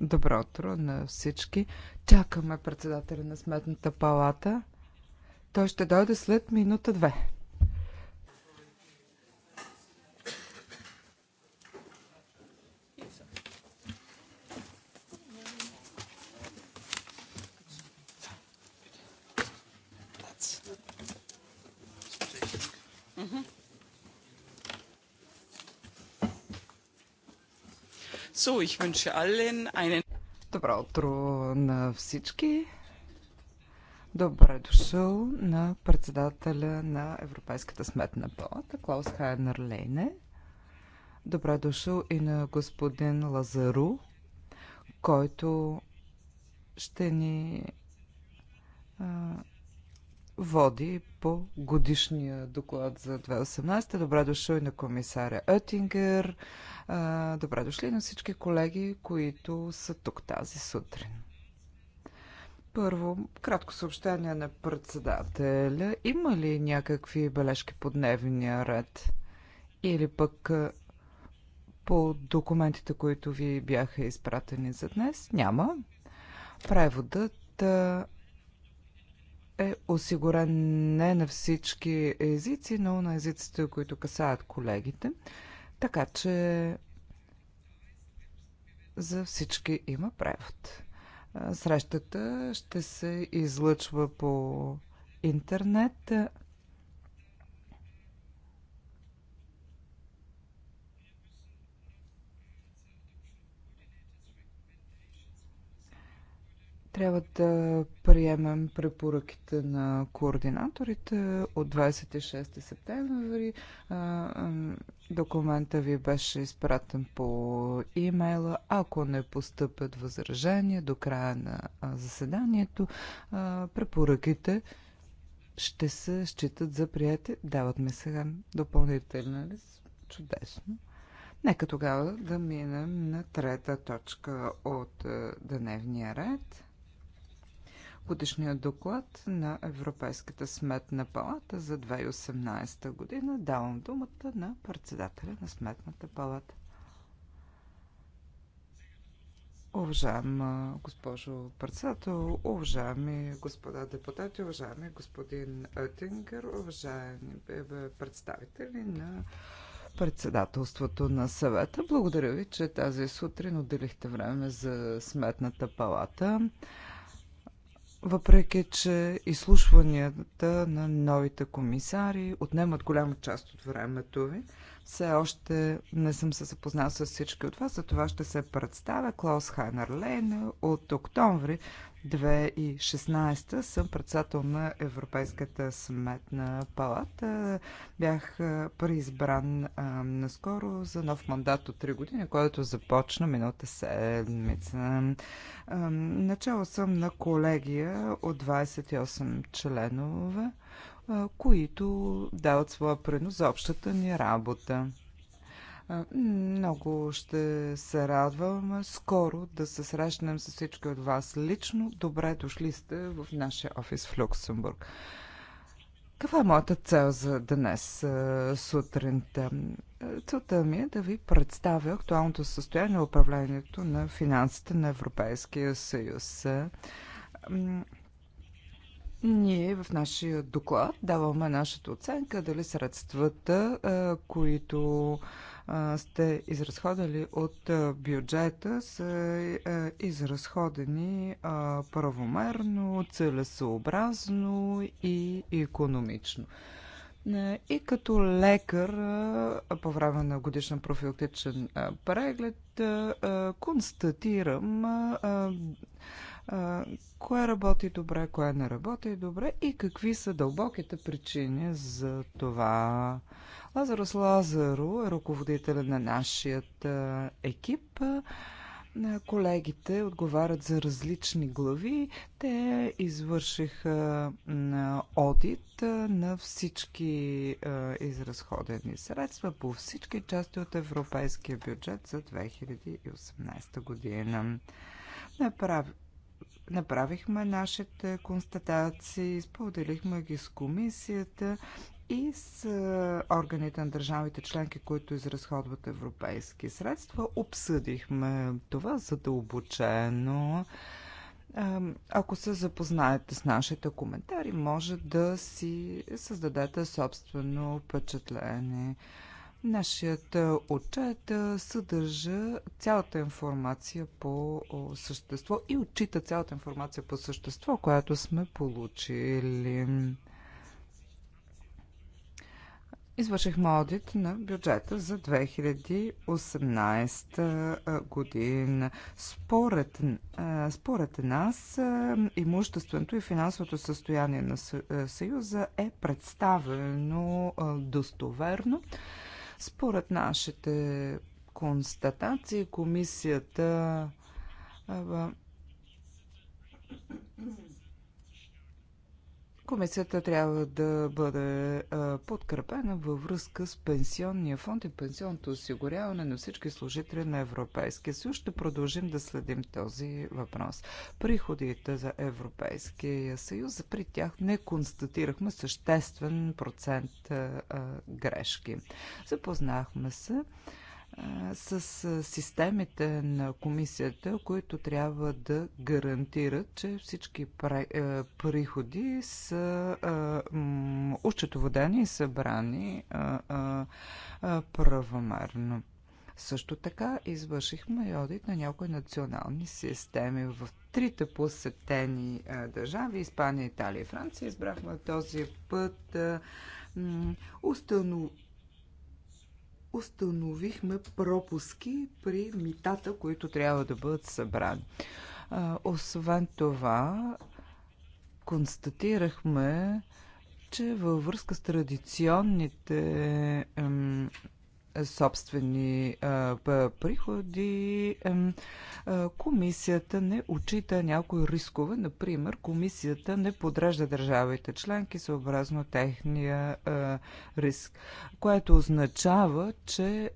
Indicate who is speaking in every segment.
Speaker 1: Добро утро на всички. Чакаме председателя на Сметната палата. Той ще дойде след минута-две. Добро утро на всички. Добре дошъл на председателя на Европейската сметна палата Клаус Хайнер Лейне. Добре дошъл и на господин Лазару, който ще ни води по годишния доклад за 2018. Добре дошъл и на комисаря Оттингер. Добре дошли на всички колеги, които са тук тази сутрин. Първо, кратко съобщение на председателя. Има ли някакви бележки по дневния ред? Или пък по документите, които ви бяха изпратени за днес? Няма. Преводът е осигурен не на всички езици, но на езиците, които касаят колегите. Така че за всички има превод. Срещата ще се излъчва по интернет. Трябва да приемем препоръките на координаторите от 26 септември. Документа ви беше изпратен по имейла. Ако не постъпят възражения до края на заседанието, препоръките ще се считат за прияти. Дават ми сега допълнителен лист. Чудесно. Нека тогава да минем на трета точка от дневния ред годишния доклад на Европейската сметна палата за 2018 година. Давам думата на председателя на сметната палата. Уважаема госпожо председател, уважаеми господа депутати, уважаеми господин Оттингер, уважаеми представители на председателството на съвета. Благодаря ви, че тази сутрин отделихте време за сметната палата. Въпреки, че изслушванията на новите комисари отнемат голяма част от времето ви, все още не съм се запознал с всички от вас, за това ще се представя. Клаус Хайнер Лейн от октомври 2016 съм председател на Европейската сметна палата. Бях преизбран а, наскоро за нов мандат от 3 години, който започна миналата седмица. начало съм на колегия от 28 членове които дават своя принос за общата ни работа. Много ще се радвам скоро да се срещнем с всички от вас лично. Добре дошли сте в нашия офис в Люксембург. Каква е моята цел за днес сутринта? Целта ми е да ви представя актуалното състояние на управлението на финансите на Европейския съюз ние в нашия доклад даваме нашата оценка дали средствата, които сте изразходили от бюджета, са изразходени правомерно, целесообразно и економично. И като лекар по време на годишен профилактичен преглед констатирам а, кое работи добре, кое не работи добре и какви са дълбоките причини за това. Лазарос Лазаро е ръководител на нашият екип. Колегите отговарят за различни глави. Те извършиха одит на всички изразходени средства по всички части от европейския бюджет за 2018 година. Направи, Направихме нашите констатации, споделихме ги с комисията и с органите на държавите членки, които изразходват европейски средства. Обсъдихме това задълбочено. Ако се запознаете с нашите коментари, може да си създадете собствено впечатление. Нашият отчет съдържа цялата информация по същество и отчита цялата информация по същество, която сме получили. Извършихме аудит на бюджета за 2018 година. Според, според нас имущественото и финансовото състояние на Съюза е представено достоверно. Според нашите констатации, комисията Комисията трябва да бъде подкрепена във връзка с пенсионния фонд и пенсионното осигуряване на всички служители на Европейския съюз. Ще продължим да следим този въпрос. Приходите за Европейския съюз, при тях не констатирахме съществен процент грешки. Запознахме се с системите на комисията, които трябва да гарантират, че всички е, приходи са учетоводени и събрани правомерно. Също така извършихме и одит на някои национални системи. В трите посетени държави Испания, Италия и Франция избрахме този път установ установихме пропуски при митата, които трябва да бъдат събрани. Освен това, констатирахме, че във връзка с традиционните собствени приходи. Комисията не отчита някои рискове. Например, комисията не подрежда държавите членки съобразно техния риск, което означава, че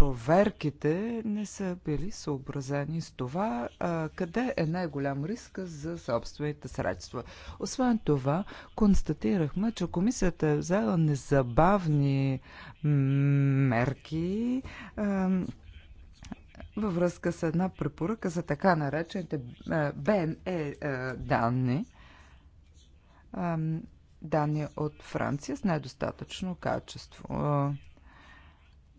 Speaker 1: проверките не са били съобразени с това а, къде е най-голям риск за собствените средства. Освен това, констатирахме, че комисията е взела незабавни мерки. А, във връзка с една препоръка за така наречените БНЕ данни, данни от Франция с недостатъчно качество.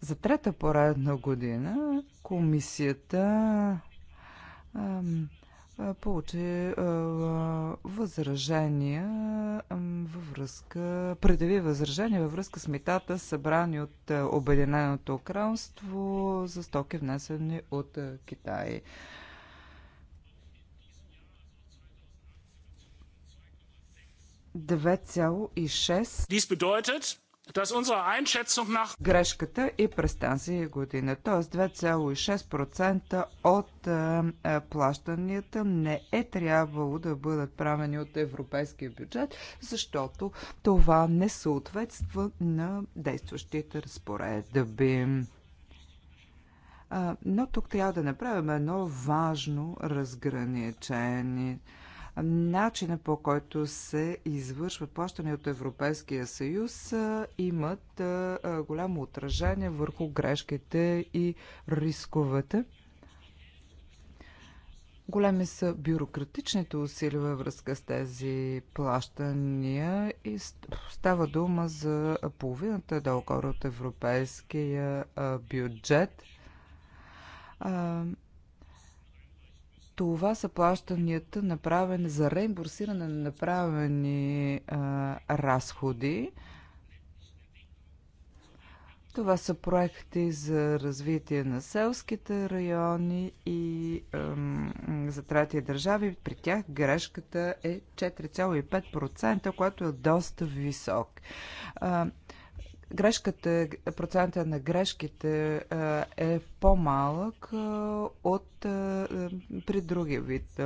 Speaker 1: За трета поредна година комисията получи възражения във връзка, предяви възражения във връзка с метата, събрани от Обединеното кралство за стоки внесени от а, Китай. Dies bedeutet, Грешката е през тази година, т.е. 2,6% от е, е, плащанията не е трябвало да бъдат правени от европейския бюджет, защото това не съответства на действащите разпоредби. Е, но тук трябва да направим едно важно разграничение – начина по който се извършват плащания от Европейския съюз имат голямо отражение върху грешките и рисковете. Големи са бюрократичните усилия във връзка с тези плащания и става дума за половината долу от европейския бюджет. Това са плащанията направени за реимбурсиране на направени а, разходи. Това са проекти за развитие на селските райони и ем, за трети държави. При тях грешката е 4,5%, което е доста висок. А, грешката, процента на грешките е по-малък от при други вид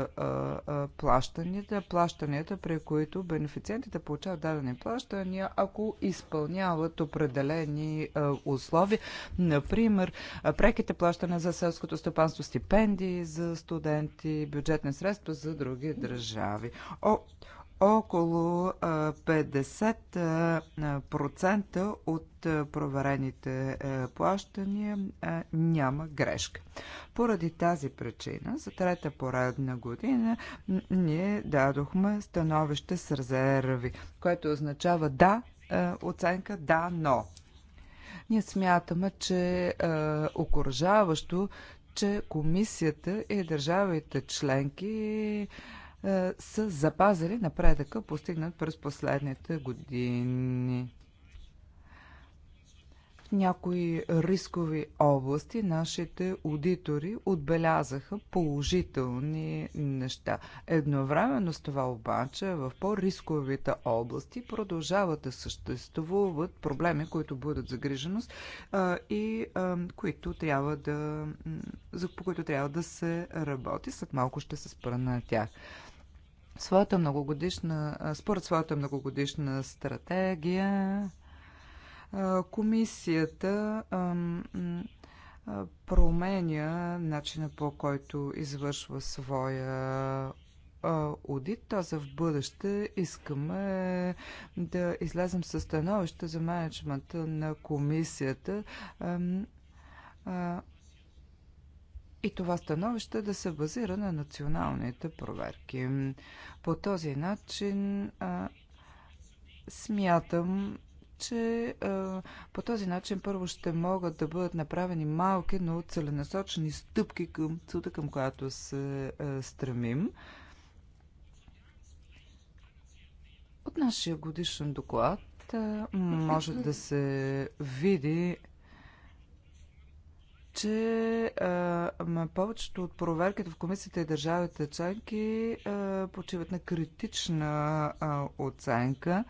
Speaker 1: плащанията, плащанията, при които бенефициентите получават дадени плащания, ако изпълняват определени условия, например преките плащания за селското стопанство, стипендии за студенти, бюджетни средства за други държави около 50% от проверените плащания няма грешка. Поради тази причина, за трета поредна година, ние дадохме становище с резерви, което означава да, оценка да, но. Ние смятаме, че е окоръжаващо, че комисията и държавите членки е, е, са запазили напредъка, постигнат през последните години. В някои рискови области нашите аудитори отбелязаха положителни неща. Едновременно с това обаче в по-рисковите области продължават да съществуват проблеми, които бъдат загриженост и които трябва да, за, които трябва да се работи. След малко ще се спра на тях своята многогодишна, според своята многогодишна стратегия, комисията променя начина по който извършва своя то за в бъдеще искаме да излезем със становище за менеджмента на комисията и това становище да се базира на националните проверки. По този начин а, смятам, че а, по този начин първо ще могат да бъдат направени малки, но целенасочени стъпки към целта, към която се а, стремим. От нашия годишен доклад може да се види че а, повечето от проверките в комисията и държавите членки а, почиват на критична а, оценка.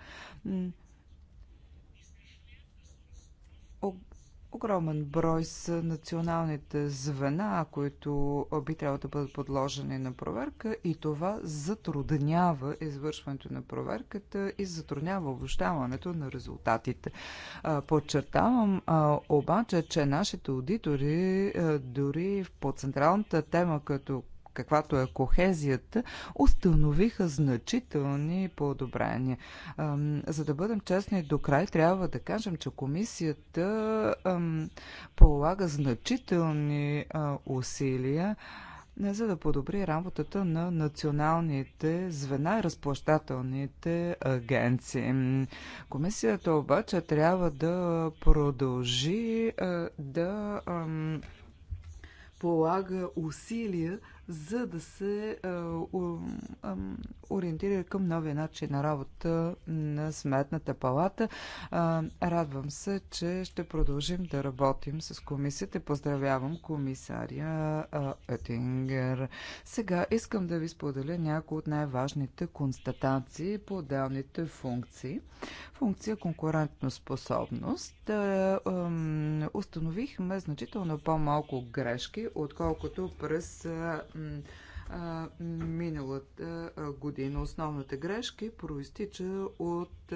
Speaker 1: Огромен брой са националните звена, които би трябвало да бъдат подложени на проверка и това затруднява извършването на проверката и затруднява обобщаването на резултатите. Подчертавам обаче, че нашите аудитори дори по централната тема като каквато е кохезията, установиха значителни подобрения. За да бъдем честни до край, трябва да кажем, че комисията полага значителни усилия за да подобри работата на националните звена и разплащателните агенции. Комисията обаче трябва да продължи да полага усилия за да се е, ориентира към новия начин на работа на Сметната палата. Радвам се, че ще продължим да работим с комисията. Поздравявам комисаря Етингер. Сега искам да ви споделя някои от най-важните констатации по отделните функции. Функция конкурентно способност. Е, установихме значително по-малко грешки, отколкото през миналата година. Основната грешка проистича от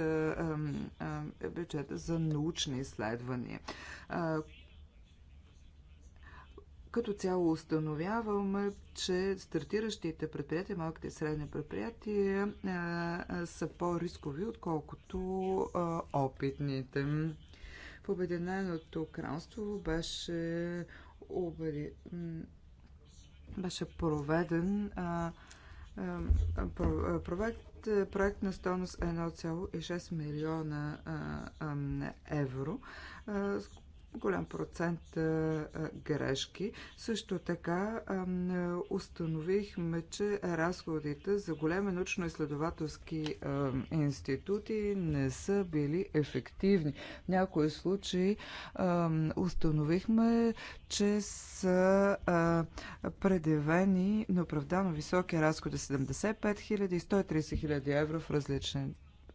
Speaker 1: бюджета за научни изследвания. Като цяло установяваме, че стартиращите предприятия, малките и средни предприятия са по-рискови, отколкото опитните. В Обединеното кралство беше беше проведен а, а, проект, проект на стойност 1,6 милиона а, евро, а, голям процент грешки. Също така установихме, че разходите за големи научно-изследователски институти не са били ефективни. В някои случаи установихме, че са предявени неоправдано високи разходи 75 000 и 130 000 евро в различни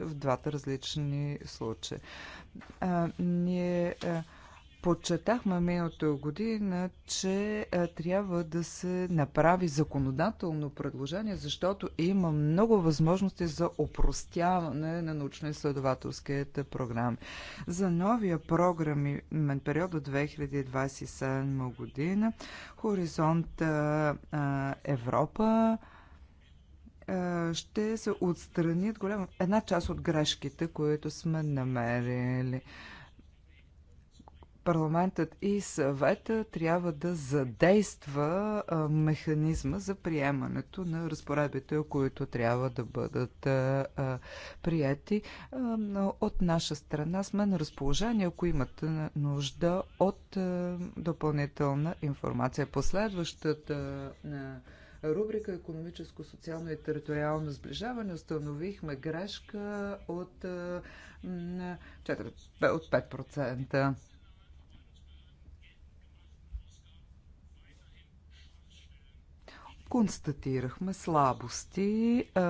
Speaker 1: в двата различни случаи. А, ние а, Подчертахме миналата година, че а, е, трябва да се направи законодателно предложение, защото има много възможности за опростяване на научно-изследователските програми. За новия и период до 2027 година Хоризонт а, е, е, Европа ще се отстранят голяма една част от грешките, които сме намерили парламентът и съвета трябва да задейства механизма за приемането на разпоредбите, които трябва да бъдат прияти. От наша страна сме на разположение, ако имате нужда от допълнителна информация. Последващата рубрика економическо, социално и териториално сближаване установихме грешка от, от 5%. констатирахме слабости а,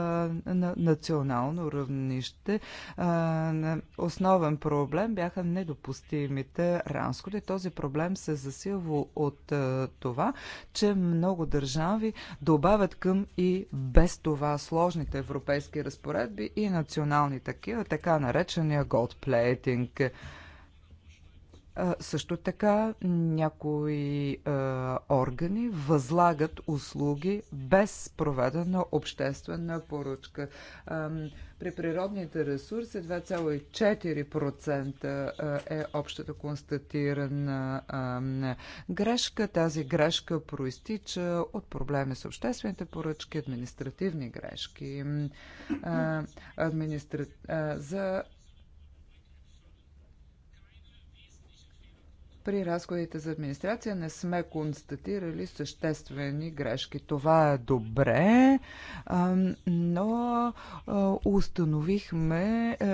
Speaker 1: на национално равнище. А, основен проблем бяха недопустимите разходи. Този проблем се засилва от а, това, че много държави добавят към и без това сложните европейски разпоредби и национални такива, така наречения gold plating. Също така някои е, органи възлагат услуги без проведена обществена поръчка. Е, при природните ресурси 2,4% е общата констатирана е, грешка. Тази грешка проистича от проблеми с обществените поръчки, административни грешки. Администра... За при разходите за администрация не сме констатирали съществени грешки. Това е добре, но установихме е,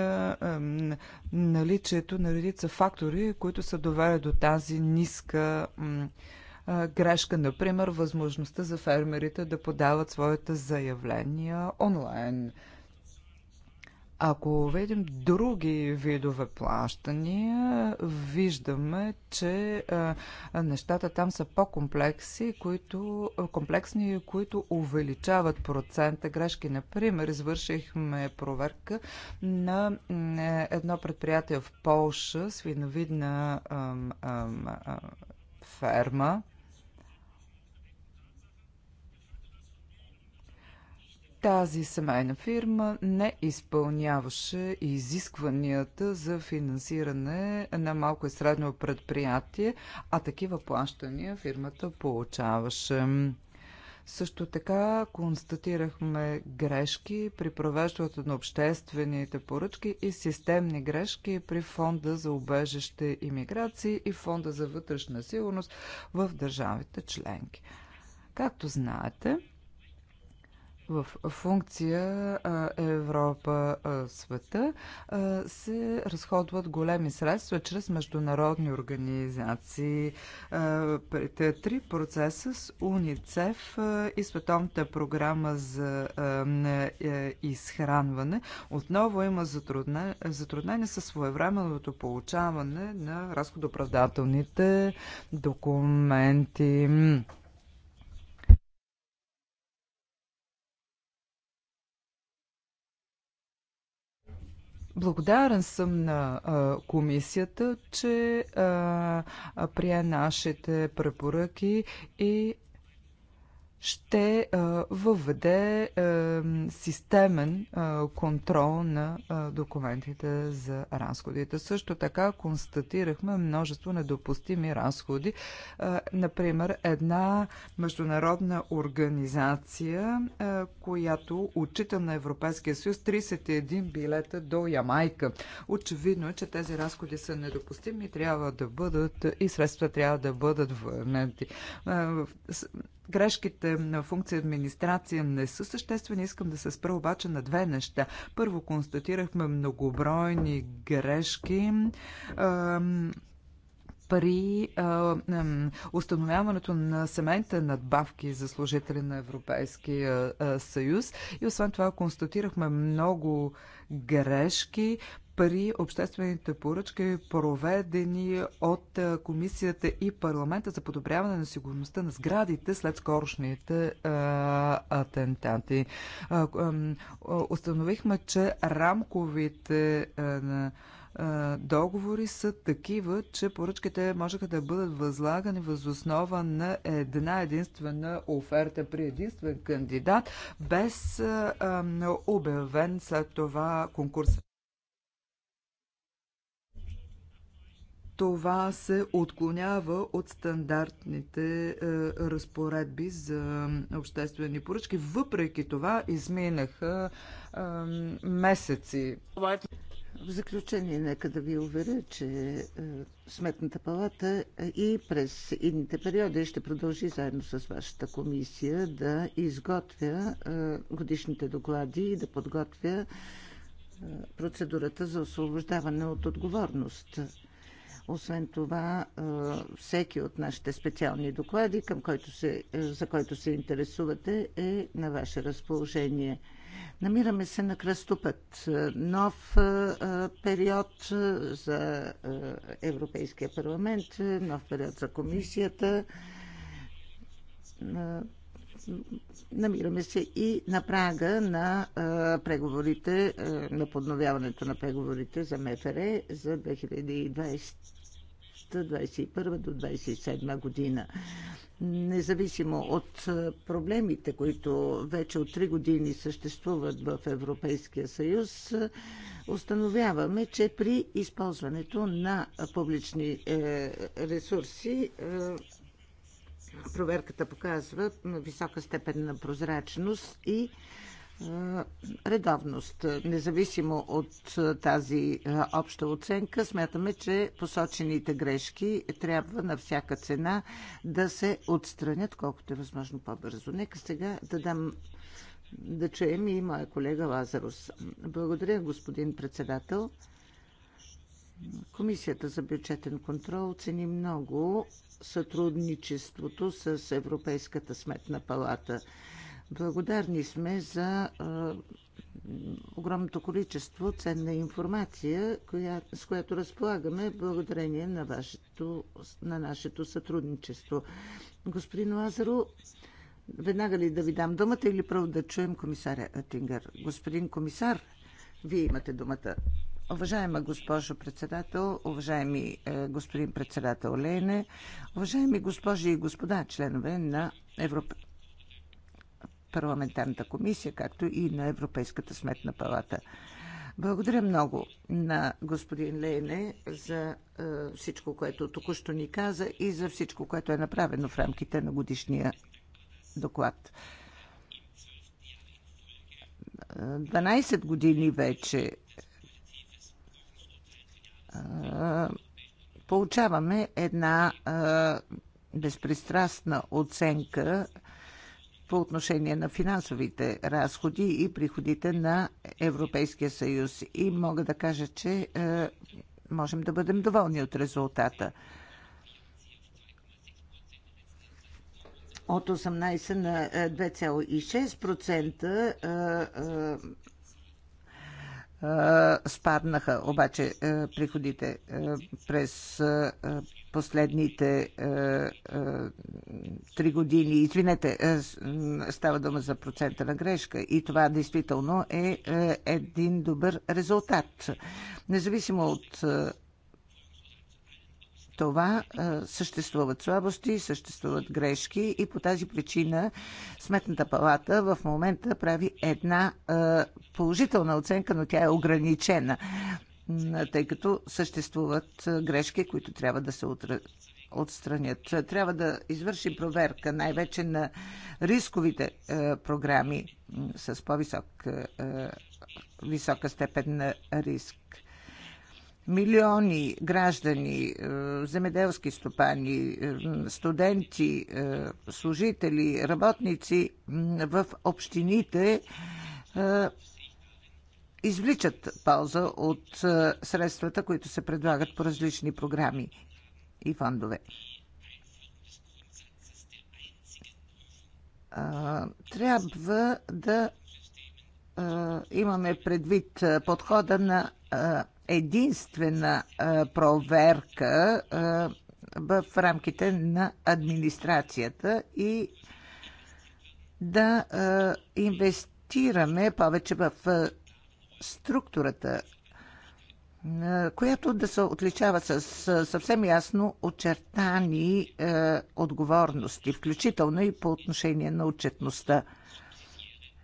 Speaker 1: наличието на редица фактори, които са довели до тази ниска грешка, например, възможността за фермерите да подават своите заявления онлайн. Ако видим други видове плащания, виждаме, че нещата там са по-комплексни, които, комплексни, които увеличават процента грешки. Например, извършихме проверка на едно предприятие в Полша, свиновидна ферма, Тази семейна фирма не изпълняваше изискванията за финансиране на малко и средно предприятие, а такива плащания фирмата получаваше. Също така констатирахме грешки при провеждането на обществените поръчки и системни грешки при Фонда за убежище и миграции и Фонда за вътрешна сигурност в държавите членки. Както знаете, в функция Европа света се разходват големи средства чрез международни организации. Три процеса с УНИЦЕФ и Световната програма за е, изхранване отново има затруднение със своевременното получаване на разходоправдателните документи. Благодарен съм на а, комисията, че а, прие нашите препоръки и ще въведе системен контрол на документите за разходите. Също така констатирахме множество недопустими разходи. Например, една международна организация, която отчита на Европейския съюз 31 билета до Ямайка. Очевидно е, че тези разходи са недопустими и трябва да бъдат и средства трябва да бъдат върнати Грешките на функция администрация не са съществени. Искам да се спра обаче на две неща. Първо, констатирахме многобройни грешки при а, установяването на семейните надбавки за служители на Европейския а, съюз. И освен това констатирахме много грешки при обществените поръчки, проведени от комисията и парламента за подобряване на сигурността на сградите след скорошните а, атентати. А, установихме, че рамковите а, договори са такива, че поръчките можеха да бъдат възлагани въз основа на една единствена оферта при единствен кандидат, без обявен след това конкурс. това се отклонява от стандартните е, разпоредби за обществени поръчки. Въпреки това изминаха е, месеци.
Speaker 2: В заключение, нека да ви уверя, че е, Сметната палата и през идните периоди ще продължи заедно с вашата комисия да изготвя е, годишните доклади и да подготвя е, процедурата за освобождаване от отговорност освен това, всеки от нашите специални доклади, към който се, е, за който се интересувате, е на ваше разположение. Намираме се на кръстопът. Нов период за Европейския парламент, нов период за комисията. Намираме се и на прага на преговорите, на подновяването на преговорите за МФР за 2020 2021 до 2027 година. Независимо от проблемите, които вече от 3 години съществуват в Европейския съюз, установяваме, че при използването на публични е, ресурси е, проверката показва висока степен на прозрачност и редовност. Независимо от тази обща оценка, смятаме, че посочените грешки трябва на всяка цена да се отстранят колкото е възможно по-бързо. Нека сега да дам да чуем и моя колега Лазарус. Благодаря, господин председател. Комисията за бюджетен контрол цени много сътрудничеството с Европейската сметна палата. Благодарни сме за огромното количество ценна информация, коя, с която разполагаме благодарение на, вашето, на нашето сътрудничество. Господин Лазаро, веднага ли да ви дам думата или право да чуем комисаря Атингър? Господин комисар, вие имате думата. Уважаема госпожо председател, уважаеми е, господин председател Лейне, уважаеми госпожи и господа членове на Европа парламентарната комисия, както и на Европейската сметна палата. Благодаря много на господин Лейне за е, всичко, което току-що ни каза и за всичко, което е направено в рамките на годишния доклад. 12 години вече е, получаваме една е, безпристрастна оценка по отношение на финансовите разходи и приходите на Европейския съюз. И мога да кажа, че е, можем да бъдем доволни от резултата. От 18 на 2,6% е е, е, е, спаднаха обаче е, приходите през последните е, е, три години. Извинете, е, става дума за процента на грешка и това действително е един добър резултат. Независимо от това съществуват слабости, съществуват грешки и по тази причина Сметната палата в момента прави една положителна оценка, но тя е ограничена тъй като съществуват грешки, които трябва да се отстранят. Трябва да извърши проверка най-вече на рисковите програми с по-висока висока степен на риск милиони граждани, земеделски стопани, студенти, служители, работници в общините извличат полза от е, средствата, които се предлагат по различни програми и фондове. Трябва да имаме предвид подхода на единствена проверка в рамките на администрацията и да инвестираме повече в структурата, която да се отличава с съвсем ясно очертани е, отговорности, включително и по отношение на отчетността.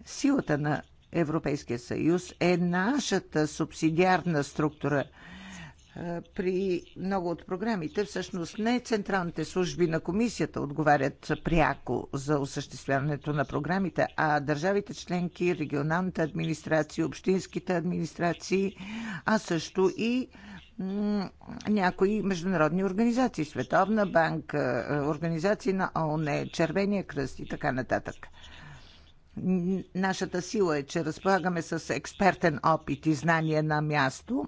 Speaker 2: Силата на Европейския съюз е нашата субсидиарна структура – при много от програмите всъщност не централните служби на комисията отговарят пряко за осъществяването на програмите, а държавите членки, регионалните администрации, общинските администрации, а също и някои международни организации, Световна банка, организации на ООН, Червения кръст и така нататък. Нашата сила е, че разполагаме с експертен опит и знание на място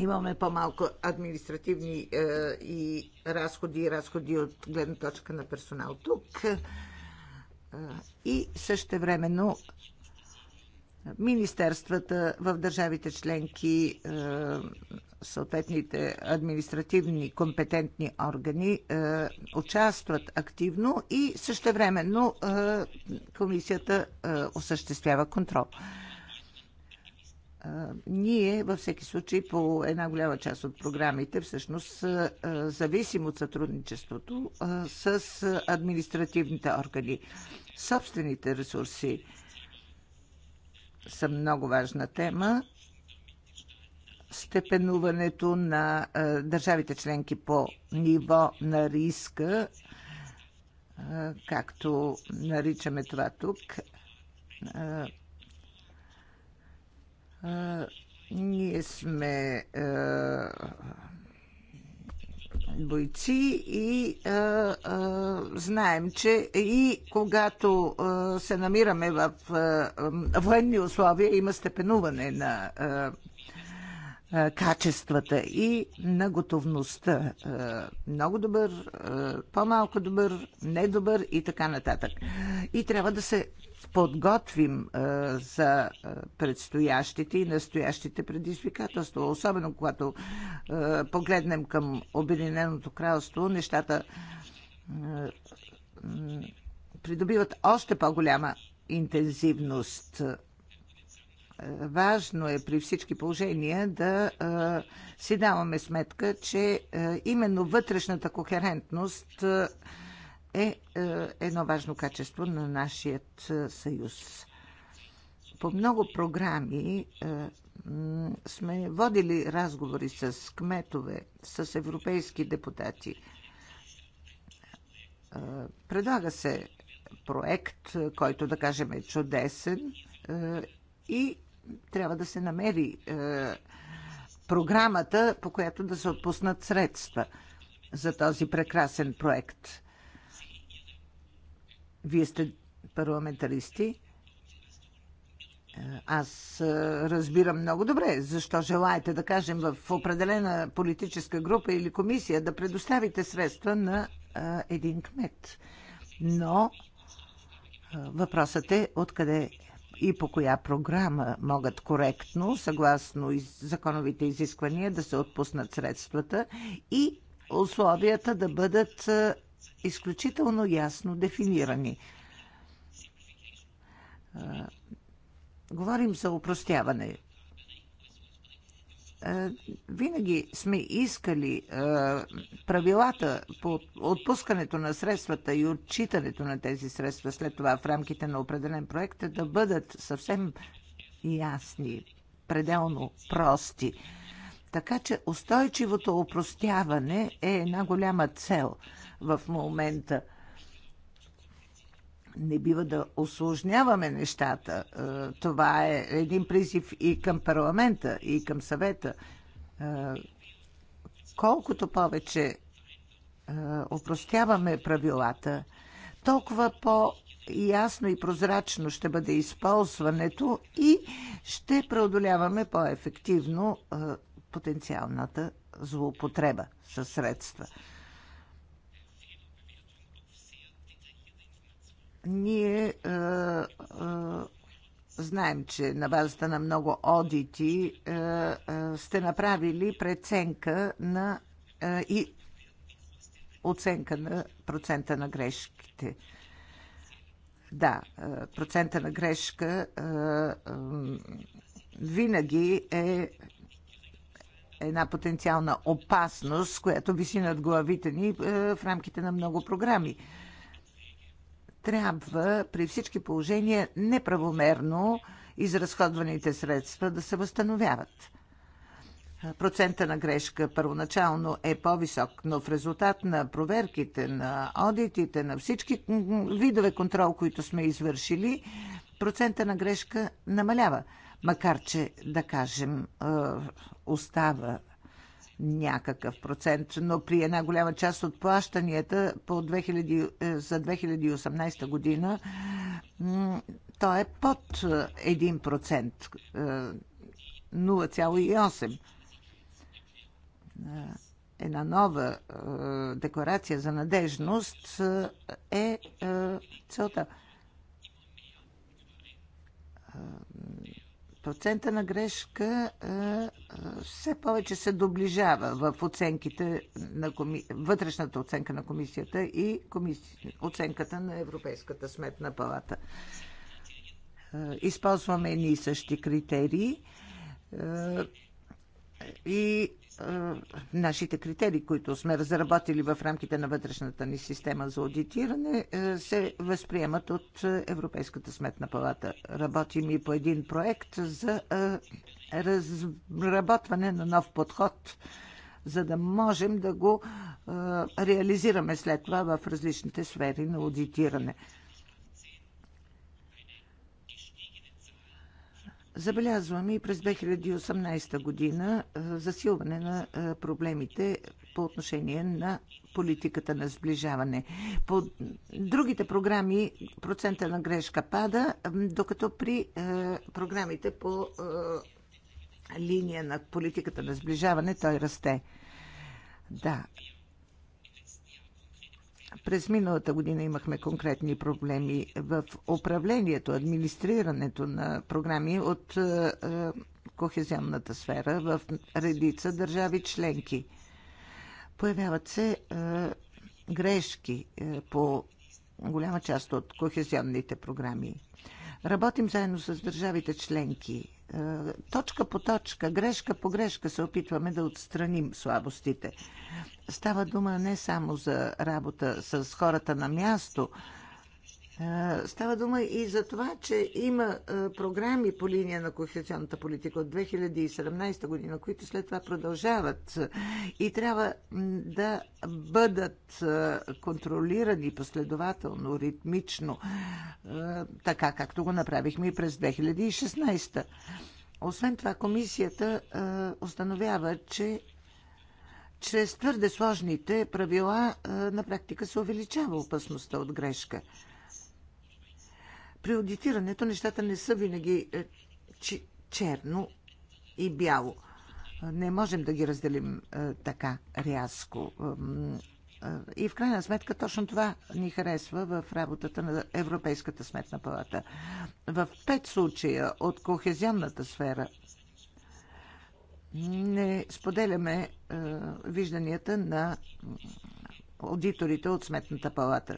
Speaker 2: имаме по-малко административни е, и разходи и разходи от гледна точка на персонал тук. Е, и времено министерствата в държавите членки, е, съответните административни компетентни органи е, участват активно и същевременно е, комисията е, осъществява контрол ние във всеки случай по една голяма част от програмите всъщност зависим от сътрудничеството с административните органи. Собствените ресурси са много важна тема. Степенуването на държавите членки по ниво на риска, както наричаме това тук, ние сме бойци и а, а, знаем, че и когато а, се намираме в а, военни условия, има степенуване на а, качествата и на готовността. много добър, по-малко добър, недобър и така нататък. И трябва да се подготвим за предстоящите и настоящите предизвикателства. Особено когато погледнем към Обединеното кралство, нещата придобиват още по-голяма интензивност. Важно е при всички положения да а, си даваме сметка, че а, именно вътрешната кохерентност а, е, е едно важно качество на нашият е, съюз. По много програми е, сме водили разговори с кметове, с европейски депутати. Предлага се проект, който да кажем е чудесен и трябва да се намери програмата, по която да се отпуснат средства за този прекрасен проект. Вие сте парламентаристи. Е, аз е, разбирам много добре защо желаете да кажем в определена политическа група или комисия да предоставите средства на е, един кмет. Но въпросът е откъде и по коя програма могат коректно, съгласно законовите изисквания, да се отпуснат средствата и условията да бъдат изключително ясно дефинирани. Говорим за упростяване. Винаги сме искали правилата по отпускането на средствата и отчитането на тези средства след това в рамките на определен проект да бъдат съвсем ясни, пределно прости така че устойчивото опростяване е една голяма цел в момента. Не бива да осложняваме нещата. Е, това е един призив и към парламента, и към съвета. Е, колкото повече опростяваме е, правилата, толкова по- ясно и прозрачно ще бъде използването и ще преодоляваме по-ефективно потенциалната злоупотреба със средства. Ние е, е, знаем, че на базата на много одити е, е, сте направили преценка на е, и оценка на процента на грешките. Да, е, процента на грешка е, е, винаги е една потенциална опасност, която виси над главите ни е, в рамките на много програми. Трябва при всички положения неправомерно изразходваните средства да се възстановяват. Процента на грешка първоначално е по-висок, но в резултат на проверките, на одитите, на всички видове контрол, които сме извършили, процента на грешка намалява макар че, да кажем, остава някакъв процент, но при една голяма част от плащанията по 2000, е, за 2018 година то е под 1%, е, 0,8%. Е, една нова декларация за надежност е целта процента на грешка все повече се доближава в оценките на коми... вътрешната оценка на комисията и комиси... оценката на Европейската сметна палата. Използваме едни и същи критерии и нашите критерии, които сме разработили в рамките на вътрешната ни система за аудитиране, се възприемат от Европейската сметна палата. Работим и по един проект за разработване на нов подход, за да можем да го реализираме след това в различните сфери на аудитиране. Забелязваме и през 2018 година засилване на проблемите по отношение на политиката на сближаване. По другите програми процента на грешка пада, докато при програмите по линия на политиката на сближаване той расте. Да, през миналата година имахме конкретни проблеми в управлението, администрирането на програми от е, е, кохезионната сфера в редица държави членки. Появяват се е, грешки по голяма част от кохезионните програми. Работим заедно с държавите членки точка по точка, грешка по грешка се опитваме да отстраним слабостите. Става дума не само за работа с хората на място, е, става дума и за това, че има е, програми по линия на кохезионната политика от 2017 година, които след това продължават е, и трябва да бъдат контролирани последователно, ритмично, така както го направихме и през 2016. Освен това, комисията установява, че чрез твърде сложните правила на практика се увеличава опасността от грешка – при аудитирането нещата не са винаги е, черно и бяло. Не можем да ги разделим е, така рязко. И в крайна сметка точно това ни харесва в работата на Европейската сметна палата. В пет случая от кохезионната сфера не споделяме е, вижданията на аудиторите от Сметната палата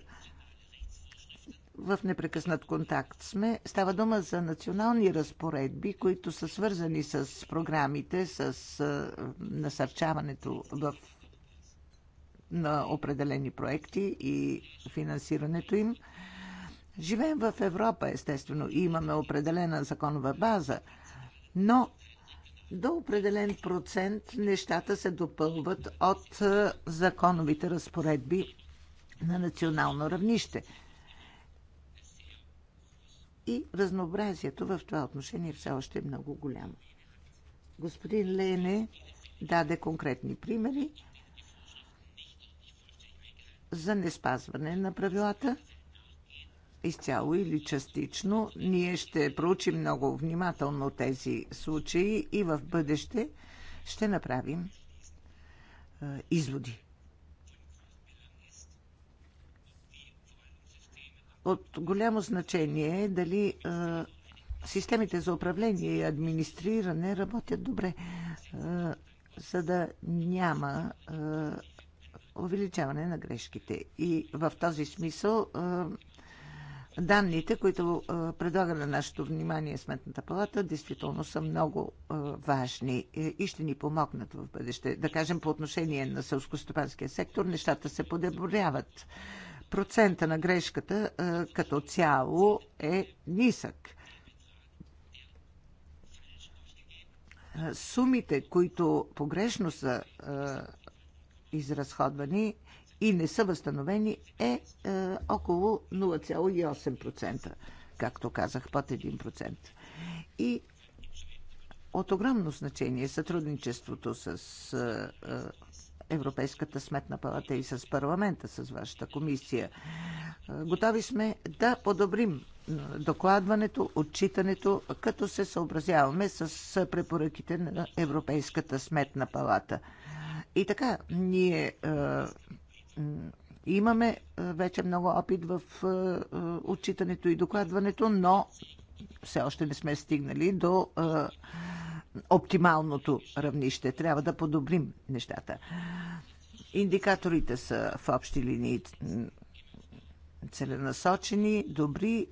Speaker 2: в непрекъснат контакт сме. Става дума за национални разпоредби, които са свързани с програмите, с насърчаването в, на определени проекти и финансирането им. Живеем в Европа, естествено, и имаме определена законова база, но до определен процент нещата се допълват от законовите разпоредби на национално равнище – и разнообразието в това отношение все още е много голямо. Господин Лене даде конкретни примери за неспазване на правилата, изцяло или частично. Ние ще проучим много внимателно тези случаи и в бъдеще ще направим изводи от голямо значение е дали системите за управление и администриране работят добре, за да няма увеличаване на грешките. И в този смисъл данните, които предлага на нашето внимание Сметната палата, действително са много важни е, и ще ни помогнат в бъдеще. Да кажем, по отношение на селскостопанския сектор, нещата се подеборяват процента на грешката като цяло е нисък. Сумите, които погрешно са изразходвани и не са възстановени, е около 0,8%, както казах, под 1%. И от огромно значение сътрудничеството с Европейската сметна палата и с парламента, с вашата комисия. Готови сме да подобрим докладването, отчитането, като се съобразяваме с препоръките на Европейската сметна палата. И така, ние е, имаме вече много опит в е, отчитането и докладването, но все още не сме стигнали до е, оптималното равнище. Трябва да подобрим нещата. Индикаторите са в общи линии целенасочени, добри. Е,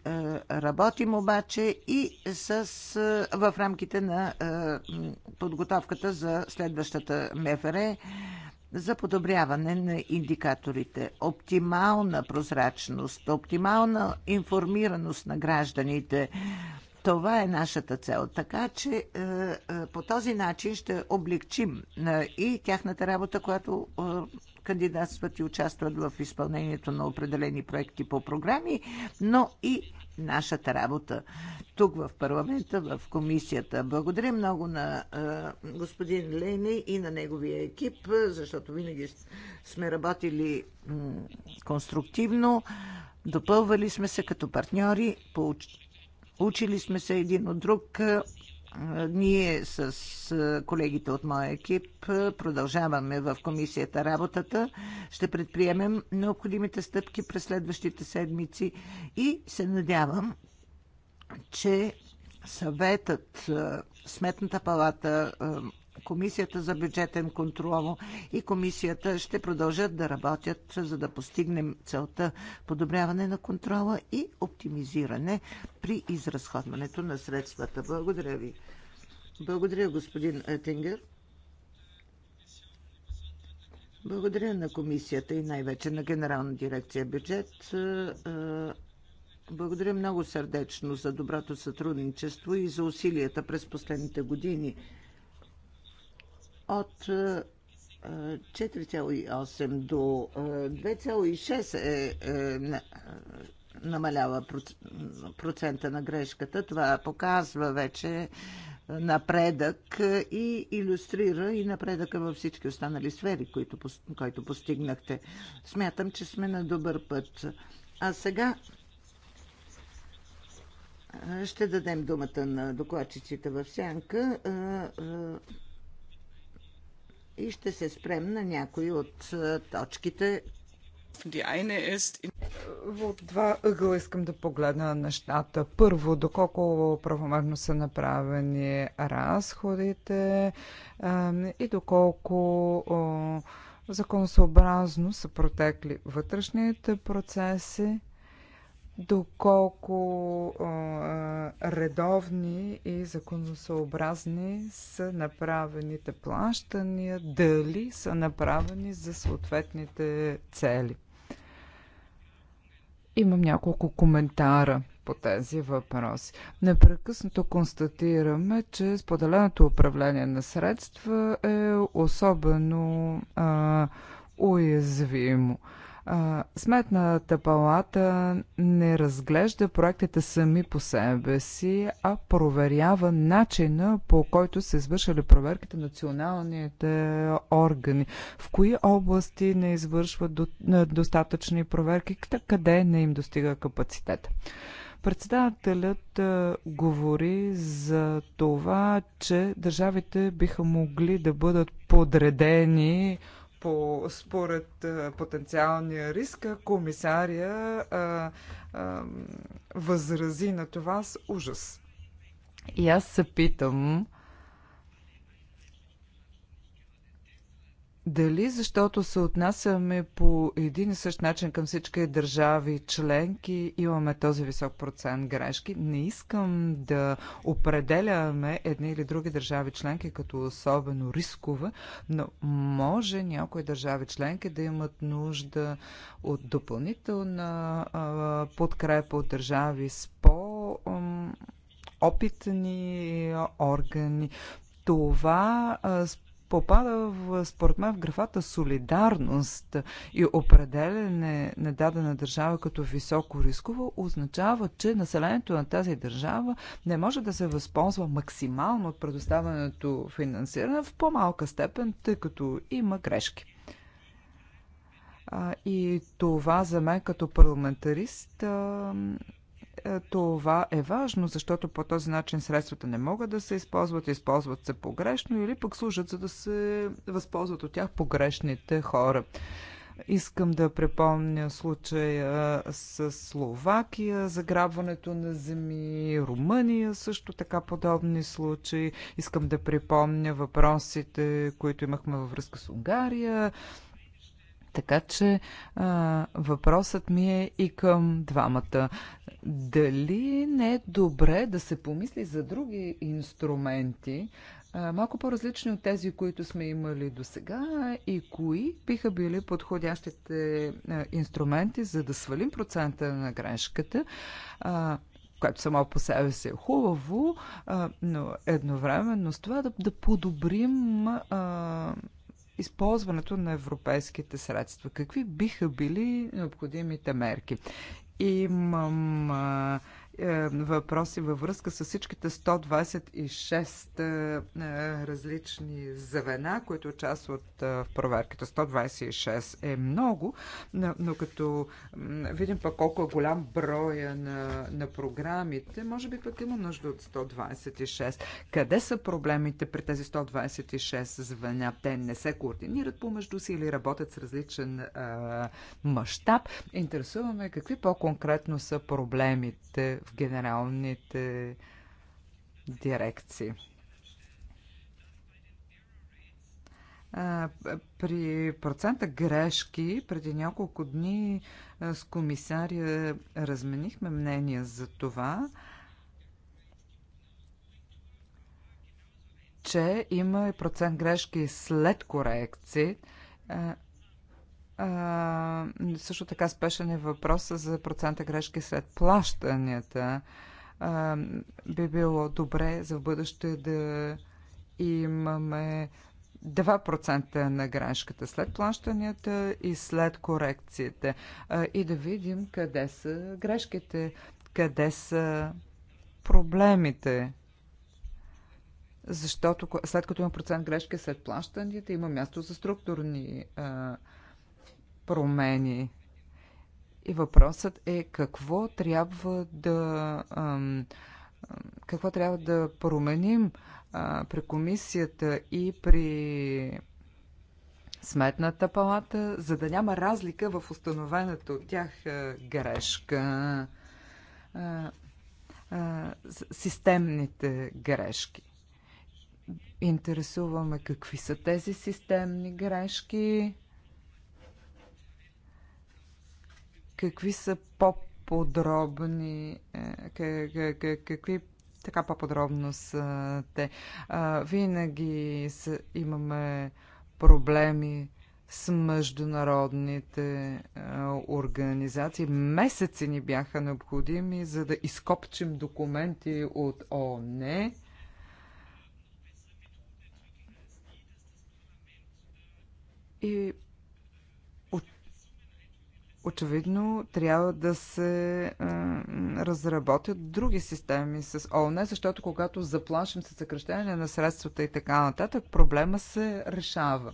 Speaker 2: работим обаче и с, е, в рамките на е, подготовката за следващата МФР за подобряване на индикаторите. Оптимална прозрачност, оптимална информираност на гражданите, това е нашата цел. Така че е, е, по този начин ще облегчим е, и тяхната работа, която кандидатстват и участват в изпълнението на определени проекти по програми, но и нашата работа тук в парламента, в комисията. Благодаря много на господин Лейни и на неговия екип, защото винаги сме работили конструктивно, допълвали сме се като партньори, Учили сме се един от друг. Е, ние с е, колегите от моя екип е, продължаваме в комисията работата. Ще предприемем необходимите стъпки през следващите седмици и се надявам, че съветът, Сметната палата, Комисията за бюджетен контрол и Комисията ще продължат да работят, за да постигнем целта подобряване на контрола и оптимизиране при изразходването на средствата. Благодаря ви. Благодаря, господин Етингер. Благодаря на комисията и най-вече на Генерална дирекция бюджет. Благодаря много сърдечно за доброто сътрудничество и за усилията през последните години от 4,8 е, до 2,6 е, е, е, намалява процента на грешката. Това показва вече напредък и иллюстрира и напредъка във всички останали сфери, които, който постигнахте. Смятам, че сме на добър път. А сега е, ще дадем думата на докладчиците в сянка и ще се спрем на някои от точките.
Speaker 1: В два ъгъла искам да погледна нещата. Първо, доколко правомерно са направени разходите и доколко законосъобразно са протекли вътрешните процеси доколко а, редовни и законосъобразни са направените плащания, дали са направени за съответните цели. Имам няколко коментара по тези въпроси. Непрекъснато констатираме, че споделеното управление на средства е особено а, уязвимо. А, Сметната палата не разглежда проектите сами по себе си, а проверява начина по който са извършали проверките националните органи. В кои области не извършват достатъчни проверки, къде не им достига капацитет. Председателят говори за това, че държавите биха могли да бъдат подредени по, според а, потенциалния риск, комисария а, а, възрази на това с ужас. И аз се питам, Дали защото се отнасяме по един и същ начин към всички държави членки, имаме този висок процент грешки? Не искам да определяме едни или други държави членки като особено рискова, но може някои държави членки да имат нужда от допълнителна подкрепа от държави с по- опитни органи. Това, попада в, според мен в графата солидарност и определене на дадена държава като високо рискова означава, че населението на тази държава не може да се възползва максимално от предоставянето финансиране в по-малка степен, тъй като има грешки. и това за мен като парламентарист е, това е важно, защото по този начин средствата не могат да се използват, използват се погрешно или пък служат за да се възползват от тях погрешните хора. Искам да препомня случая с Словакия, заграбването на земи, Румъния също така подобни случаи. Искам да припомня въпросите, които имахме във връзка с Унгария, така че а, въпросът ми е и към двамата. Дали не е добре да се помисли за други инструменти, а, малко по-различни от тези, които сме имали до сега и кои биха били подходящите а, инструменти, за да свалим процента на грешката? А, което само по себе си е хубаво, а, но едновременно с това да, да подобрим а, използването на европейските средства. Какви биха били необходимите мерки? Имам е, въпроси във връзка с всичките 126 е, е, различни звена, които участват в проверката. 126 е много, но като видим пък колко е голям броя на, на програмите, може би пък има нужда от 126. Къде са проблемите при тези 126 звена? Те не се координират помежду си или работят с различен мащаб. Интересуваме какви по-конкретно са проблемите в генералните дирекции. При процента грешки преди няколко дни с комисария разменихме мнение за това, че има и процент грешки след корекции. А, също така спешен е въпроса за процента грешки след плащанията. А, би било добре за в бъдеще да имаме 2% на грешката след плащанията и след корекциите. А, и да видим къде са грешките, къде са проблемите. Защото след като има процент грешки след плащанията, има място за структурни а, промени. И въпросът е какво трябва да. какво трябва да променим при комисията и при сметната палата, за да няма разлика в установената от тях грешка, системните грешки. Интересуваме какви са тези системни грешки какви са по-подробни, е, какви така по-подробно са те. Винаги имаме проблеми с международните а, е, организации. Месеци ни бяха необходими, за да изкопчим документи от ООН. И очевидно трябва да се е, разработят други системи с ООН, защото когато заплашим с съкръщение на средствата и така нататък, проблема се решава.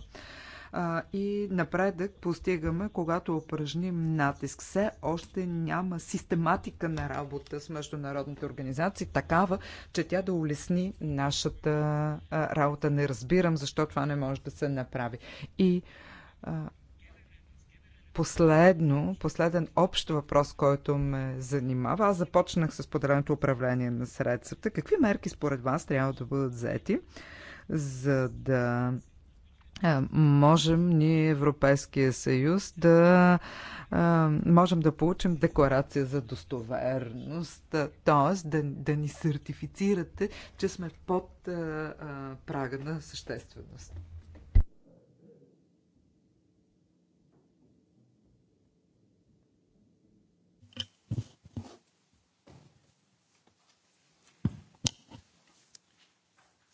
Speaker 1: А, и напредък постигаме, когато упражним натиск. Все още няма систематика на работа с международните организации, такава, че тя да улесни нашата а, работа. Не разбирам защо това не може да се направи. И а, последно, последен общ въпрос, който ме занимава. Аз започнах с подреното управление на средствата. Какви мерки според вас трябва да бъдат взети, за да можем ние, Европейския съюз, да можем да получим декларация за достоверност, т.е. Да, да ни сертифицирате, че сме под прага на същественост.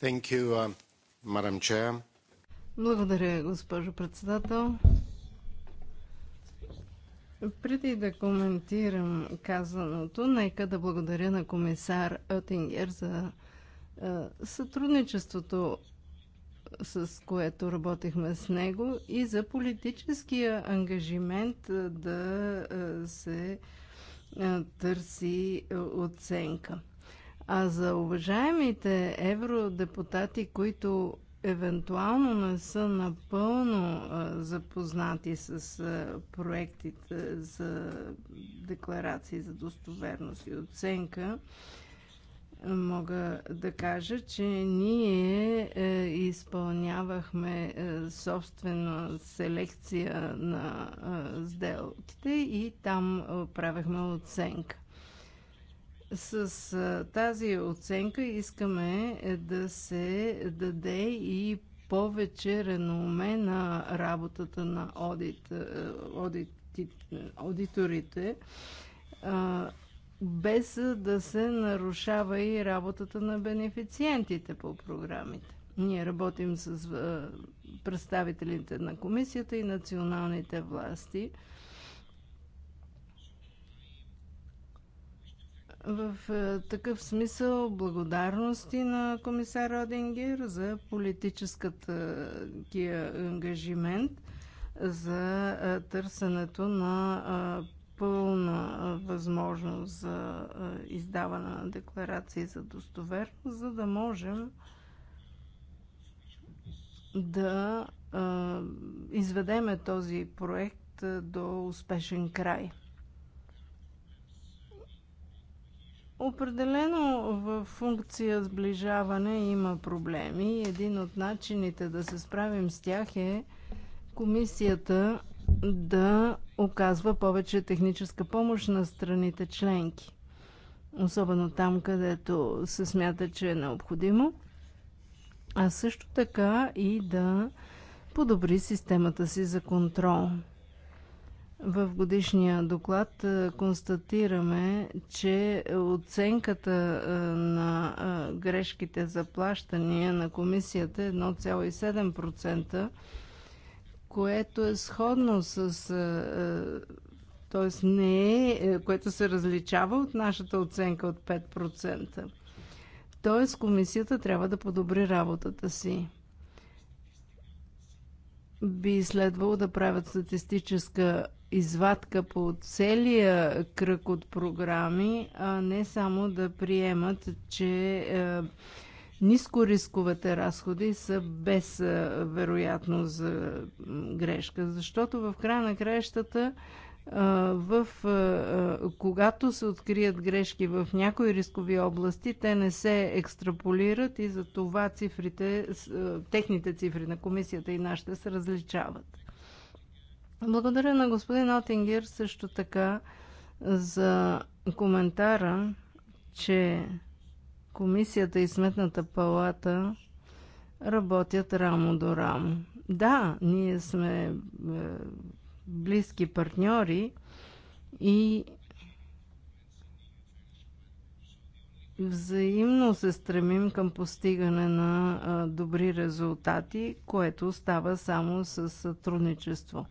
Speaker 3: Thank you, uh, Madam Chair. Благодаря, госпожо председател. Преди да коментирам казаното, нека да благодаря на комисар Отингер за сътрудничеството, с което работихме с него и за политическия ангажимент да се търси оценка. А за уважаемите евродепутати, които евентуално не са напълно запознати с проектите за декларации за достоверност и оценка, мога да кажа, че ние е, изпълнявахме е, собствена селекция на сделките и там правихме оценка. С тази оценка искаме е, да се даде и повече реноме на работата на одит, одит, аудиторите, без да се нарушава и работата на бенефициентите по програмите. Ние работим с представителите на комисията и националните власти – В е, такъв смисъл благодарности на комисар Одингер за политическата кия ангажимент за е, търсенето на е, пълна възможност за издаване на декларации за достоверност, за да можем да изведеме този проект до успешен край. Определено в функция сближаване има проблеми. Един от начините да се справим с тях е комисията да оказва повече техническа помощ на страните членки. Особено там, където се смята, че е необходимо. А също така и да подобри системата си за контрол. В годишния доклад констатираме, че оценката на грешките за плащания на комисията е 1,7%, което е сходно с т.е. не е, е, което се различава от нашата оценка от 5%. Т.е. комисията трябва да подобри работата си. Би следвало да правят статистическа извадка по целия кръг от програми, а не само да приемат, че е, нискорисковите разходи са без вероятно вероятност за грешка. Защото в края на краищата е, в, е, когато се открият грешки в някои рискови области, те не се екстраполират и за това цифрите, техните цифри на комисията и нашите се различават. Благодаря на господин Отингер също така за коментара, че комисията и сметната палата работят рамо до рамо. Да, ние сме е, близки партньори и взаимно се стремим към постигане на е, добри резултати, което става само с сътрудничество.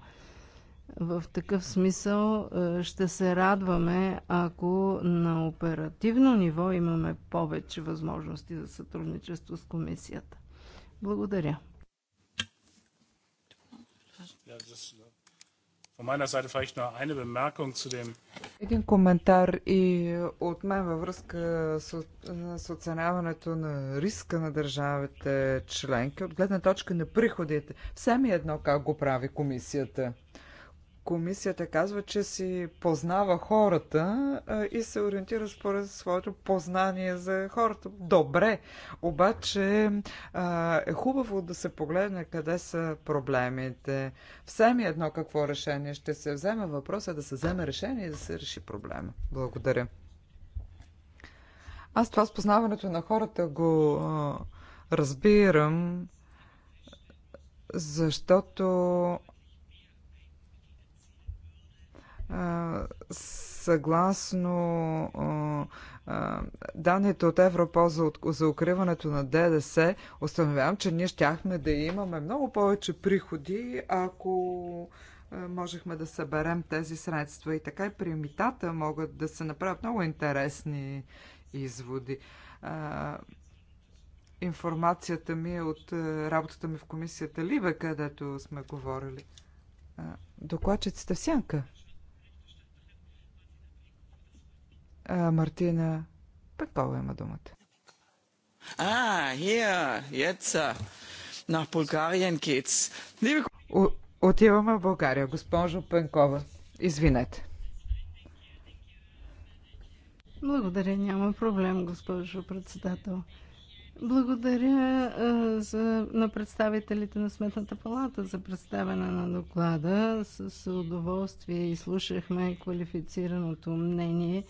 Speaker 3: В такъв смисъл е, ще се радваме, ако на оперативно ниво имаме повече възможности за сътрудничество с комисията. Благодаря.
Speaker 1: Äh, Един коментар и от мен във връзка е, с, оценяването на риска на държавите членки от гледна точка на приходите. Все ми е едно как го прави комисията комисията казва, че си познава хората а, и се ориентира според своето познание за хората. Добре, обаче а, е хубаво да се погледне къде са проблемите. Всеми едно какво решение ще се вземе. Въпросът е да се вземе решение и да се реши проблема. Благодаря. Аз това спознаването на хората го а, разбирам, защото съгласно данните от Европол за, за укриването на ДДС, установявам, че ние щяхме да имаме много повече приходи, ако можехме да съберем тези средства. И така и при митата могат да се направят много интересни изводи. Информацията ми е от работата ми в комисията Либе, където сме говорили. Докладчицата в сянка. А, Мартина Пенкова има думата. А, хия, jetzt, на Bulgarien geht's. Отиваме в България, госпожо Пенкова. Извинете.
Speaker 3: Благодаря, няма проблем, госпожо председател. Благодаря а, за, на представителите на Сметната палата за представяне на доклада. С, с удоволствие изслушахме квалифицираното мнение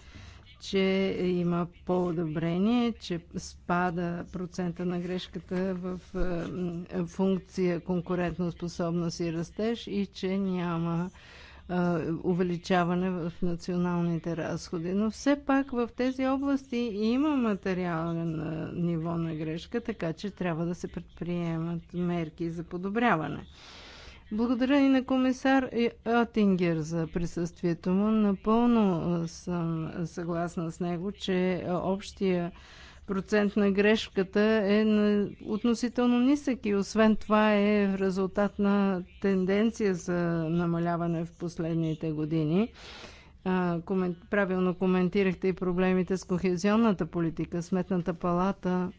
Speaker 3: че има по-одобрение, че спада процента на грешката в е, функция конкурентоспособност и растеж и че няма е, увеличаване в националните разходи. Но все пак в тези области има материален е, ниво на грешка, така че трябва да се предприемат мерки за подобряване. Благодаря и на комисар Отингер за присъствието му. Напълно съм съгласна с него, че общия процент на грешката е относително нисък и освен това е резултат на тенденция за намаляване в последните години. Правилно коментирахте и проблемите с кохезионната политика. Сметната палата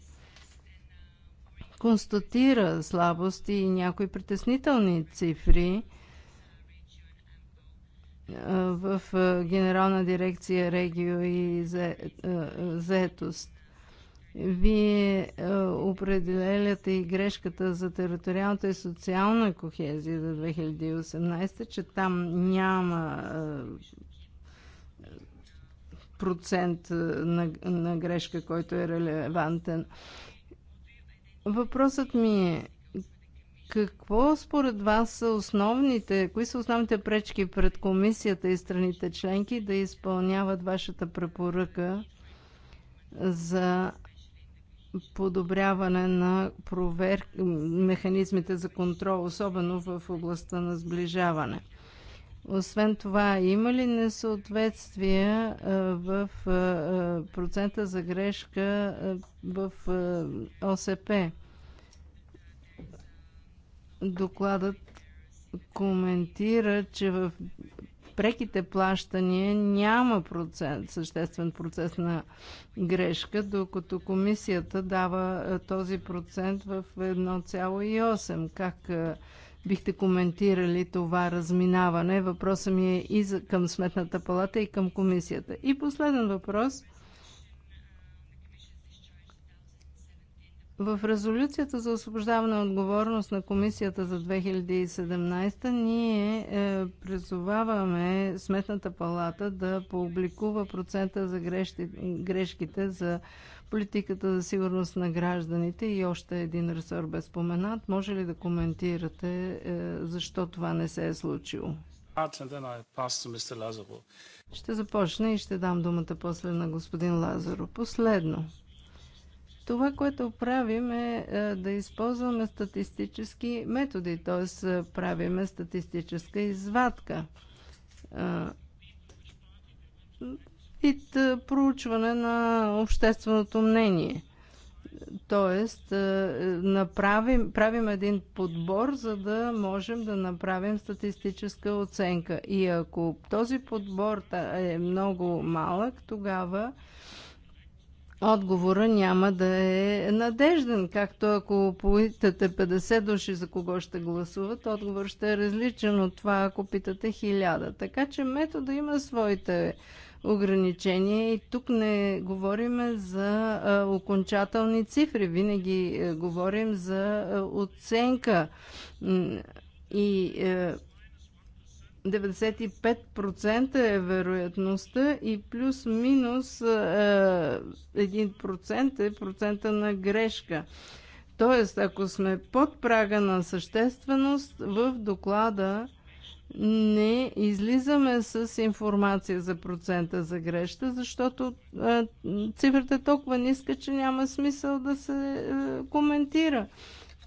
Speaker 3: констатира слабости и някои притеснителни цифри в Генерална дирекция Регио и заетост. Вие определяте и грешката за териториалната и социална кохезия за 2018, че там няма процент на, на грешка, който е релевантен. Въпросът ми е, какво според вас са основните, кои са основните пречки пред комисията и страните членки да изпълняват вашата препоръка за подобряване на провер... механизмите за контрол, особено в областта на сближаване? Освен това, има ли несъответствия в процента за грешка в ОСП? Докладът коментира, че в преките плащания няма процент, съществен процес на грешка, докато комисията дава този процент в 1,8. Как бихте коментирали това разминаване. Въпросът ми е и за, към Сметната палата, и към комисията. И последен въпрос. В резолюцията за освобождаване отговорност на комисията за 2017 ние е, призоваваме Сметната палата да публикува процента за грешките за политиката за сигурност на гражданите и още един ресор без споменат. Може ли да коментирате е, защо това не се е случило? Ще започна и ще дам думата после на господин Лазаро. Последно. Това, което правим е, е да използваме статистически методи, т.е. правиме статистическа извадка е, вид проучване на общественото мнение. Тоест, направим, правим един подбор, за да можем да направим статистическа оценка. И ако този подбор е много малък, тогава отговора няма да е надежден. Както ако попитате 50 души за кого ще гласуват, отговор ще е различен от това, ако питате 1000. Така че метода има своите Ограничения И тук не говорим за окончателни цифри, винаги говорим за оценка. И 95% е вероятността и плюс-минус 1% е процента на грешка. Тоест, ако сме под прага на същественост, в доклада не излизаме с информация за процента за грешка, защото а, цифрата е толкова ниска, че няма смисъл да се а, коментира.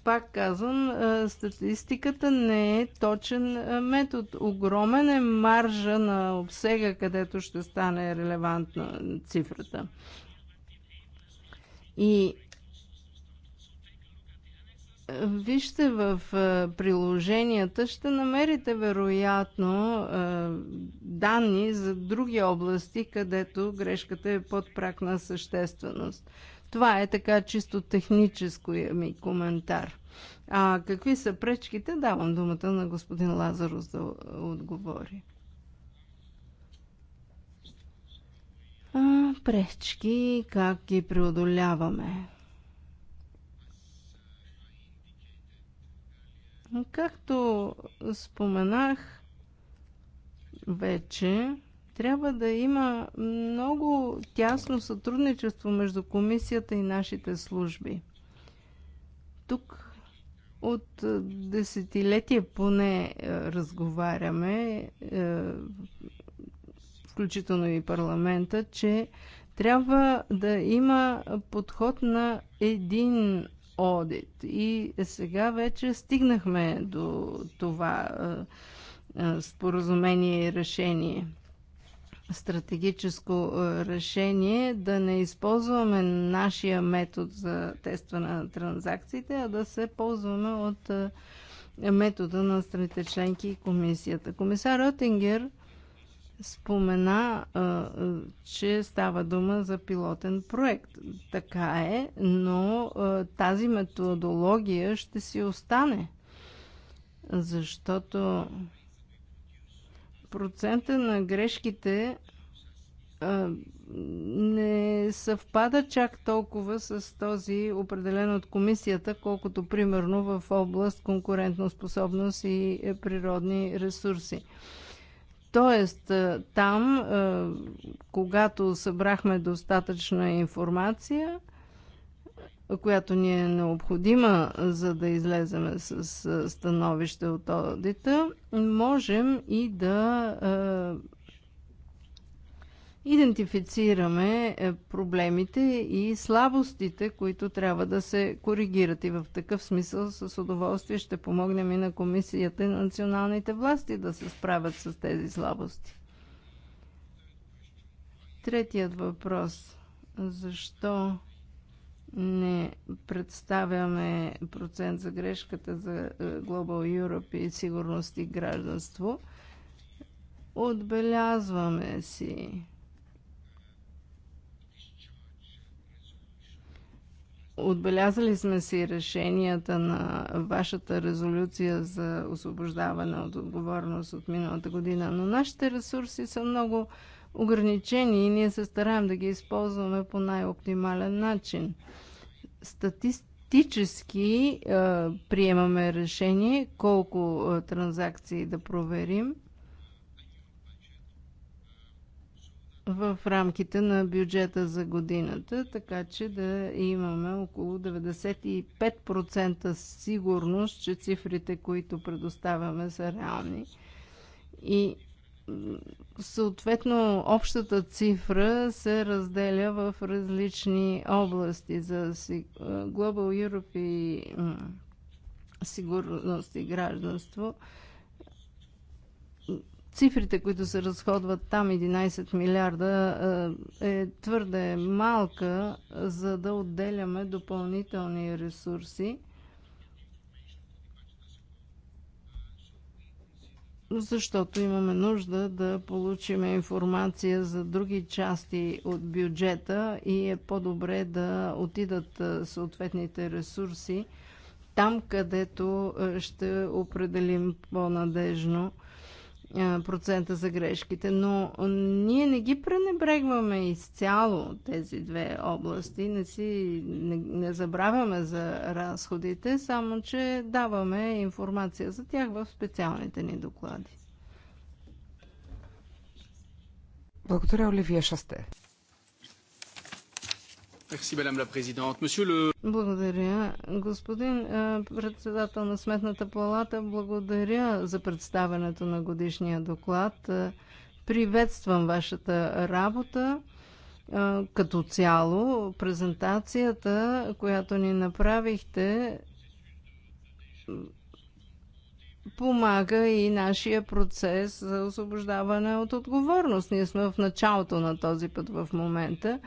Speaker 3: Пак казвам, а, статистиката не е точен а, метод. Огромен е маржа на обсега, където ще стане релевантна цифрата. И Вижте в приложенията, ще намерите вероятно данни за други области, където грешката е под прак на същественост. Това е така чисто техническо е, ми коментар. А какви са пречките? Давам думата на господин Лазарус да отговори. А, пречки, как ги преодоляваме? Както споменах вече, трябва да има много тясно сътрудничество между комисията и нашите служби. Тук от десетилетия поне е, разговаряме, е, включително и парламента, че трябва да има подход на един одит. И сега вече стигнахме до това споразумение и решение. Стратегическо решение да не използваме нашия метод за тестване на транзакциите, а да се ползваме от метода на страните членки и комисията. Комисар Ротингер спомена, че става дума за пилотен проект. Така е, но тази методология ще си остане, защото процента на грешките не съвпада чак толкова с този определен от комисията, колкото примерно в област конкурентно способност и природни ресурси. Тоест, е, там, е, когато събрахме достатъчна информация, която ни е необходима, за да излеземе с становище от одита, можем и да е, идентифицираме е, проблемите и слабостите, които трябва да се коригират. И в такъв смисъл с удоволствие ще помогнем и на комисията и на националните власти да се справят с тези слабости. Третият въпрос. Защо не представяме процент за грешката за е, Global Europe и сигурност и гражданство? Отбелязваме си Отбелязали сме си решенията на вашата резолюция за освобождаване от отговорност от миналата година, но нашите ресурси са много ограничени и ние се стараем да ги използваме по най-оптимален начин. Статистически е, приемаме решение колко е, транзакции да проверим – в рамките на бюджета за годината, така че да имаме около 95% сигурност, че цифрите, които предоставяме, са реални. И съответно общата цифра се разделя в различни области за Global Europe и сигурност и гражданство – цифрите, които се разходват там, 11 милиарда, е, е твърде малка, за да отделяме допълнителни ресурси. защото имаме нужда да получим информация за други части от бюджета и е по-добре да отидат е, съответните ресурси там, където е, ще определим по-надежно процента за грешките, но ние не ги пренебрегваме изцяло тези две области, не, си, не, не забравяме за разходите, само че даваме информация за тях в специалните ни доклади.
Speaker 1: Благодаря, Оливия Шасте.
Speaker 3: Благодаря. Господин е, председател на Сметната палата, благодаря за представенето на годишния доклад. Е, приветствам вашата работа е, като цяло. Презентацията, която ни направихте, помага и нашия процес за освобождаване от отговорност. Ние сме в началото на този път в момента.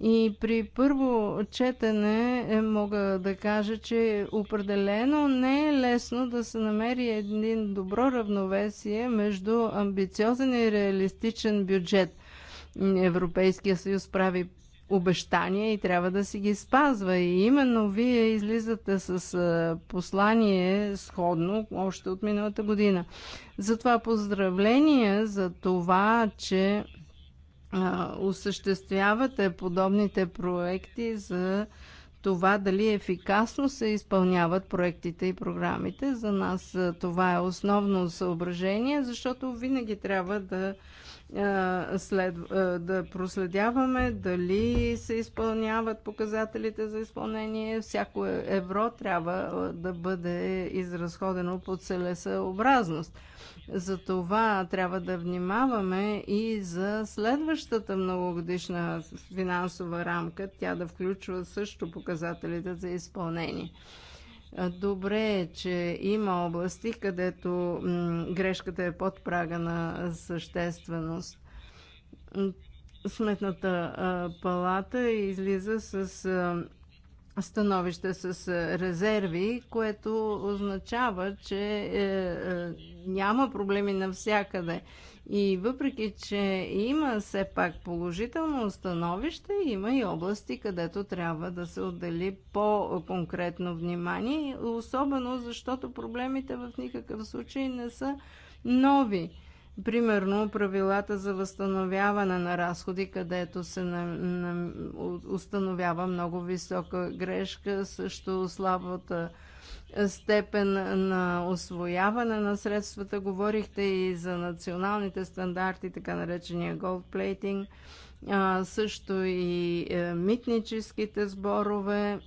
Speaker 3: И при първо четене е, мога да кажа, че определено не е лесно да се намери един добро равновесие между амбициозен и реалистичен бюджет. Европейския съюз прави обещания и трябва да си ги спазва. И именно вие излизате с е, послание сходно още от миналата година. Затова поздравления за това, че осъществявате подобните проекти за това дали ефикасно се изпълняват проектите и програмите. За нас това е основно съображение, защото винаги трябва да, след, да проследяваме дали се изпълняват показателите за изпълнение. Всяко евро трябва да бъде изразходено по целесъобразност. За това трябва да внимаваме и за следващата многогодишна финансова рамка, тя да включва също показателите показателите за изпълнение. Добре е, че има области, където грешката е под прага на същественост. Сметната палата излиза с становище с резерви, което означава, че е, е, няма проблеми навсякъде. И въпреки, че има все пак положително становище, има и области, където трябва да се отдели по-конкретно внимание, особено защото проблемите в никакъв случай не са нови. Примерно правилата за възстановяване на разходи, където се на, на, установява много висока грешка, също слабата степен на освояване на средствата. Говорихте и за националните стандарти, така наречения gold plating, а, също и е, митническите сборове,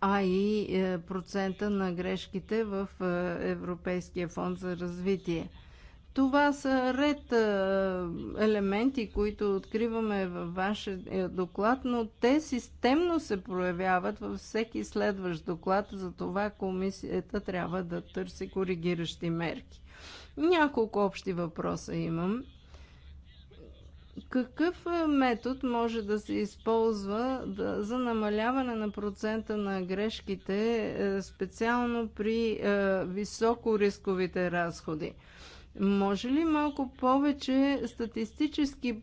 Speaker 3: а и е, процента на грешките в е, Европейския фонд за развитие. Това са ред елементи, които откриваме във вашия е, доклад, но те системно се проявяват във всеки следващ доклад, за това комисията трябва да търси коригиращи мерки. Няколко общи въпроса имам. Какъв е, метод може да се използва да, за намаляване на процента на грешките, е, специално при е, високо рисковите разходи? Може ли малко повече статистически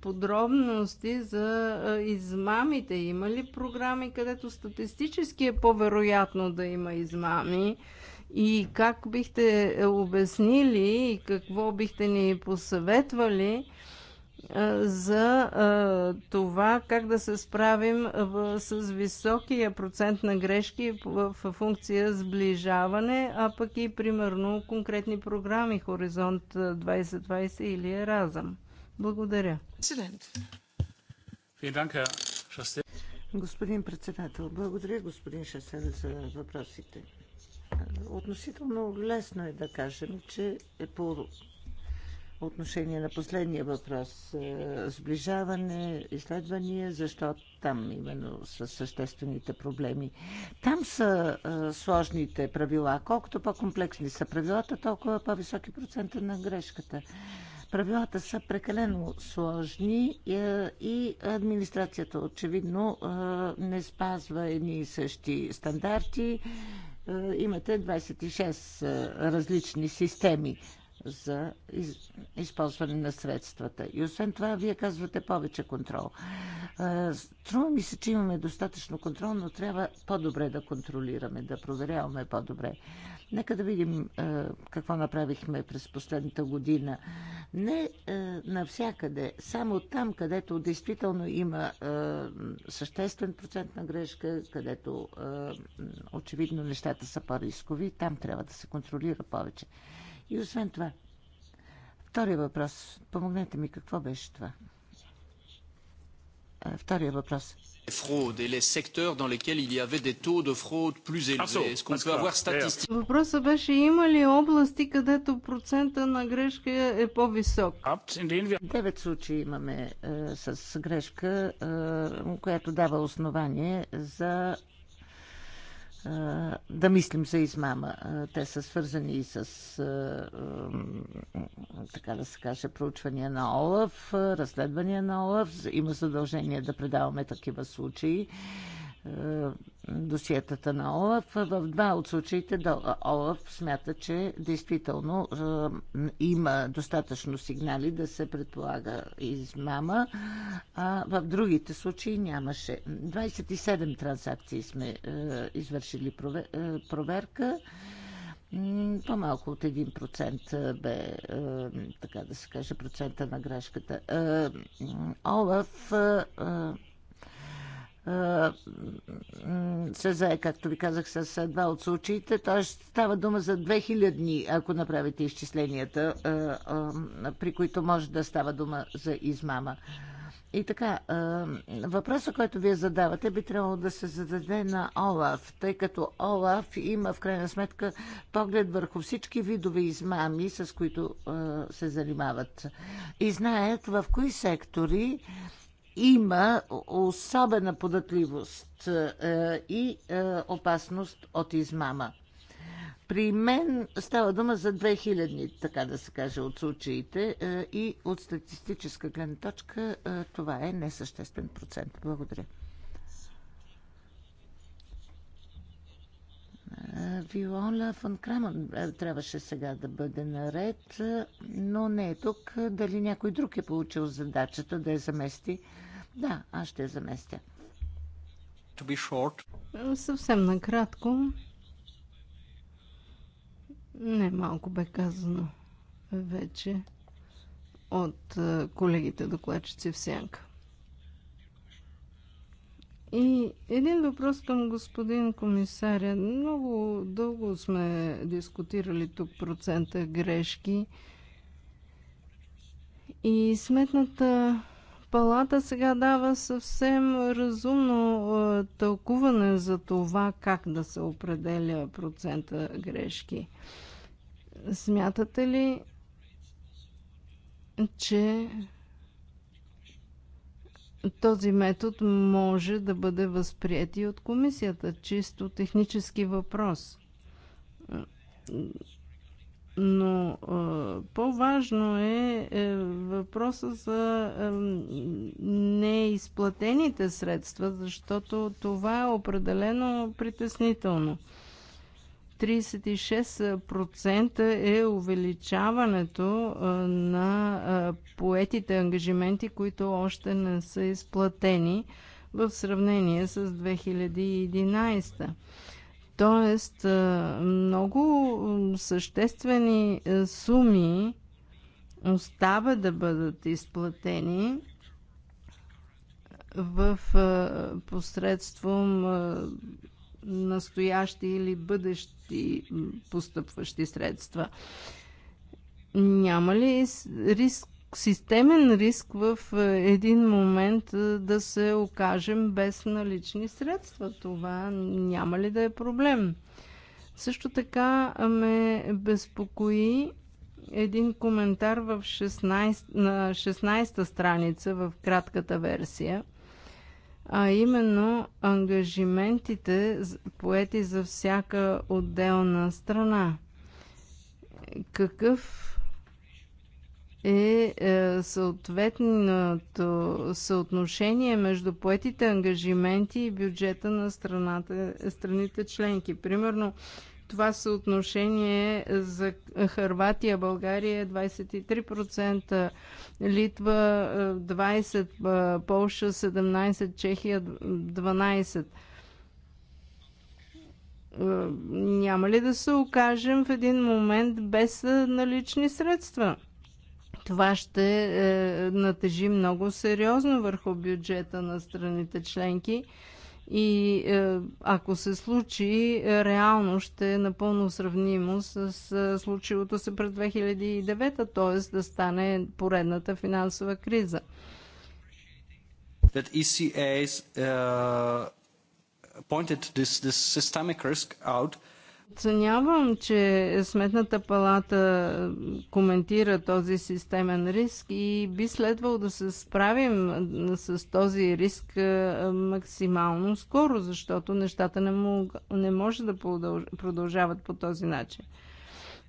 Speaker 3: подробности за измамите? Има ли програми, където статистически е по-вероятно да има измами? И как бихте обяснили и какво бихте ни посъветвали за това как да се справим с високия процент на грешки в функция сближаване, а пък и примерно конкретни програми Хоризонт 2020 или Еразъм. Благодаря. Господин председател,
Speaker 2: благодаря господин Шасел за въпросите. Относително лесно е да кажем, че е по по отношение на последния въпрос. Е, сближаване, изследвания, защо там именно са съществените проблеми. Там са е, сложните правила. Колкото по-комплексни са правилата, толкова по-високи процента на грешката. Правилата са прекалено сложни е, и администрацията очевидно не спазва едни и същи стандарти. Имате 26 различни системи за из, използване на средствата. И освен това, вие казвате повече контрол. Струва ми се, че имаме достатъчно контрол, но трябва по-добре да контролираме, да проверяваме по-добре. Нека да видим а, какво направихме през последната година. Не а, навсякъде, само там, където действително има а, съществен процент на грешка, където а, очевидно нещата са по-рискови, там трябва да се контролира повече. И освен това, втория въпрос. Помогнете ми, какво беше това? Е, втория въпрос.
Speaker 3: Фрауд и les secteurs dans lesquels il y avait des taux de fraude plus élevés. Est-ce qu'on peut Въпросът беше има ли области, където процента на грешка е по-висок? Девет случаи имаме е, с грешка, е, която дава основание
Speaker 2: за да мислим за измама. Те са свързани и с, така да се каже, проучвания на ОЛАФ, разследвания на ОЛАФ. Има задължение да предаваме такива случаи. Е, досиетата на Олаф. В два от случаите Олаф смята, че действително е, има достатъчно сигнали да се предполага измама, а в другите случаи нямаше. 27 транзакции сме е, извършили проверка. По-малко от 1% бе, така да се каже, процента на грешката. Олаф е, се зае, както ви казах, с два от случаите. Т.е. става дума за 2000, ако направите изчисленията, е, е, при които може да става дума за измама. И така, въпросът, който вие задавате, би трябвало да се зададе на Олаф, тъй като Олаф има в крайна сметка поглед върху всички видове измами, с които се занимават. И знаят в кои сектори има особена податливост е, и е, опасност от измама. При мен става дума за 2000, така да се каже, от случаите е, и от статистическа гледна точка това е несъществен процент. Благодаря. Виола фон Крамон трябваше сега да бъде наред, но не е тук. Дали някой друг е получил
Speaker 1: задачата
Speaker 3: да я замести? Да, аз ще заместя. To be short. Съвсем накратко. Не малко бе казано вече от е, колегите докладчици в Сянка. И един въпрос към господин комисаря. Много дълго сме дискутирали тук процента грешки. И сметната палата сега дава съвсем разумно е, тълкуване за това как да се определя процента грешки. Смятате ли, че този метод може да бъде възприяти от комисията? Чисто технически въпрос но по-важно е, е въпроса за е, неизплатените средства, защото това е определено притеснително. 36% е увеличаването на поетите ангажименти, които още не са изплатени в сравнение с 2011. Тоест, много съществени суми остава да бъдат изплатени в посредством настоящи или бъдещи постъпващи средства. Няма ли риск системен риск в е, един момент е, да се окажем без налични средства. Това няма ли да е проблем? Също така ме безпокои един коментар в 16, на 16-та страница в кратката версия, а именно ангажиментите поети за всяка отделна страна. Какъв е, е съответното съотношение между поетите ангажименти и бюджета на страната, страните членки. Примерно, това съотношение за Харватия, България е 23%, Литва 20%, е, е, Полша 17%, Чехия 12%. Няма ли да се окажем в един момент без налични средства? това ще е, натежи много сериозно върху бюджета на страните членки и е, ако се случи, реално ще е напълно сравнимо с, с е, случилото се през 2009, т.е. да стане поредната финансова криза. That ECA's uh, е,
Speaker 1: pointed this, this systemic risk out uh,
Speaker 3: Оценявам, че Сметната палата коментира този системен риск и би следвало да се справим с този риск максимално скоро, защото нещата не, мог, не може да продължават по този начин.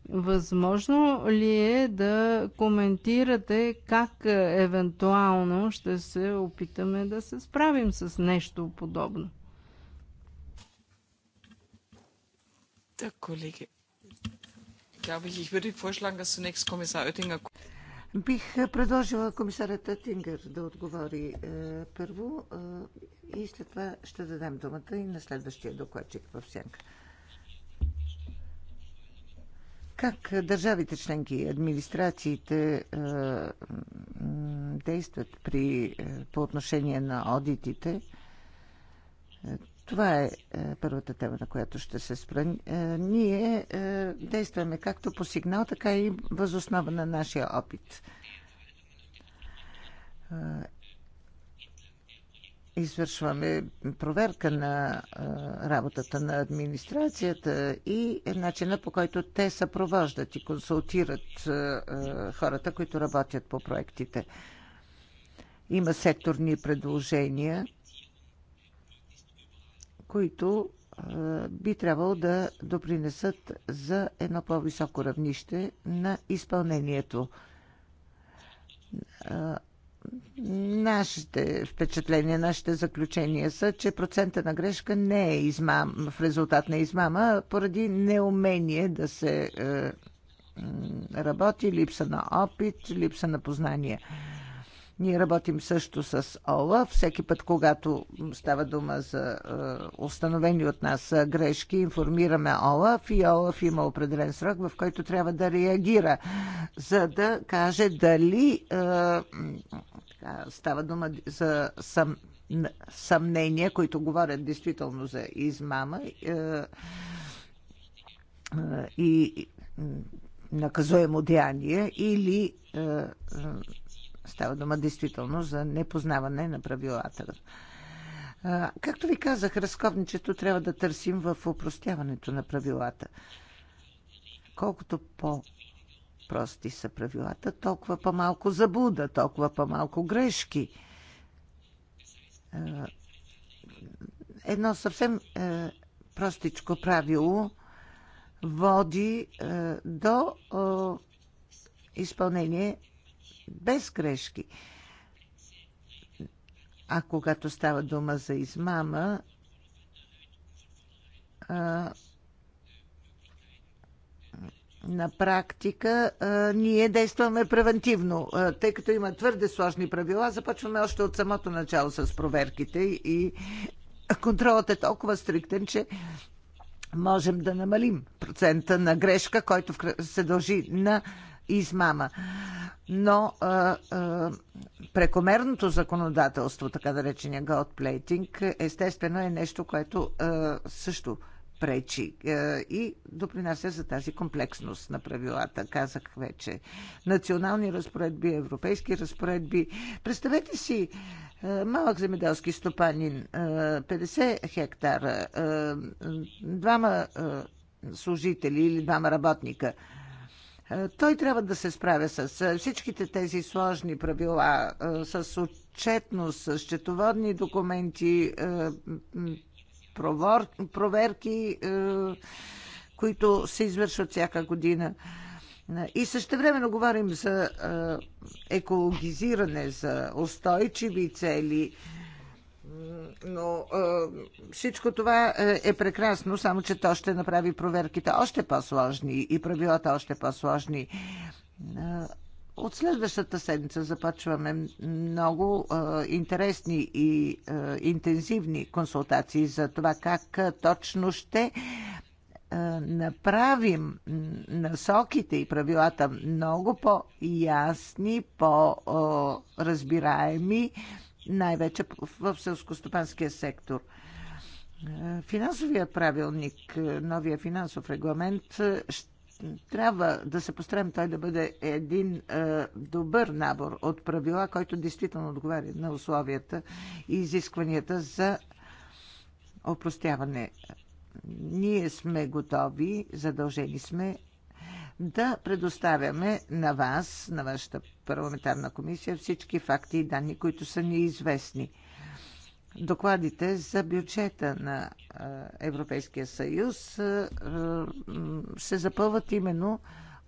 Speaker 3: Възможно ли е да коментирате как евентуално ще се опитаме да се справим с нещо подобно?
Speaker 1: Der Kollege. Glaube ich, ich würde vorschlagen, dass zunächst Kommissar Oettinger.
Speaker 2: Бих предложила комисарят Тингер да отговори е, първо е, и след това ще дадем думата и на следващия докладчик в сянка. Как държавите членки и администрациите е, действат при, е, по отношение на одитите? Е, това е, е първата тема, на която ще се спра. Е, ние е, действаме както по сигнал, така и възоснова на нашия опит. Извършваме проверка на работата на администрацията и начина по който те съпровождат и консултират хората, които работят по проектите. Има секторни предложения които би трябвало да допринесат за едно по-високо равнище на изпълнението. Нашите впечатления, нашите заключения са, че процента на грешка не е измам, в резултат на измама, поради неумение да се е, работи, липса на опит, липса на познание. Ние работим също с ОЛА. Всеки път, когато става дума за е, установени от нас е, грешки, информираме ОЛАФ и ОЛАФ има определен срок, в който трябва да реагира, за да каже дали е, става дума за съм, съмнения, които говорят действително за измама и наказуемо деяние или Става дума действително за непознаване на правилата. Както ви казах, разковничето трябва да търсим в упростяването на правилата. Колкото по прости са правилата, толкова по-малко забуда, толкова по-малко грешки. Едно съвсем е, простичко правило води е, до изпълнение без грешки. А когато става дума за измама, а, на практика а, ние действаме превентивно. А, тъй като има твърде сложни правила, започваме още от самото начало с проверките и контролът е толкова стриктен, че можем да намалим процента на грешка, който се дължи на измама но а, а, прекомерното законодателство, така наречения God голдплейтинг, естествено е нещо, което а, също пречи а, и допринася за тази комплексност на правилата. Казах вече. Национални разпоредби, европейски разпоредби. Представете си а, малък земеделски стопанин, а, 50 хектара, а, двама а, служители или двама работника – е, той трябва да се справя с е, всичките тези сложни правила, е, с отчетност, с счетоводни документи, проверки, които се извършват всяка година. И също времено говорим за екологизиране, за устойчиви цели но всичко това е прекрасно, само че то ще направи проверките още по-сложни и правилата още по-сложни. От следващата седмица започваме много а, интересни и а, интензивни консултации за това как а, точно ще а, направим насоките и правилата много по-ясни, по-разбираеми. по ясни по разбираеми най-вече в селскостопанския сектор. Е, финансовият правилник, е, новия финансов регламент, е, трябва да се постараем той да бъде един е, добър набор от правила, който действително отговаря на условията и изискванията за опростяване. Ние сме готови, задължени сме да предоставяме на вас, на вашата парламентарна комисия всички факти и данни, които са ни известни. Докладите за бюджета на Европейския съюз се запълват именно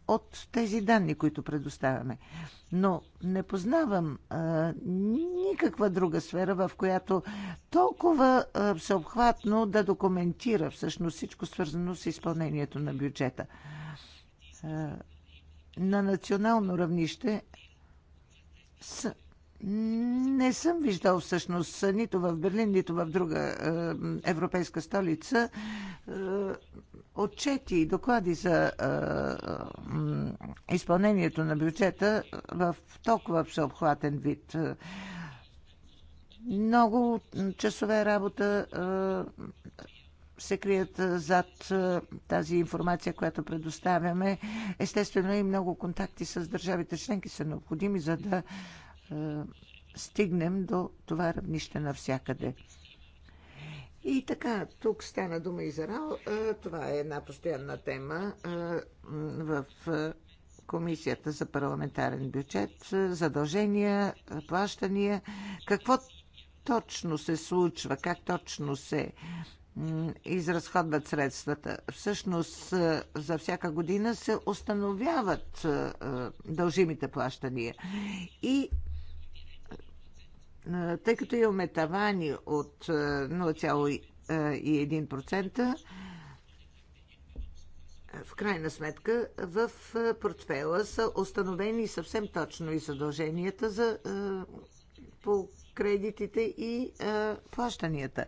Speaker 2: от тези данни, които предоставяме. Но не познавам а, никаква друга сфера, в която толкова а, всеобхватно да документира всъщност всичко свързано с изпълнението на бюджета. А, на национално равнище с... Не съм виждал всъщност нито в Берлин, нито в друга е, европейска столица е, отчети и доклади за е, изпълнението на бюджета в толкова всеобхватен вид. Много часове работа е, се крият зад тази информация, която предоставяме. Естествено и много контакти с държавите членки са необходими, за да стигнем до това равнище навсякъде. И така, тук стана дума и за РАО. Това е една постоянна тема в Комисията за парламентарен бюджет. Задължения, плащания. Какво точно се случва, как точно се изразходват средствата. Всъщност е, за всяка година се установяват е, е, дължимите плащания. И тъй като имаме тавани от 0,1%, в крайна сметка в портфела са установени съвсем точно и задълженията за по кредитите и плащанията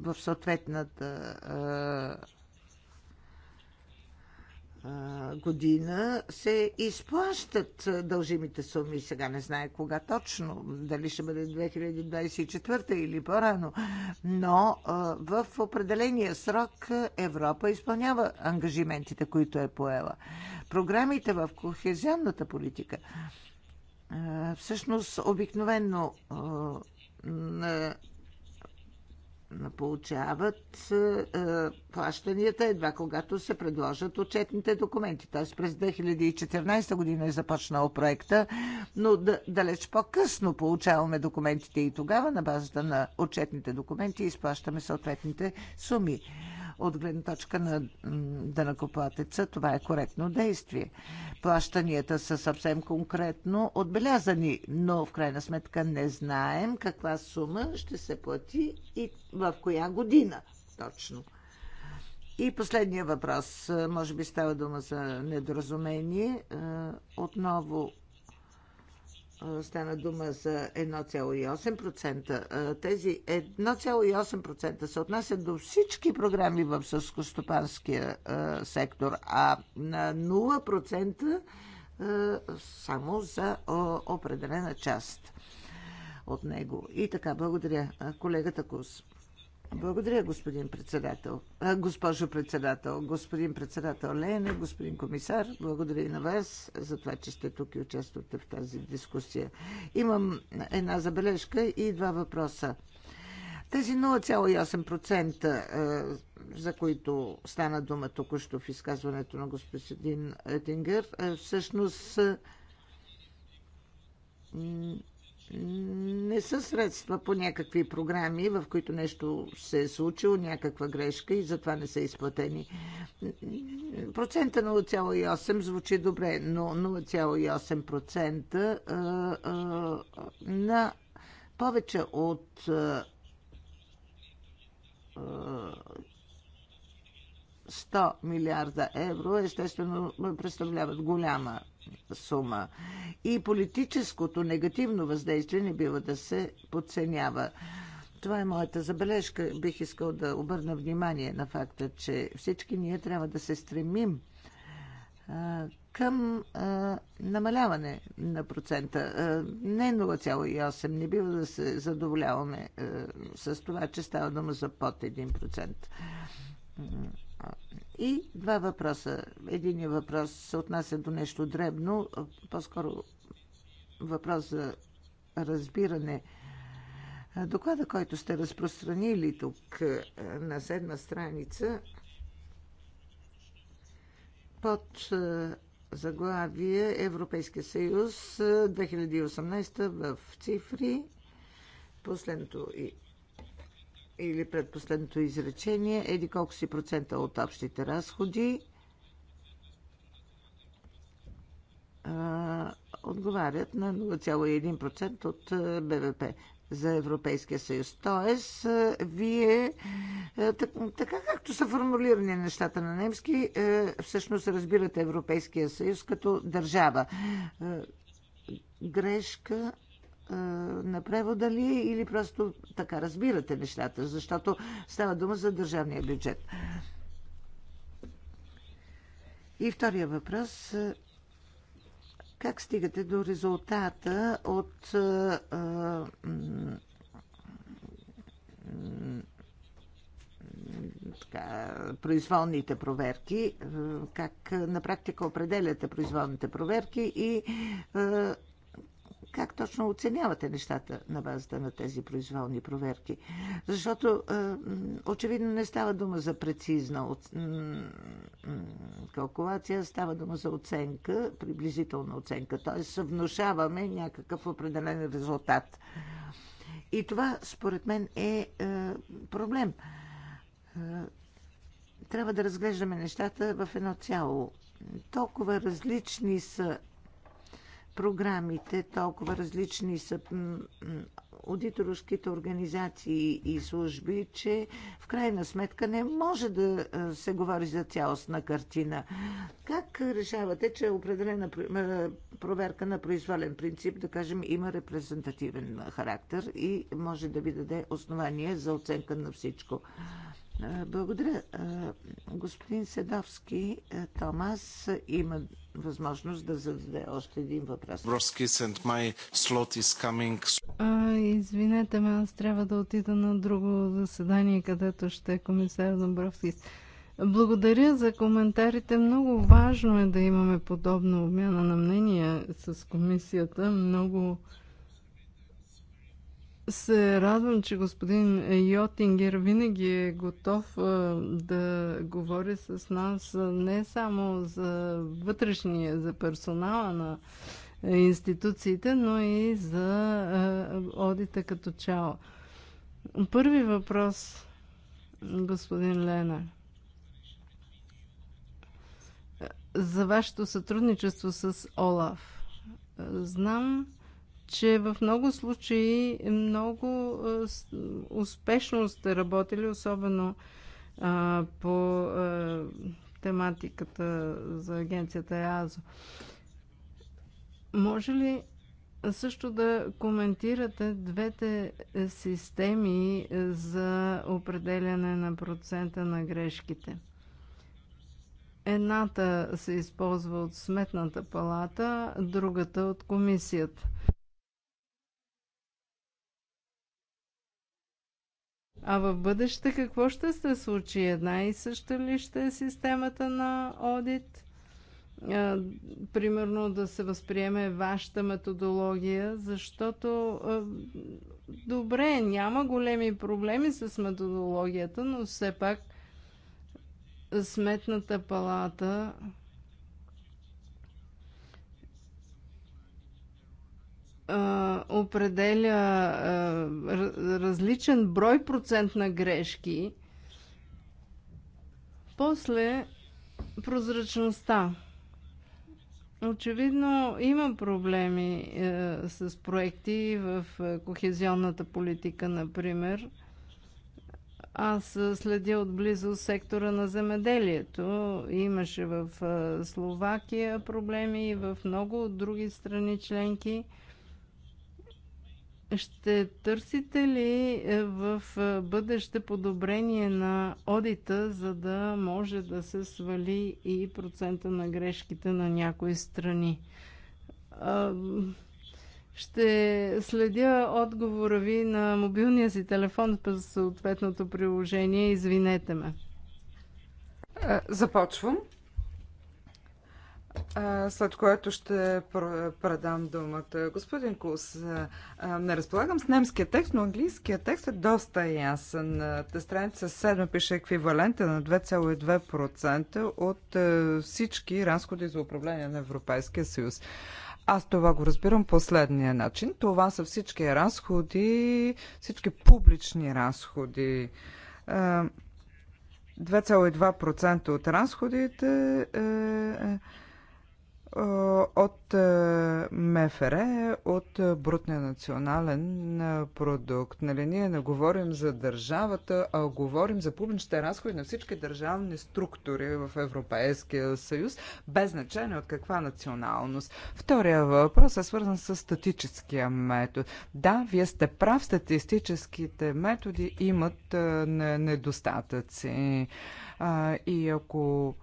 Speaker 2: в съответната година се изплащат дължимите суми. Сега не знае кога точно, дали ще бъде 2024 или по-рано, но в определения срок Европа изпълнява ангажиментите, които е поела. Програмите в кохезионната политика всъщност обикновенно получават е, е, плащанията едва когато се предложат отчетните документи. Т.е. през 2014 година е започнал проекта, но далеч по-късно получаваме документите и тогава на базата на отчетните документи изплащаме съответните суми от гледна точка на дънакоплатеца това е коректно действие. Плащанията са съвсем конкретно отбелязани, но в крайна сметка не знаем каква сума ще се плати и в коя година точно. И последния въпрос. Може би става дума за недоразумение. Отново стана дума за 1,8%. Тези 1,8% се отнасят до всички програми в сълскостопанския сектор, а на 0% само за определена част от него. И така, благодаря колегата Кус. Благодаря, господин председател. А, госпожо председател, господин председател Лене, господин комисар, благодаря и на вас за това, че сте тук и участвате в тази дискусия. Имам една забележка и два въпроса. Тези 0,8%, за които стана дума току-що в изказването на господин Етингер, всъщност не са средства по някакви програми, в които нещо се е случило, някаква грешка и затова не са изплатени. Процента 0,8 звучи добре, но 0,8% на повече от а, 100 милиарда евро, естествено, представляват голяма сума. И политическото негативно въздействие не бива да се подценява. Това е моята забележка. Бих искал да обърна внимание на факта, че всички ние трябва да се стремим към а, намаляване на процента. А, не 0,8. Не бива да се задоволяваме а, с това, че става дума за под 1%. И два въпроса. Единият въпрос се отнася до нещо дребно, по-скоро въпрос за разбиране. Доклада, който сте разпространили тук е, на седма страница, под е, заглавие Европейския съюз 2018 е, в цифри, последното и или предпоследното изречение, еди колко си процента от общите разходи отговарят на 0,1% от БВП за Европейския съюз. Тоест, вие, така както са формулирани нещата на немски, всъщност разбирате Европейския съюз като държава. Грешка на превода ли или просто така разбирате нещата, защото става дума за държавния бюджет. И втория въпрос. Как стигате до резултата от произволните проверки, как на практика определяте произволните проверки и как точно оценявате нещата на базата на тези произволни проверки? Защото е, очевидно не става дума за прецизна калкулация, става дума за оценка, приблизителна оценка, т.е. съвнушаваме някакъв определен резултат. И това, според мен, е, е проблем. Е, трябва да разглеждаме нещата в едно цяло. Толкова различни са програмите, толкова различни са аудиторските организации и служби, че в крайна сметка не може да се говори за цялостна картина. Как решавате, че е определена проверка на произволен принцип, да кажем, има репрезентативен характер и може да ви даде основание за оценка на всичко? Благодаря. Господин Седовски, Томас има възможност да зададе още един
Speaker 3: въпрос. Роски сент май слот из каминг. извинете ме, аз трябва да отида на друго заседание, където ще е комисар Домбровскис. Благодаря за коментарите. Много важно е да имаме подобна обмяна на мнения с комисията. Много се радвам, че господин Йотингер винаги е готов да говори с нас не само за вътрешния, за персонала на институциите, но и за одита като чао. Първи въпрос, господин Лена. За вашето сътрудничество с Олаф. Знам, че в много случаи много успешно сте работили, особено а, по а, тематиката за агенцията ЕАЗО. Може ли също да коментирате двете е, системи е, за определяне на процента на грешките? Едната се използва от Сметната палата, другата от комисията. А в бъдеще какво ще се случи? Една и съща ли ще е системата на одит? примерно да се възприеме вашата методология, защото добре, няма големи проблеми с методологията, но все пак Сметната палата определя различен брой процент на грешки. После прозрачността. Очевидно има проблеми е, с проекти в кохезионната политика, например. Аз следя отблизо сектора на земеделието. Имаше в Словакия проблеми и в много други страни членки. Е, ще търсите ли е, в е, бъдеще подобрение на одита, за да може да се свали и процента на грешките на някои страни? Ще следя отговора ви на мобилния си телефон през съответното приложение. Извинете ме. Е,
Speaker 1: започвам след което ще предам думата. Господин Кус, не разполагам с немския текст, но английския текст е доста ясен. На страница 7 пише еквивалента на 2,2% от всички разходи за управление на Европейския съюз. Аз това го разбирам последния начин. Това са всички разходи, всички публични разходи. 2,2% от разходите е, е от МФР, от брутния национален продукт. Нали, ние не говорим за държавата, а говорим за публичните разходи на всички държавни структури в Европейския съюз, без значение от каква националност. Втория въпрос е свързан с статическия метод. Да, вие сте прав, статистическите методи имат недостатъци. и ако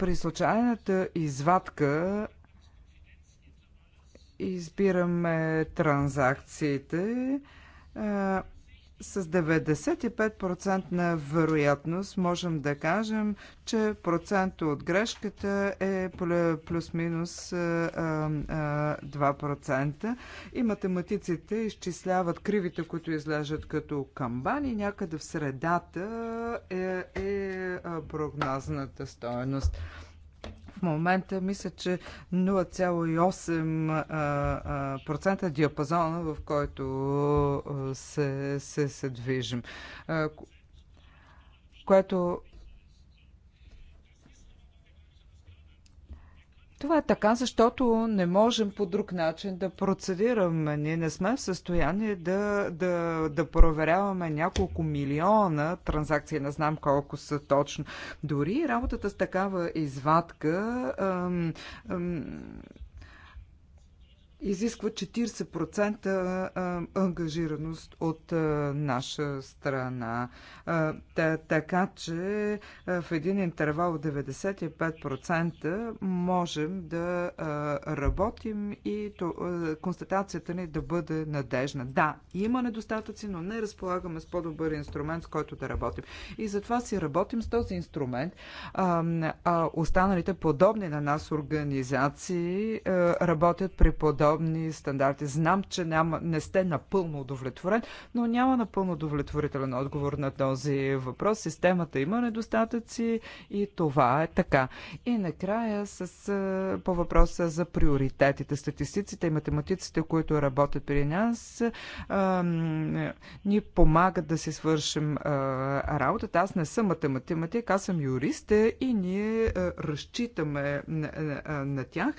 Speaker 1: при случайната извадка избираме транзакциите с 95% вероятност можем да кажем, че процента от грешката е плюс-минус 2%. И математиците изчисляват кривите, които излежат като камбани. Някъде в средата е, е прогнозната стоеност. В момента мисля, че 0,8% е диапазона, в който се, се, се движим. Което Това е така, защото не можем по друг начин да процедираме. Ние не сме в състояние да, да, да проверяваме няколко милиона транзакции, не знам колко са точно. Дори работата с такава извадка ам, ам, изисква 40% ангажираност от наша страна. Така че в един интервал от 95% можем да работим и констатацията ни да бъде надежна. Да, има недостатъци, но не разполагаме с по-добър инструмент, с който да работим. И затова си работим с този инструмент. останалите подобни на нас организации работят при подобни подобни стандарти. Знам, че няма, не сте напълно удовлетворен, но няма напълно удовлетворителен отговор на този въпрос. Системата има недостатъци и това е така. И накрая с, по въпроса за приоритетите. Статистиците и математиците, които работят при нас, ни помагат да си свършим работата. Аз не съм математик, аз съм юрист и ние разчитаме на тях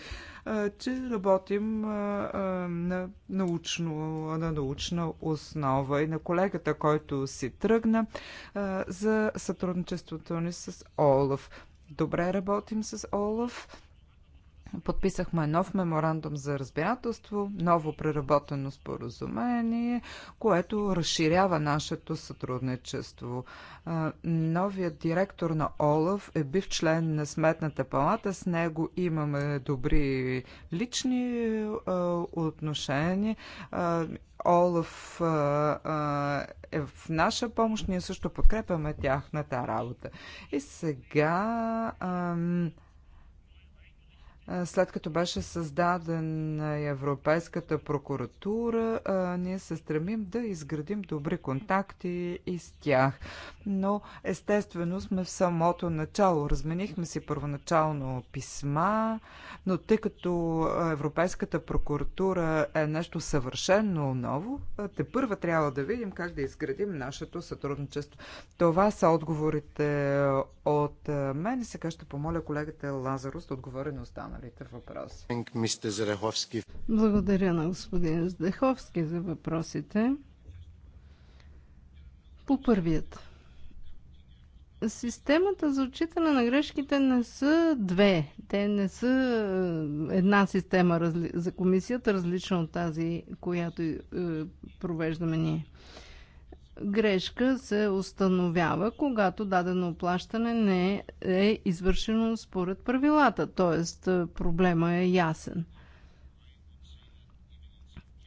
Speaker 1: че работим на, научно, на научна основа и на колегата, който си тръгна за сътрудничеството ни с Олаф. Добре работим с Олаф Подписахме нов меморандум за разбирателство, ново преработено споразумение, което разширява нашето сътрудничество. Новият директор на ОЛАВ е бив член на Сметната палата. С него имаме добри лични отношения. Олаф е в наша помощ, ние също подкрепяме тяхната работа. И сега след като беше създадена Европейската прокуратура, ние се стремим да изградим добри контакти и с тях. Но естествено сме в самото начало. Разменихме си първоначално писма, но тъй като Европейската прокуратура е нещо съвършенно ново, те първа трябва да видим как да изградим нашето сътрудничество. Това са отговорите от мен сега ще помоля колегата Лазарус да отговори на останали останалите въпроси.
Speaker 3: Благодаря на господин Здеховски за въпросите. По първият. Системата за отчитане на грешките не са две. Те не са е, една система за комисията, различна от тази, която е, провеждаме ние грешка се установява, когато дадено плащане не е извършено според правилата, т.е. проблема е ясен.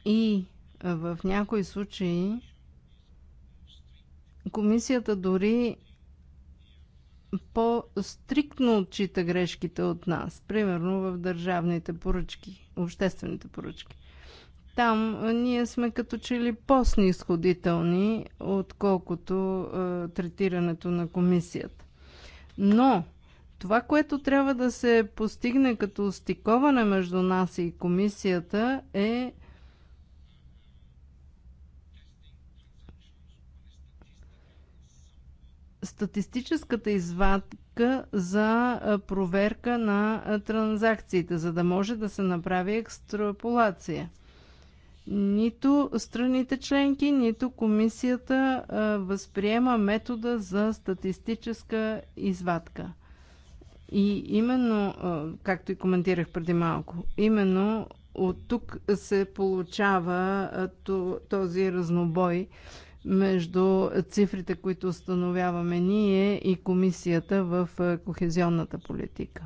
Speaker 3: И е, в някои случаи комисията дори по-стриктно отчита грешките от нас, примерно в държавните поръчки, обществените поръчки. Там ние сме като че ли по-снисходителни, отколкото е, третирането на комисията. Но това, което трябва да се постигне като стиковане между нас и комисията е статистическата извадка за проверка на транзакциите, за да може да се направи екстраполация – нито страните членки, нито комисията а, възприема метода за статистическа извадка. И именно, а, както и коментирах преди малко, именно от тук се получава а, този разнобой между цифрите, които установяваме ние и комисията в кохезионната политика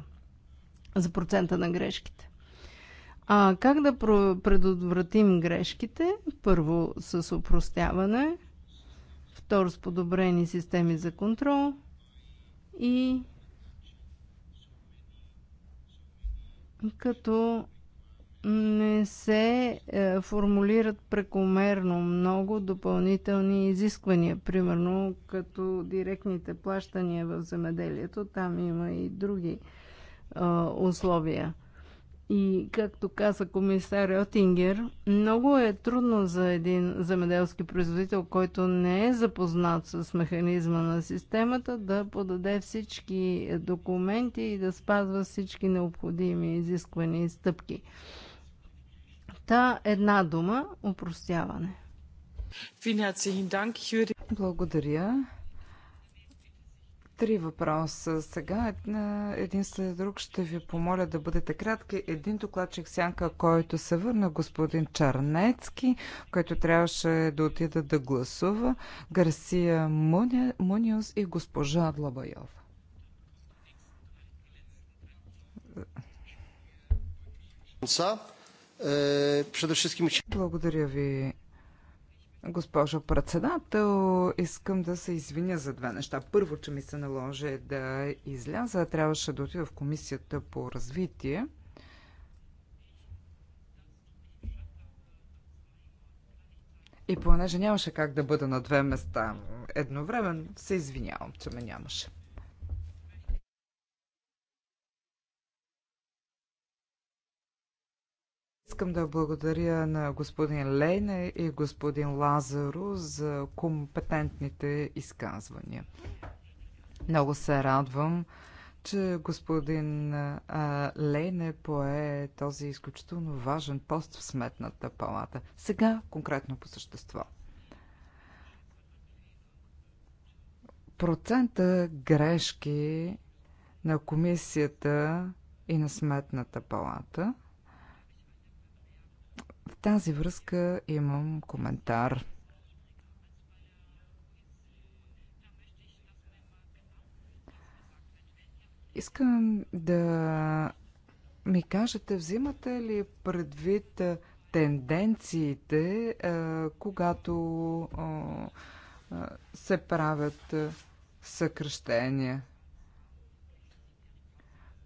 Speaker 3: за процента на грешките. А как да предотвратим грешките? Първо с упростяване, второ с подобрени системи за контрол и като не се е, формулират прекомерно много допълнителни изисквания, примерно като директните плащания в земеделието, там има и други е, условия. И както каза комисар Отингер, много е трудно за един земеделски производител, който не е запознат с механизма на системата, да подаде всички документи и да спазва всички необходими изисквания и стъпки. Та една дума – упростяване. Благодаря
Speaker 1: три въпроса. Сега един след друг ще ви помоля да бъдете кратки. Един докладчик сянка, който се върна, господин Чарнецки, който трябваше да отида да гласува, Гарсия Муни... Муниус и госпожа Длабайова. Благодаря ви, Госпожо председател, искам да се извиня за две неща. Първо, че ми се наложи да изляза, трябваше да отида в комисията по развитие. И понеже нямаше как да бъда на две места едновременно, се извинявам, че ме нямаше. Искам да благодаря на господин Лейне и господин Лазаро за компетентните изказвания. Много се радвам, че господин а, Лейне пое този изключително важен пост в Сметната палата. Сега конкретно по същество. Процента грешки на комисията и на Сметната палата – в тази връзка имам коментар. Искам да ми кажете, взимате ли предвид тенденциите, когато се правят съкръщения?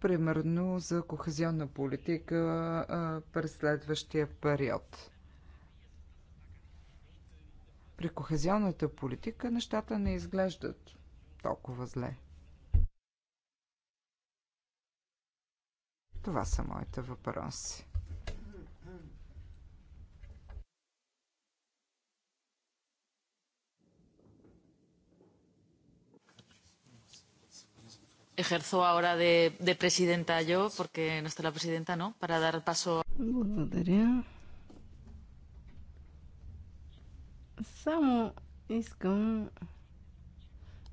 Speaker 1: примерно за кохезионна политика през следващия период. При кохезионната политика нещата не изглеждат толкова зле. Това са моите въпроси. Ejerzo ahora de, de presidenta yo, porque no está la presidenta, ¿no? Para
Speaker 3: dar paso. Благодаря. Само искам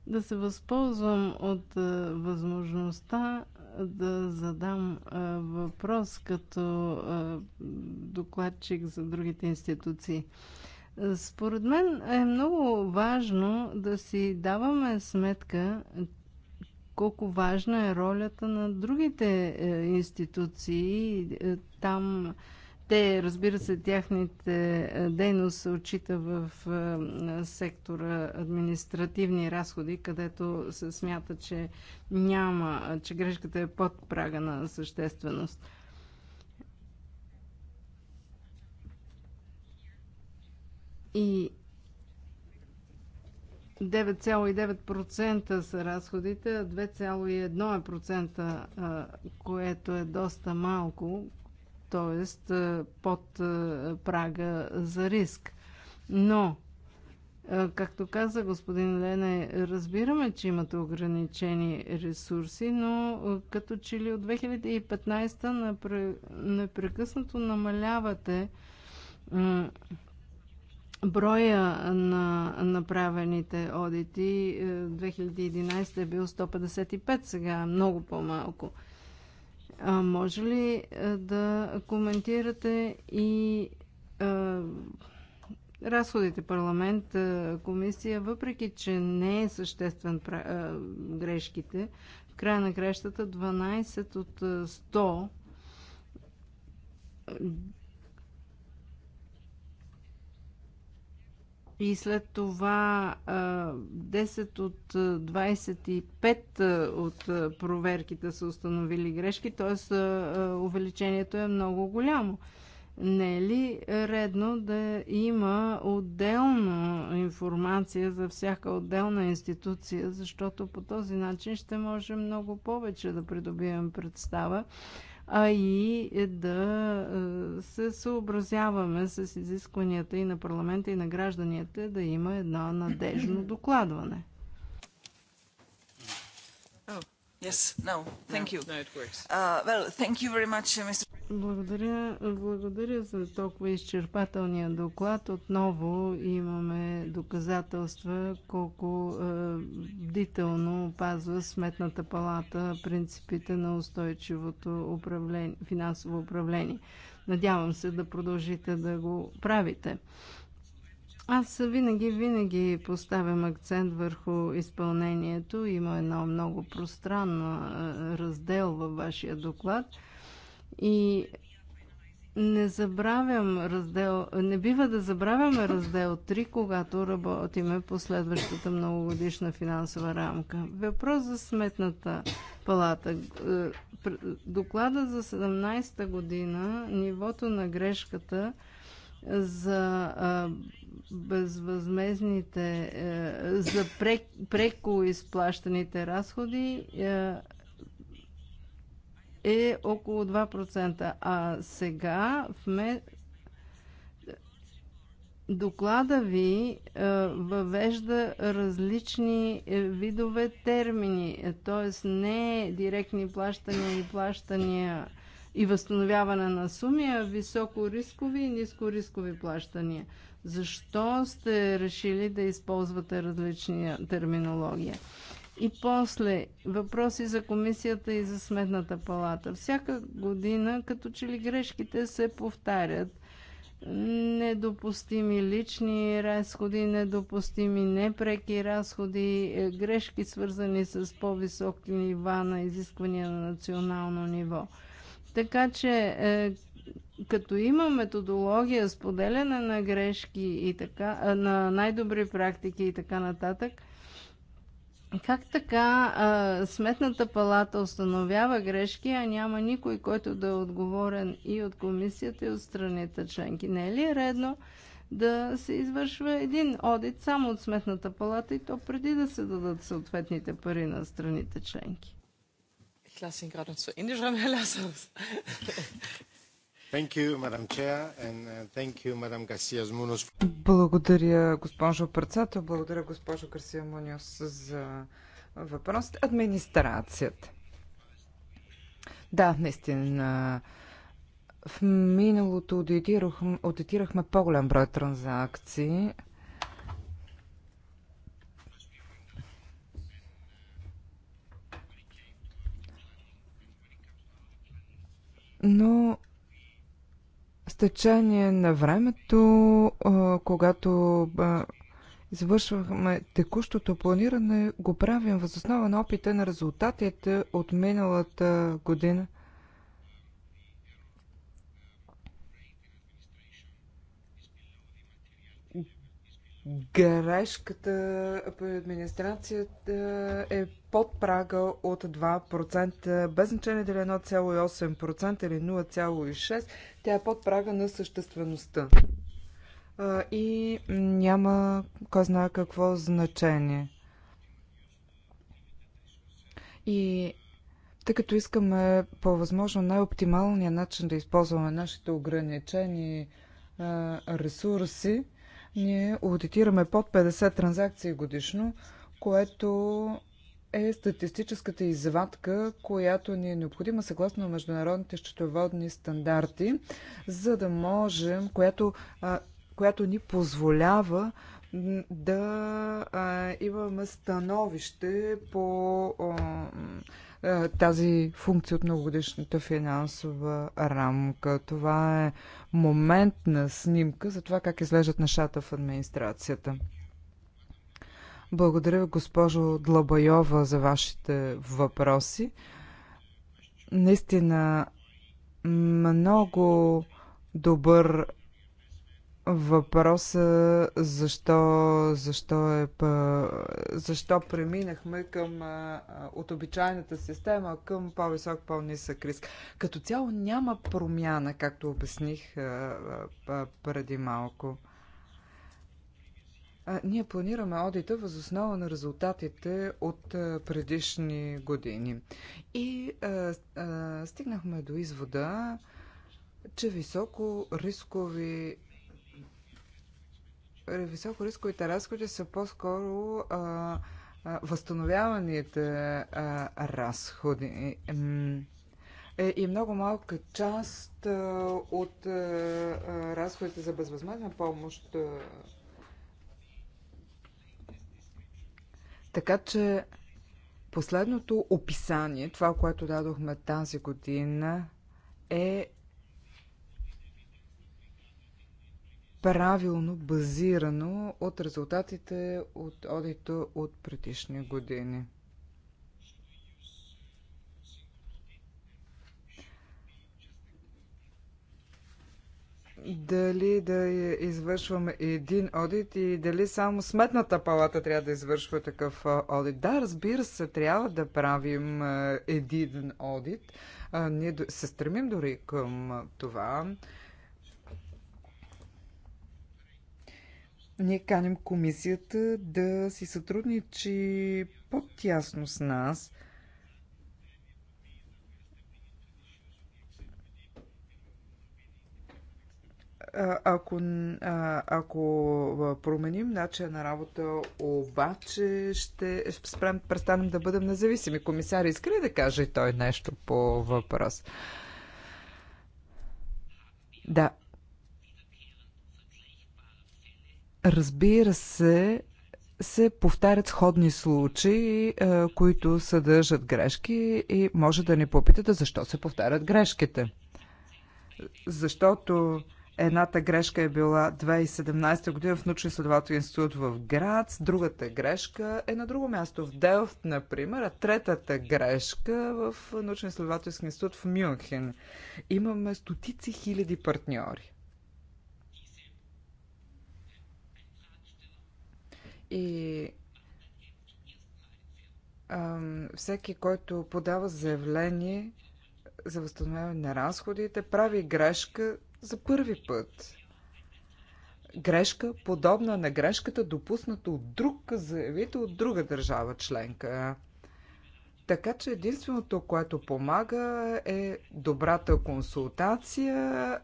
Speaker 3: да се възползвам от е, възможността да задам е, въпрос като е, докладчик за другите институции. Според мен е много важно да си даваме сметка, колко важна е ролята на другите е, институции. Е, там те, разбира се, тяхните е, дейност се отчита в сектора административни разходи, където се смята, че няма, че грешката е под прага на същественост. И 9,9% са разходите, а 2,1% което е доста малко, т.е. под прага за риск. Но, както каза господин Лене, разбираме, че имате ограничени ресурси, но като че ли от 2015 непрекъснато намалявате Броя на направените одити 2011 е, е бил 155, сега е много по-малко. А може ли е, да коментирате и а, разходите парламент, комисия, въпреки че не е съществен а, грешките, в края на кращата 12 от 100 и след това 10 от 25 от проверките са установили грешки, т.е. увеличението е много голямо. Не е ли редно да има отделна информация за всяка отделна институция, защото по този начин ще може много повече да придобием представа а и да се съобразяваме с изискванията и на парламента, и на гражданите да има едно надежно докладване.
Speaker 1: Yes, no, thank you. it works. Uh, uh,
Speaker 3: благодаря, благодаря за толкова изчерпателния доклад. Отново имаме доказателства колко е, бдително опазва Сметната палата принципите на устойчивото управление, финансово управление. Надявам се да продължите да го правите. Аз винаги, винаги поставям акцент върху изпълнението. Има едно много пространно раздел във вашия доклад. И не забравям раздел, не бива да забравяме раздел 3, когато работиме по следващата многогодишна финансова рамка. Въпрос за сметната палата. Е, доклада за 17-та година, нивото на грешката – за безвъзмезните, е, за преко изплащаните разходи е, е около 2%. А сега в ме... доклада ви е, въвежда различни видове термини, т.е. не директни плащания и плащания и възстановяване на суми, а високо рискови и ниско рискови плащания. Защо сте решили да използвате различни терминология? И после въпроси за комисията и за сметната палата. Всяка година, като че ли грешките се повтарят, недопустими лични разходи, недопустими непреки разходи, е, грешки свързани с по-високи нива на изисквания на национално ниво – така че е, като има методология споделяне на грешки и така, е, на най-добри практики и така нататък, как така е, Сметната палата установява грешки, а няма никой, който да е отговорен и от комисията, и от страните членки? Не е ли редно да се извършва един одит само от Сметната палата и то преди да се дадат съответните пари на страните членки?
Speaker 1: lasse ihn gerade noch zu Ende schreiben, Herr Lassos.
Speaker 3: Thank you, Madam Chair, and uh, thank you, Madam Garcia Munoz. Благодаря,
Speaker 1: госпожо председател, благодаря, госпожо Гарсия Муниос, за въпросите. Администрацията. Да, наистина. В миналото аудитирахме по-голям брой транзакции – но с течение на времето, когато извършвахме текущото планиране, го правим възоснова на опита на резултатите от миналата година – Грешката по администрацията е под прага от 2%, без значение дали 1,8% е или 0,6%, тя е под прага на съществеността. И няма кой знае какво значение. И тъй като искаме по възможно най-оптималния начин да използваме нашите ограничени ресурси, ние аудитираме под 50 транзакции годишно, което е статистическата извадка, която ни е необходима съгласно международните счетоводни стандарти, за да можем, която, а, която ни позволява да а, имаме становище по а, е, тази функция от многогодишната финансова рамка. Това е моментна снимка за това как изглеждат нещата в администрацията. Благодаря, госпожо Длабайова, за вашите въпроси. Наистина, много добър въпроса защо, защо, е, защо преминахме към, от обичайната система към по-висок, по-нисък риск. Като цяло няма промяна, както обясних преди малко. Ние планираме одита възоснова основа на резултатите от предишни години. И стигнахме до извода, че високо рискови високорисковите разходи са по-скоро възстановяваните а, разходи. Е, и много малка част от разходите за безвъзмезна помощ. Така че последното описание, това, което дадохме тази година, е правилно базирано от резултатите от одита от предишни години. дали да извършваме един одит и дали само сметната палата трябва да извършва такъв одит. Да, разбира се, трябва да правим един одит. Ние се стремим дори към това. Ние каним комисията да си сътрудничи по-тясно с нас. Ако, ако променим начин на работа, обаче ще спрем, престанем да бъдем независими. Комисар, иска ли да каже той нещо по въпрос? Да, Разбира се, се повтарят сходни случаи, е, които съдържат грешки и може да ни попитате защо се повтарят грешките. Защото едната грешка е била 2017 година в научно-изследователен институт в Град, другата грешка е на друго място в Делфт, например, а третата грешка в научно-изследователски институт в Мюнхен. Имаме стотици хиляди партньори. И всеки, който подава заявление за възстановяване на разходите, прави грешка за първи път. Грешка, подобна на грешката, допусната от друг заявител от друга държава членка. Така че единственото, което помага е добрата консултация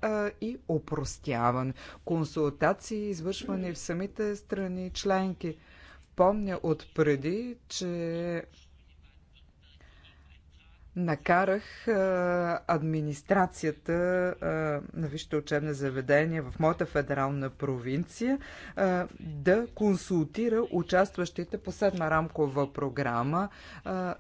Speaker 1: а, и опростяване. Консултации, извършвани в самите страни членки. Помня отпреди, че накарах администрацията на висшите учебни заведения в моята федерална провинция да консултира участващите по седма рамкова програма,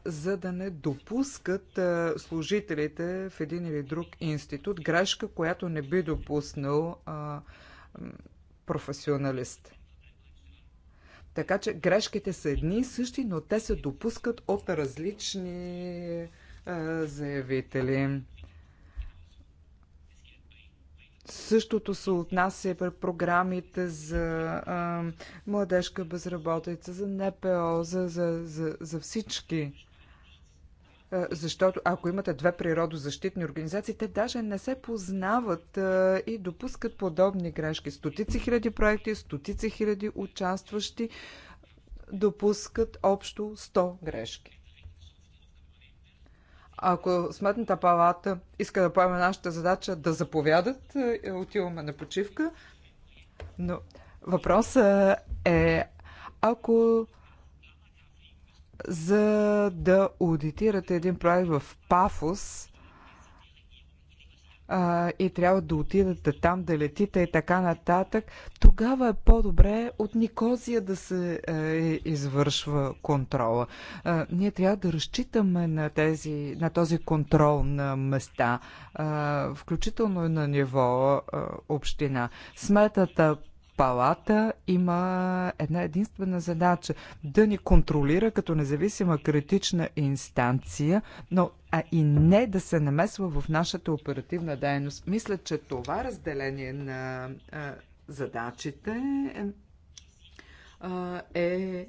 Speaker 1: за да не допускат служителите в един или друг институт грешка, която не би допуснал професионалист. Така че грешките са едни и същи, но те се допускат от различни заявители. Същото се отнася при програмите за а, младежка безработица, за НПО, за, за, за, за всички. А, защото ако имате две природозащитни организации, те даже не се познават а, и допускат подобни грешки. Стотици хиляди проекти, стотици хиляди участващи допускат общо 100 грешки. Ако Сметната палата иска да поеме нашата задача да заповядат, е, отиваме на почивка. Но въпросът е, ако за да аудитирате един проект в Пафос, а, и трябва да отидете там, да летите и така нататък, тогава е по-добре от Никозия да се е, извършва контрола. А, ние трябва да разчитаме на, тези, на този контрол на места, а, включително и на ниво а, община. Сметата палата има една единствена задача да ни контролира като независима критична инстанция, но а и не да се намесва в нашата оперативна дейност. Мисля, че това разделение на а, задачите а, е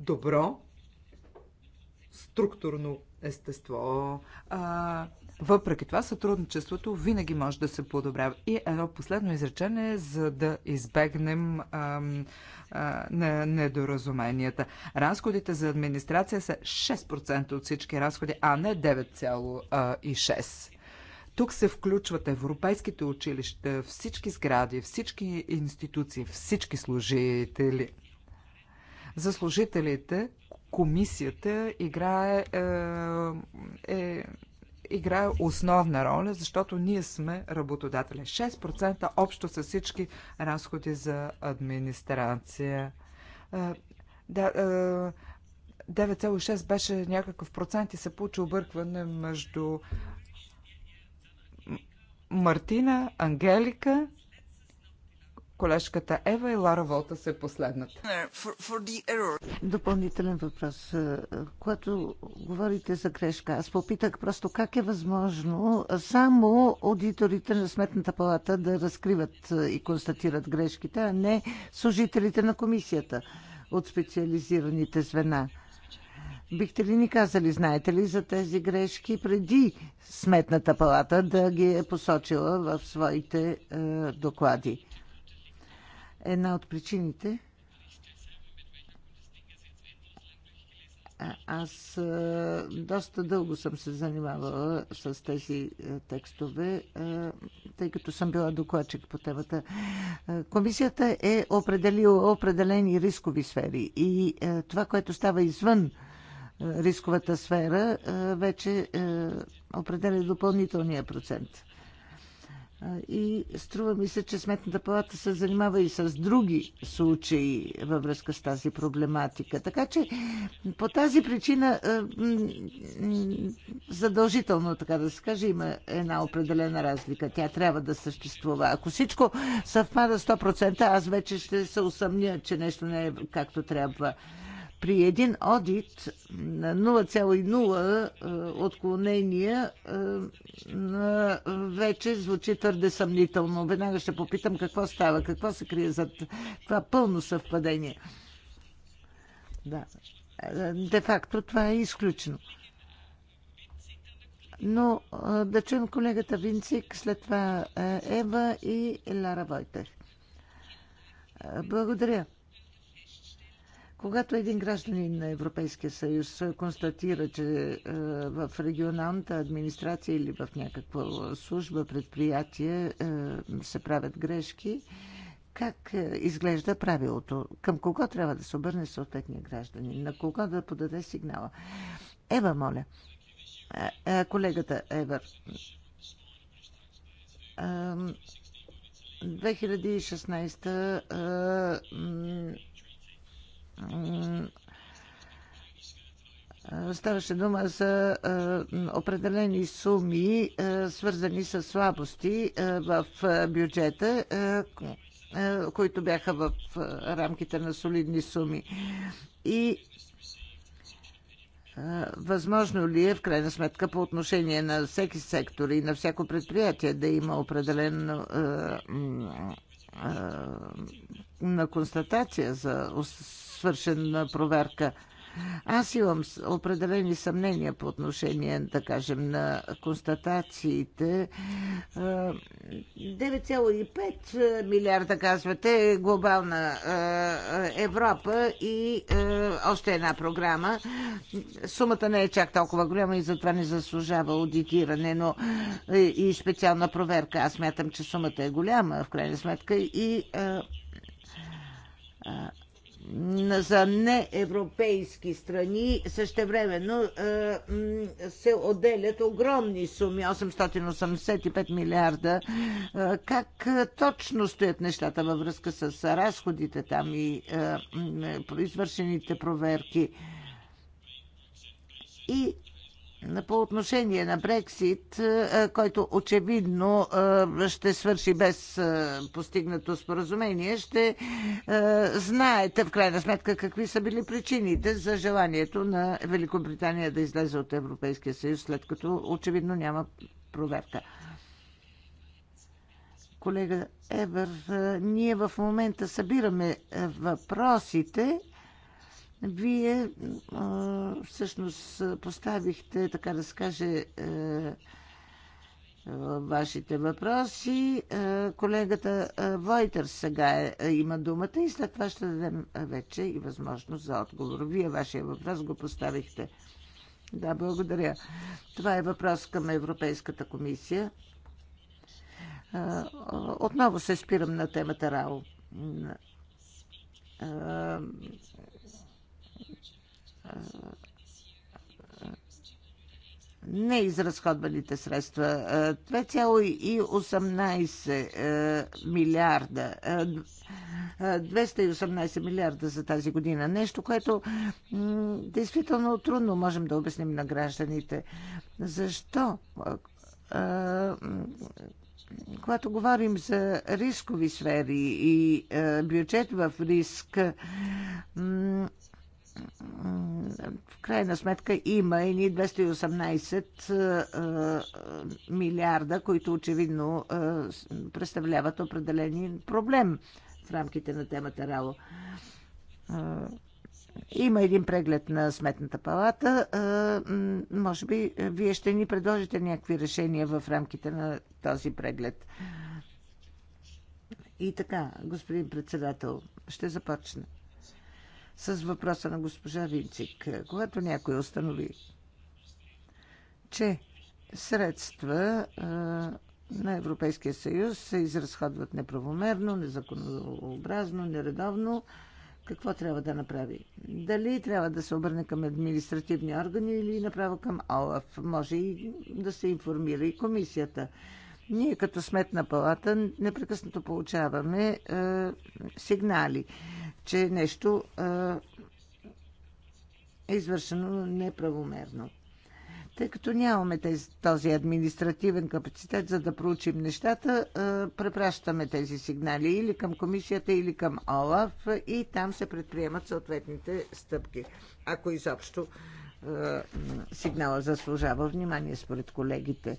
Speaker 1: добро структурно естество. А, въпреки това, сътрудничеството винаги може да се подобрява. И едно последно изречение, за да избегнем ам, а, на недоразуменията. Разходите за администрация са 6% от всички разходи, а не 9,6%. Тук се включват европейските училища, всички сгради, всички институции, всички служители. За служителите комисията играе е, е, играе основна роля, защото ние сме работодатели. 6% общо са всички разходи за администрация. Да, 9,6 беше някакъв процент и се получи объркване между Мартина, Ангелика колежката Ева и Лара Волта се последната. Допълнителен въпрос. Е,
Speaker 2: когато говорите за грешка, аз попитах просто как е възможно само аудиторите на Сметната палата да разкриват е, и констатират грешките, а не служителите на комисията от специализираните звена. Бихте ли ни казали, знаете ли за тези грешки преди Сметната палата да ги е посочила в своите е, доклади? една от причините. Аз доста дълго съм се занимавала с тези текстове, тъй като съм била докладчик по темата. Комисията е определила определени рискови сфери и това, което става извън рисковата сфера, вече определя допълнителния процент. И струва ми се, че Сметната палата се занимава и с други случаи във връзка с тази проблематика. Така че по тази причина задължително, така да се каже, има една определена разлика. Тя трябва да съществува. Ако всичко съвпада 100%, аз вече ще се усъмня, че нещо не е както трябва при един одит на 0,0 е, отклонения е, е, вече звучи твърде съмнително. Веднага ще попитам какво става, какво се крие за това пълно съвпадение. Да. Де факто това е изключено. Но да чуем колегата Винцик, след това Ева и Лара Войтех. Благодаря. Когато един гражданин на Европейския съюз констатира, че е, в регионалната администрация или в някаква служба, предприятие е, се правят грешки, как е, изглежда правилото? Към кого трябва да се обърне съответния гражданин? На кого да подаде сигнала? Ева, моля. Колегата Ева, 2016 Ставаше дума за определени суми, свързани с слабости в бюджета, които бяха в рамките на солидни суми. И Възможно ли е, в крайна сметка, по отношение на всеки сектор и на всяко предприятие да има определено. на констатация за свършена проверка. Аз имам определени съмнения по отношение, да кажем, на констатациите. 9,5 милиарда, казвате, е глобална Европа и още една програма. Сумата не е чак толкова голяма и затова не заслужава аудитиране, но и специална проверка. Аз мятам, че сумата е голяма, в крайна сметка, и за неевропейски страни същевременно е, се отделят огромни суми 885 милиарда. Е, как е, точно стоят нещата във връзка с разходите там и извършените проверки? И по отношение на Брексит, е, е, който очевидно е, ще свърши без постигнато споразумение, ще знаете в крайна сметка какви са били причините за желанието на Великобритания да излезе от Европейския съюз, след като очевидно няма проверка колега Ебер, ние в момента събираме въпросите вие всъщност поставихте, така да се каже, е, вашите въпроси. Е, колегата е, Войтер сега е, има думата и след това ще дадем вече и възможност за отговор. Вие вашия въпрос го поставихте. Да, благодаря. Това е въпрос към Европейската комисия. Отново се спирам на темата РАО неизразходваните средства 2,18 е, е, милиарда 218 е, милиарда за тази година. Нещо, което действително трудно можем да обясним на гражданите. Защо? Когато говорим за рискови сфери и бюджет в риск, в крайна сметка има ни 218 милиарда, които очевидно представляват определени проблем в рамките на темата РАО. Има един преглед на Сметната палата. Може би вие ще ни предложите някакви решения в рамките на този преглед. И така, господин председател, ще започна с въпроса на госпожа Ринцик. Когато някой установи, че средства на Европейския съюз се изразходват неправомерно, незаконообразно, нередовно, какво трябва да направи? Дали трябва да се обърне към административни органи или направо към ОЛАФ? Може и да се информира и комисията. Ние като сметна палата непрекъснато получаваме е, сигнали че нещо е извършено неправомерно. Тъй като нямаме тези, този административен капацитет за да проучим нещата, препращаме тези сигнали или към комисията, или към ОЛАФ и там се предприемат съответните стъпки. Ако изобщо сигнала заслужава внимание според колегите.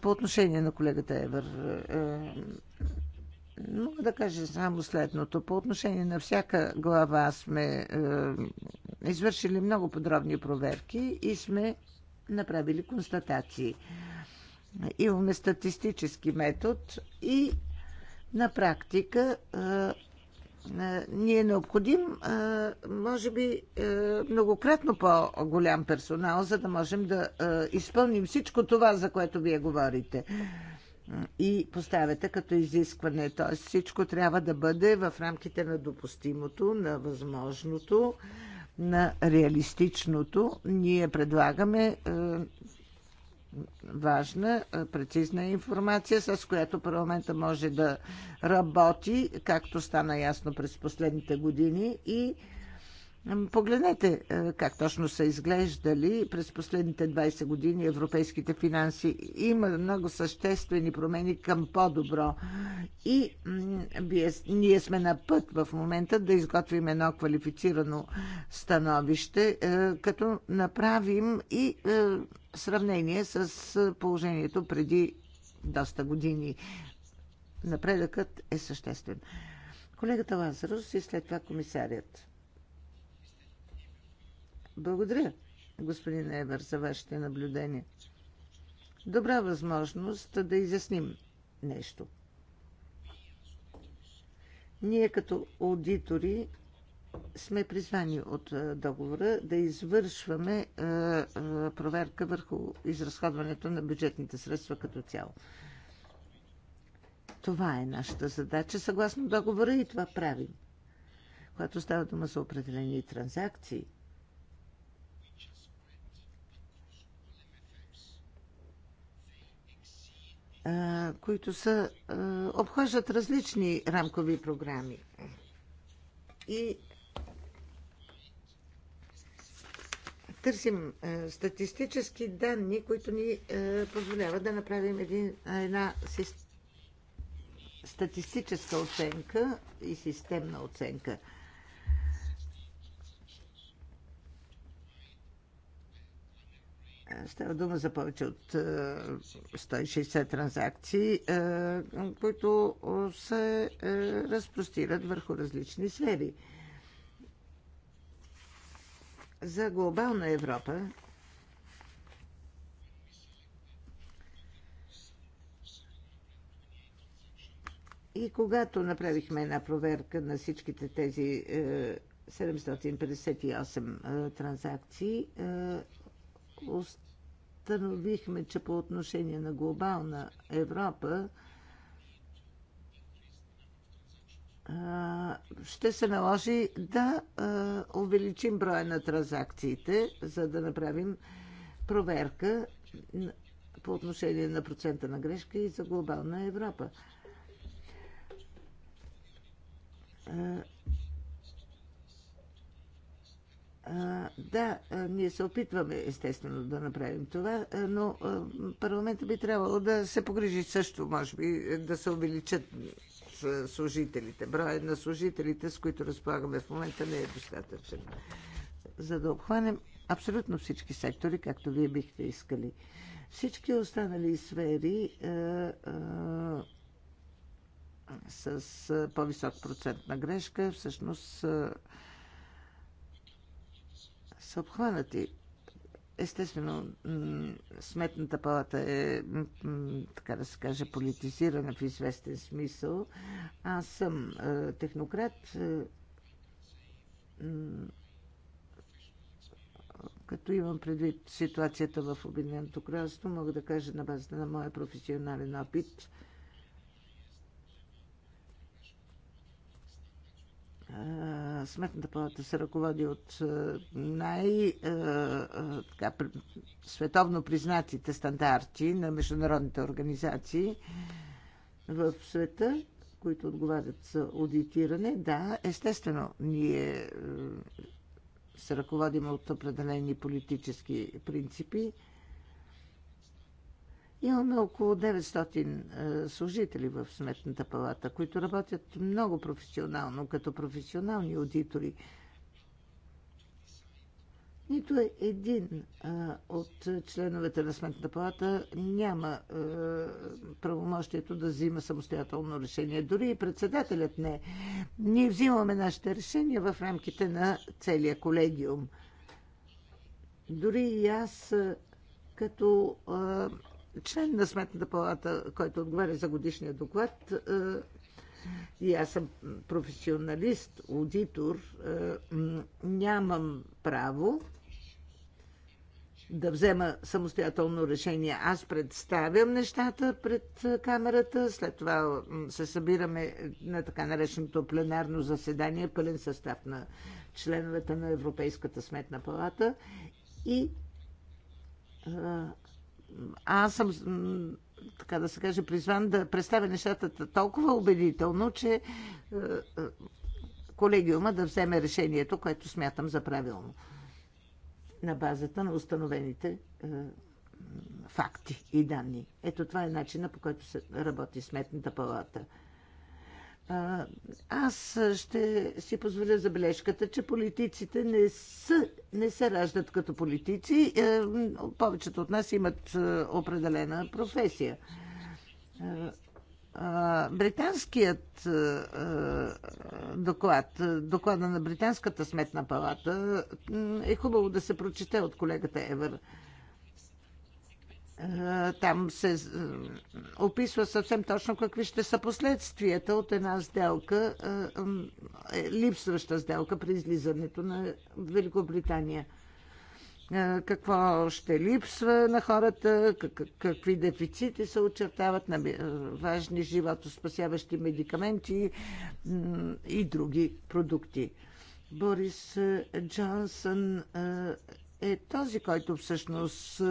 Speaker 2: По отношение на колегата Евър, Мога да кажа само следното. По отношение на всяка глава сме е, извършили много подробни проверки и сме направили констатации. Имаме статистически метод и на практика е, е, ни е необходим, е, може би, е, многократно по-голям персонал, за да можем да е, изпълним всичко това, за което вие говорите и поставяте като изискване. Т.е. всичко трябва да бъде в рамките на допустимото, на възможното, на реалистичното. Ние предлагаме е, важна, е, прецизна информация, с която парламента може да работи, както стана ясно през последните години и Погледнете е, как точно са изглеждали през последните 20 години европейските финанси. Има много съществени промени към по-добро. И ние сме на път в момента да изготвим едно квалифицирано становище, е, като направим и е, сравнение с положението преди доста години. Напредъкът е съществен. Колегата Лазарус и след това комисарият. Благодаря, господин Евер, за вашите наблюдения. Добра възможност да изясним нещо. Ние като аудитори сме призвани от е, договора да извършваме е, е, проверка върху изразходването на бюджетните средства като цяло. Това е нашата задача съгласно договора и това правим. Когато става дума за определени транзакции – които са, обхождат различни рамкови програми. И търсим статистически данни, които ни позволяват да направим един, една статистическа оценка и системна оценка – Става дума за повече от 160 е, транзакции, е, които се е, разпростират върху различни сфери. За глобална Европа И когато направихме една проверка на всичките тези 758 транзакции, установихме, че по отношение на глобална Европа ще се наложи да увеличим броя на транзакциите, за да направим проверка по отношение на процента на грешка и за глобална Европа да, ние се опитваме естествено да направим това, но парламента би трябвало да се погрижи също, може би, да се увеличат служителите. Броят на служителите, с които разполагаме в момента, не е достатъчен. За да обхванем абсолютно всички сектори, както вие бихте искали. Всички останали сфери с по-висок процент на грешка, всъщност са обхванати. Естествено, сметната палата е, така да се каже, политизирана в известен смисъл. Аз съм е, технократ, е, като имам предвид ситуацията в Обединеното кралство, мога да кажа на базата на моя професионален опит – Сметната палата се ръководи от най-световно признатите стандарти на международните организации в света, които отговарят за аудитиране. Да, естествено, ние се ръководим от определени политически принципи. Имаме около 900 е, служители в Сметната палата, които работят много професионално, като професионални аудитори. Нито е един а, е, от членовете на Сметната палата няма а, правомощието да взима самостоятелно решение. Дори и председателят не. Ние взимаме нашите решения в рамките на целия колегиум. Дори и аз, като а, член на Сметната палата, който отговаря за годишния доклад, е, и аз съм професионалист, аудитор, е, нямам право да взема самостоятелно решение. Аз представям нещата пред е, камерата, след това се събираме на така нареченото пленарно заседание, пълен състав на членовете на Европейската сметна палата и аз съм, така да се каже, призван да представя нещата толкова убедително, че е, е, колегиума да вземе решението, което смятам за правилно на базата на установените е, факти и данни. Ето това е начина по който се работи сметната палата. Аз ще си позволя забележката, че политиците не, са, не се раждат като политици. Е, повечето от нас имат е, определена професия. Е, британският доклад, доклада на Британската сметна палата, е хубаво да се прочете от колегата Евър. Е, там се е, описва съвсем точно какви ще са последствията от една сделка, е, липсваща сделка при излизането на Великобритания. Какво ще липсва на хората, какви дефицити се очертават на важни животоспасяващи медикаменти и други продукти. Борис Джонсън е този, който всъщност е,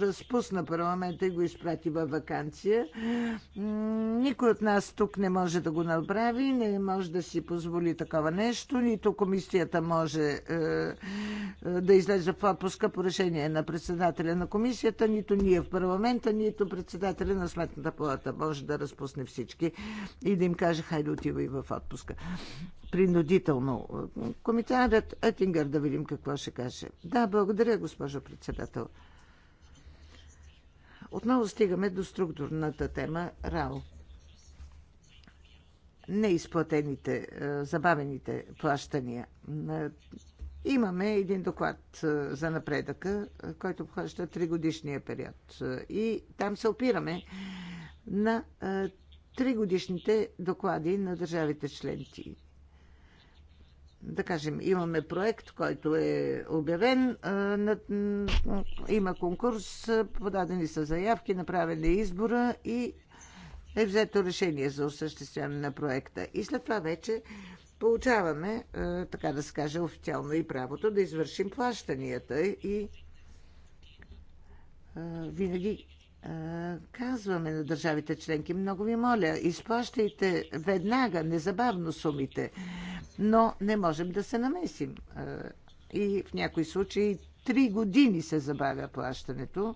Speaker 2: разпусна парламента и го изпрати във вакансия. Никой от нас тук не може да го направи, не може да си позволи такова нещо, нито комисията може е, е, да излезе в отпуска по решение на председателя на комисията, нито ние в парламента, нито председателя на сметната палата може да разпусне всички и да им каже хайде отивай в отпуска принудително. Комитарът Етингър да видим какво ще каже. Да, благодаря, госпожо председател. Отново стигаме до структурната тема РАО. Неизплатените, е, забавените плащания. Е, имаме един доклад е, за напредъка, който обхваща тригодишния период. И там се опираме на тригодишните доклади на държавите членки да кажем, имаме проект, който е обявен, има конкурс, подадени са заявки, направен е избора и е взето решение за осъществяване на проекта. И след това вече получаваме, така да се каже, официално и правото да извършим плащанията и винаги казваме на държавите членки, много ви моля, изплащайте веднага, незабавно сумите, но не можем да се намесим. И в някои случаи три години се забавя плащането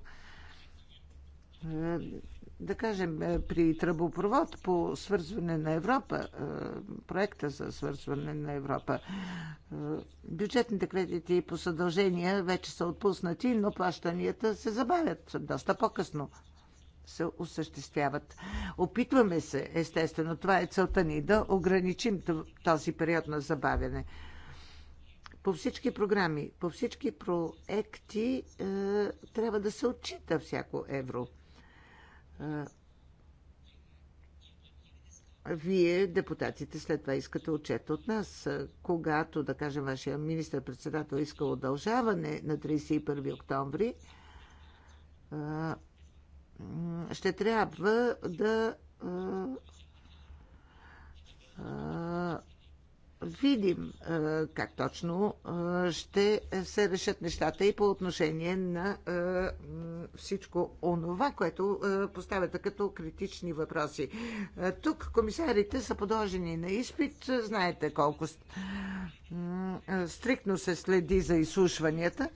Speaker 2: да кажем, е, при тръбопровод по свързване на Европа, е, проекта за свързване на Европа, е, бюджетните кредити по съдължения вече са отпуснати, но плащанията се забавят доста по-късно се осъществяват. Опитваме се, естествено, това е целта ни, да ограничим този период на забавяне. По всички програми, по всички проекти е, трябва да се отчита всяко евро вие, депутатите, след това искате отчет от нас. Когато, да кажем, вашия министр-председател иска удължаване на 31 октомври, ще трябва да видим как точно ще се решат нещата и по отношение на всичко онова, което поставяте като критични въпроси. Тук комисарите са подложени на изпит. Знаете колко стриктно се следи за изслушванията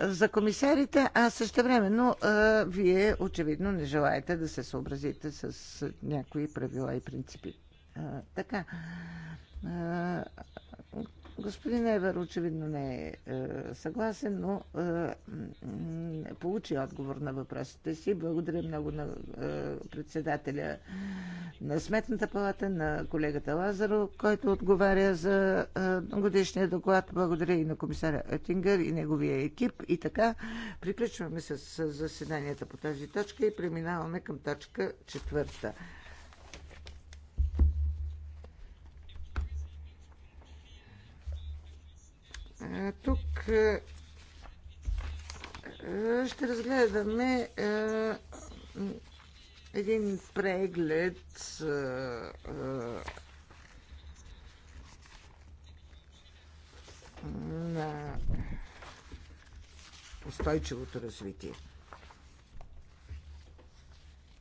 Speaker 2: за комисарите, а също времено вие очевидно не желаете да се съобразите с някои правила и принципи така. Господин Евер очевидно не е, е съгласен, но е, получи отговор на въпросите си. Благодаря много на е, председателя на Сметната палата, на колегата Лазаро, който отговаря за годишния доклад. Благодаря и на комисаря Етингър и неговия екип. И така, приключваме с заседанията по тази точка и преминаваме към точка четвърта. Тук ще разгледаме един преглед на устойчивото развитие.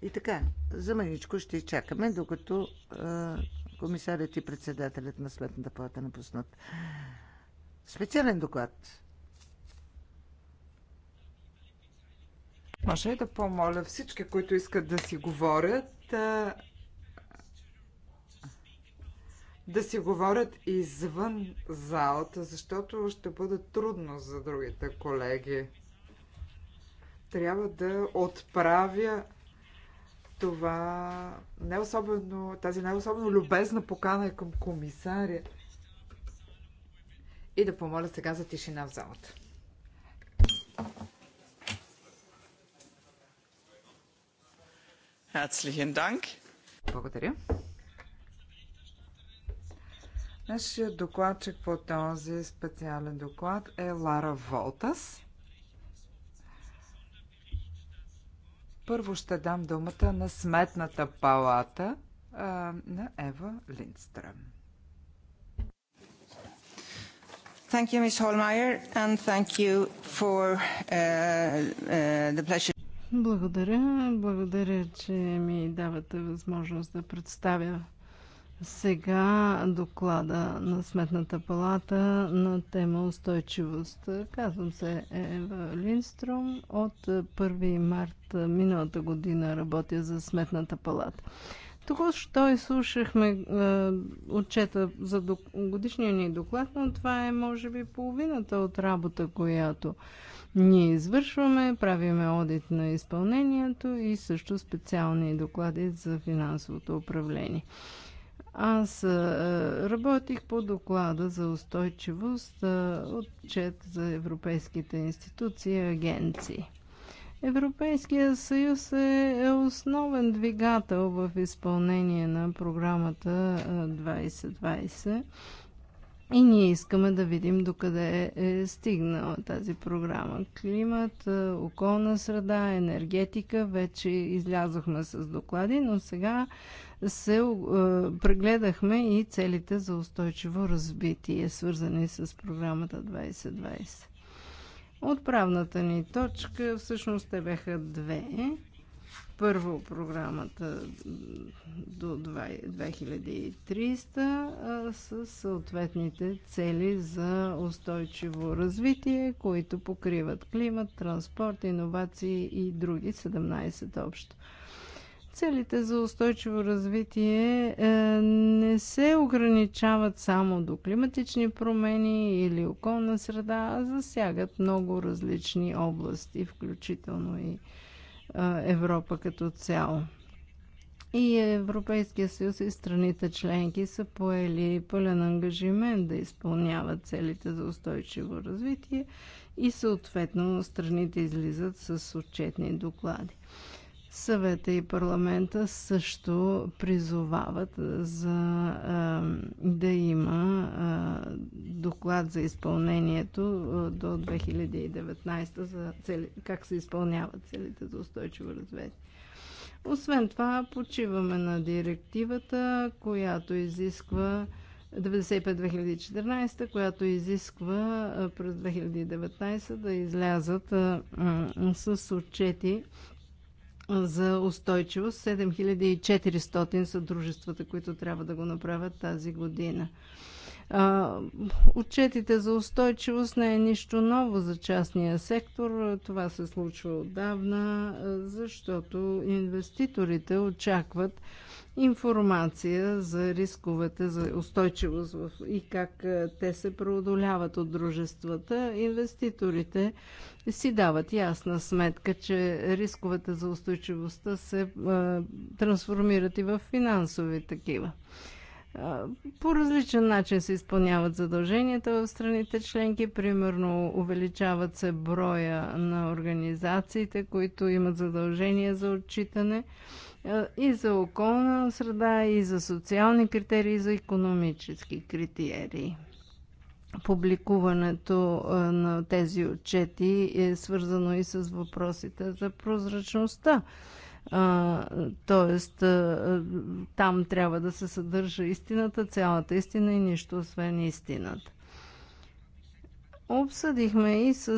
Speaker 2: И така, за маничко ще чакаме, докато комисарят и председателят на Сметната палата напуснат специален доклад.
Speaker 1: Може да помоля всички, които искат да си говорят, да, да си говорят извън залата, защото ще бъде трудно за другите колеги. Трябва да отправя това не особено, тази не особено любезна покана е към комисаря и да помоля сега за тишина в залата. Herzlichen Dank. Благодаря. Нашият докладчик по този специален доклад е Лара Волтас. Първо ще дам думата на Сметната палата на Ева Линдстрем.
Speaker 3: Thank you, Ms. Holmeyer, and thank you for uh, uh, the pleasure. Благодаря. Благодаря, че ми давате възможност да представя сега доклада на Сметната палата на тема устойчивост. Казвам се Ева Линстром. От 1 март миналата година работя за Сметната палата. Току-що изслушахме е, отчета за док... годишния ни доклад, но това е може би половината от работа, която ние извършваме. Правиме одит на изпълнението и също специални доклади за финансовото управление. Аз е, работих по доклада за устойчивост, е, отчет за европейските институции и агенции. Европейския съюз е, е основен двигател в изпълнение на програмата 2020 и ние искаме да видим докъде е, е стигнала тази програма. Климат, околна среда, енергетика, вече излязохме с доклади, но сега се прегледахме и целите за устойчиво развитие, свързани с програмата 2020. Отправната ни точка, всъщност те бяха две. Първо програмата до 2300 с съответните цели за устойчиво развитие, които покриват климат, транспорт, иновации и други 17 общо. Целите за устойчиво развитие е, не се ограничават само до климатични промени или околна среда, а засягат много различни области, включително и е, Европа като цяло. И Европейския съюз и страните членки са поели пълен ангажимент да изпълняват целите за устойчиво развитие и съответно страните излизат с отчетни доклади. Съвета и парламента също призовават за да има доклад за изпълнението до 2019 за цели, как се изпълняват целите за устойчиво развитие. Освен това, почиваме на директивата, която изисква 95-2014, която изисква през 2019 да излязат с отчети за устойчивост. 7400 са дружествата, които трябва да го направят тази година. Отчетите за устойчивост не е нищо ново за частния сектор. Това се случва отдавна, защото инвеститорите очакват информация за рисковете за устойчивост и как те се преодоляват от дружествата. Инвеститорите си дават ясна сметка, че рисковете за устойчивостта се а, трансформират и в финансови такива. По различен начин се изпълняват задълженията в страните членки. Примерно увеличават се броя на организациите, които имат задължения за отчитане. Е, и за околна среда, и за социални критерии, и за економически критерии. Публикуването е, на тези отчети е свързано и с въпросите за прозрачността. Е, тоест, там трябва да се съдържа истината, цялата истина и нищо освен истината. Обсъдихме и с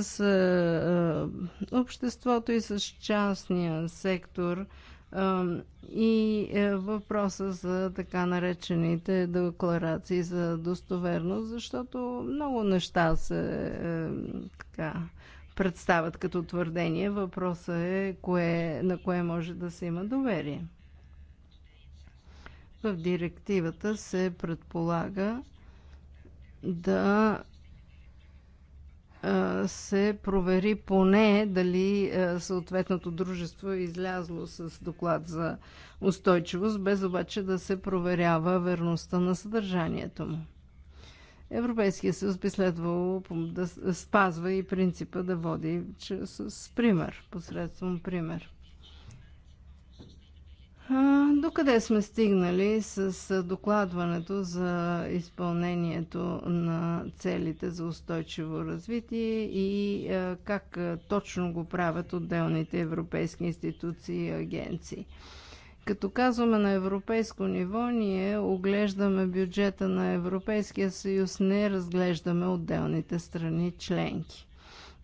Speaker 3: обществото, и с частния сектор – и е, въпроса за така наречените декларации за достоверност, защото много неща се е, така, представят като твърдение. Въпросът е кое, на кое може да се има доверие. В директивата се предполага да се провери поне дали съответното дружество е излязло с доклад за устойчивост, без обаче да се проверява верността на съдържанието му. Европейския съюз би следвало да спазва и принципа да води с пример, посредством пример. Докъде сме стигнали с докладването за изпълнението на целите за устойчиво развитие и как точно го правят отделните европейски институции и агенции? Като казваме на европейско ниво, ние оглеждаме бюджета на Европейския съюз, не разглеждаме отделните страни членки.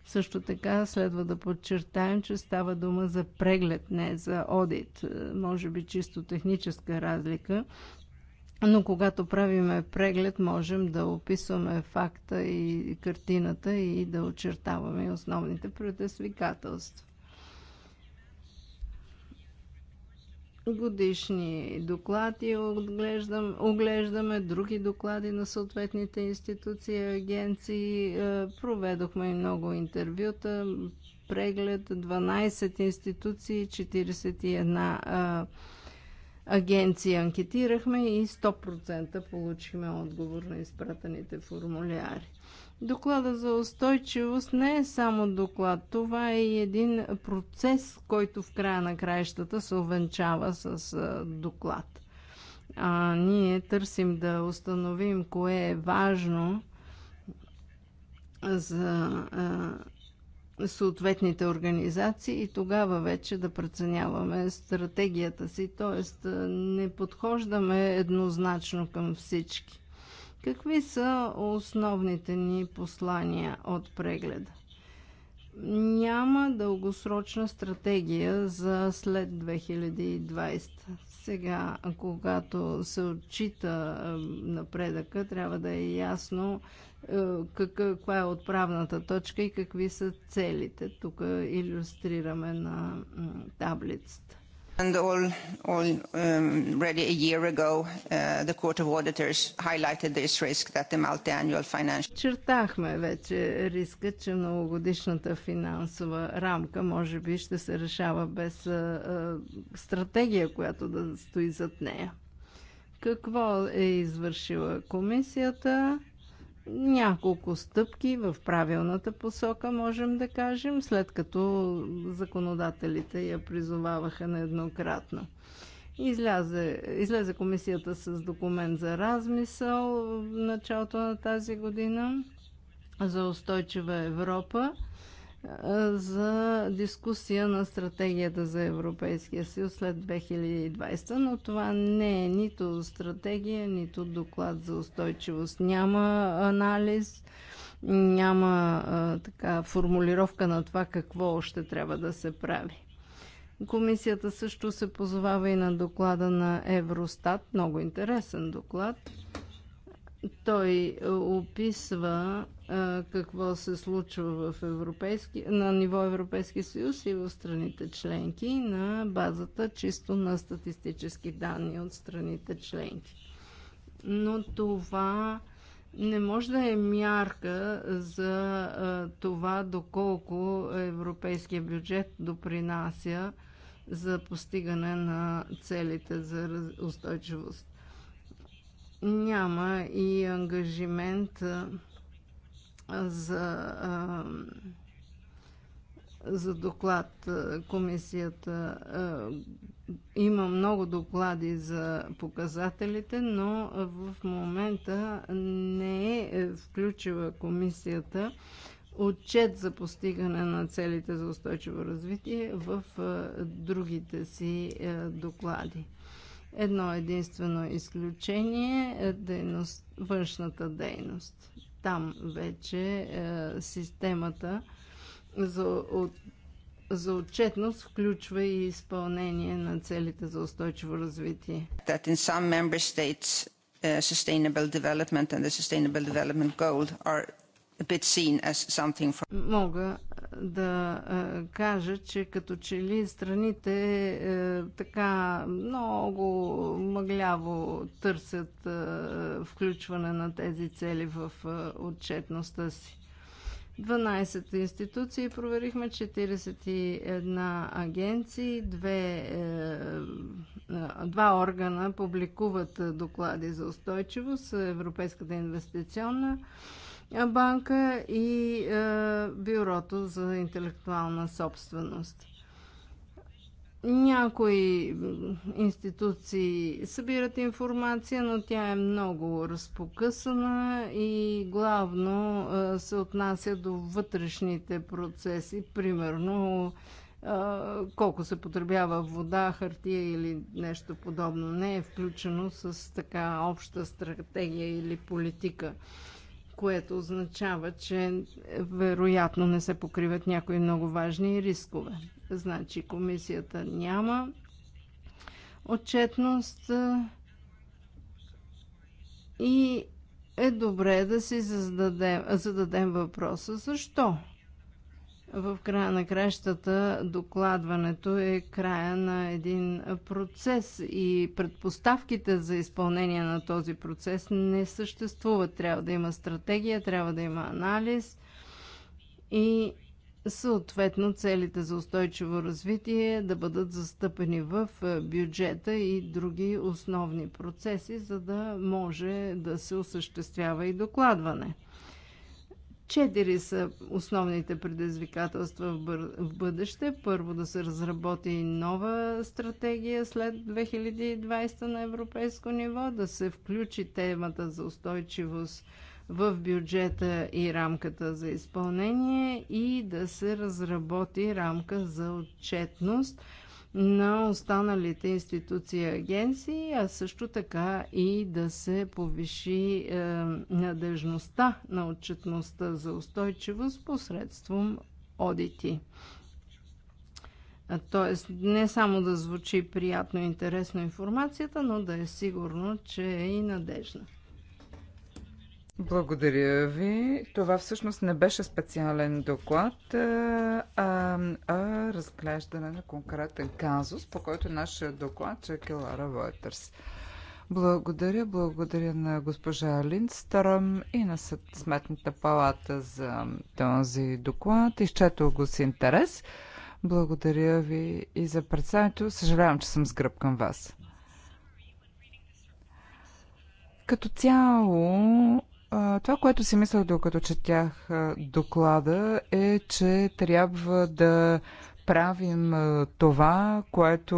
Speaker 3: Също така следва да подчертаем, че става дума за преглед, не за одит. Е, може би чисто техническа разлика, но когато правиме преглед, можем да описваме факта и картината и да очертаваме основните предизвикателства. годишни доклади оглеждам, оглеждаме, други доклади на съответните институции, агенции. Е, проведохме и много интервюта, преглед 12 институции, 41 а, агенции анкетирахме и 100% получихме отговор на изпратените формуляри. Доклада за устойчивост не е само доклад. Това е и един процес, който в края на краищата се увенчава с доклад. А ние търсим да установим кое е важно за съответните организации и тогава вече да преценяваме стратегията си, т.е. не подхождаме еднозначно към всички. Какви са основните ни послания от прегледа? Няма дългосрочна стратегия за след 2020. Сега, когато се отчита напредъка, трябва да е ясно каква е отправната точка и какви са целите. Тук иллюстрираме на таблицата already um, a year ago, uh, the Court of Auditors highlighted this
Speaker 2: risk that the multi-annual financial...
Speaker 3: Чертахме вече риска, че многогодишната финансова рамка може би ще се решава без стратегия, която да стои зад нея. Какво е извършила комисията? няколко стъпки в правилната посока, можем да кажем, след като законодателите я призоваваха нееднократно. Излязе, излезе комисията с документ за размисъл в началото на тази година за устойчива Европа за дискусия на стратегията за Европейския съюз след 2020, но това не е нито стратегия, нито доклад за устойчивост. Няма анализ, няма а, така формулировка на това какво още трябва да се прави. Комисията също се позовава и на доклада на Евростат, много интересен доклад. Той описва какво се случва в европейски, на ниво Европейски съюз и в страните членки на базата чисто на статистически данни от страните членки. Но това не може да е мярка за това доколко европейския бюджет допринася за постигане на целите за устойчивост. Няма и ангажимент за, за доклад комисията. Има много доклади за показателите, но в момента не е включила комисията отчет за постигане на целите за устойчиво развитие в другите си доклади. Едно единствено изключение е дейност, външната дейност там вече е, системата за, от, за отчетност включва и изпълнение на целите за устойчиво развитие.
Speaker 2: That in some member states uh, sustainable development and the sustainable development goal are
Speaker 3: Мога да кажа, че като че ли страните е, така много мъгляво търсят включване на тези цели в отчетността си. 12 институции проверихме, 41 агенции, две, е, два органа публикуват доклади за устойчивост, Европейската инвестиционна банка и е, Бюрото за интелектуална собственост. Някои институции събират информация, но тя е много разпокъсана и главно е, се отнася до вътрешните процеси, примерно е, колко се потребява вода, хартия или нещо подобно. Не е включено с така обща стратегия или политика което означава, че вероятно не се покриват някои много важни рискове. Значи комисията няма отчетност и е добре да си зададем, зададем въпроса защо в края на кращата докладването е края на един процес и предпоставките за изпълнение на този процес не съществуват. Трябва да има стратегия, трябва да има анализ и съответно целите за устойчиво развитие да бъдат застъпени в бюджета и други основни процеси, за да може да се осъществява и докладване. Четири са основните предизвикателства в бъдеще. Първо да се разработи нова стратегия след 2020 на европейско ниво, да се включи темата за устойчивост в бюджета и рамката за изпълнение и да се разработи рамка за отчетност, на останалите институции и агенции, а също така и да се повиши е, надежността на отчетността за устойчивост посредством одити. Тоест, не само да звучи приятно и интересно информацията, но да е сигурно, че е и надежна.
Speaker 1: Благодаря ви. Това всъщност не беше специален доклад,
Speaker 3: а,
Speaker 1: а разглеждане на конкретен казус, по който нашия доклад е Келара Войтерс. Благодаря, благодаря на госпожа Линдстръм и на Сметната палата за този доклад. Изчетох го с интерес. Благодаря ви и за представянето. Съжалявам, че съм сгръб към вас. Като цяло, това, което си мислех докато четях доклада е, че трябва да правим това, което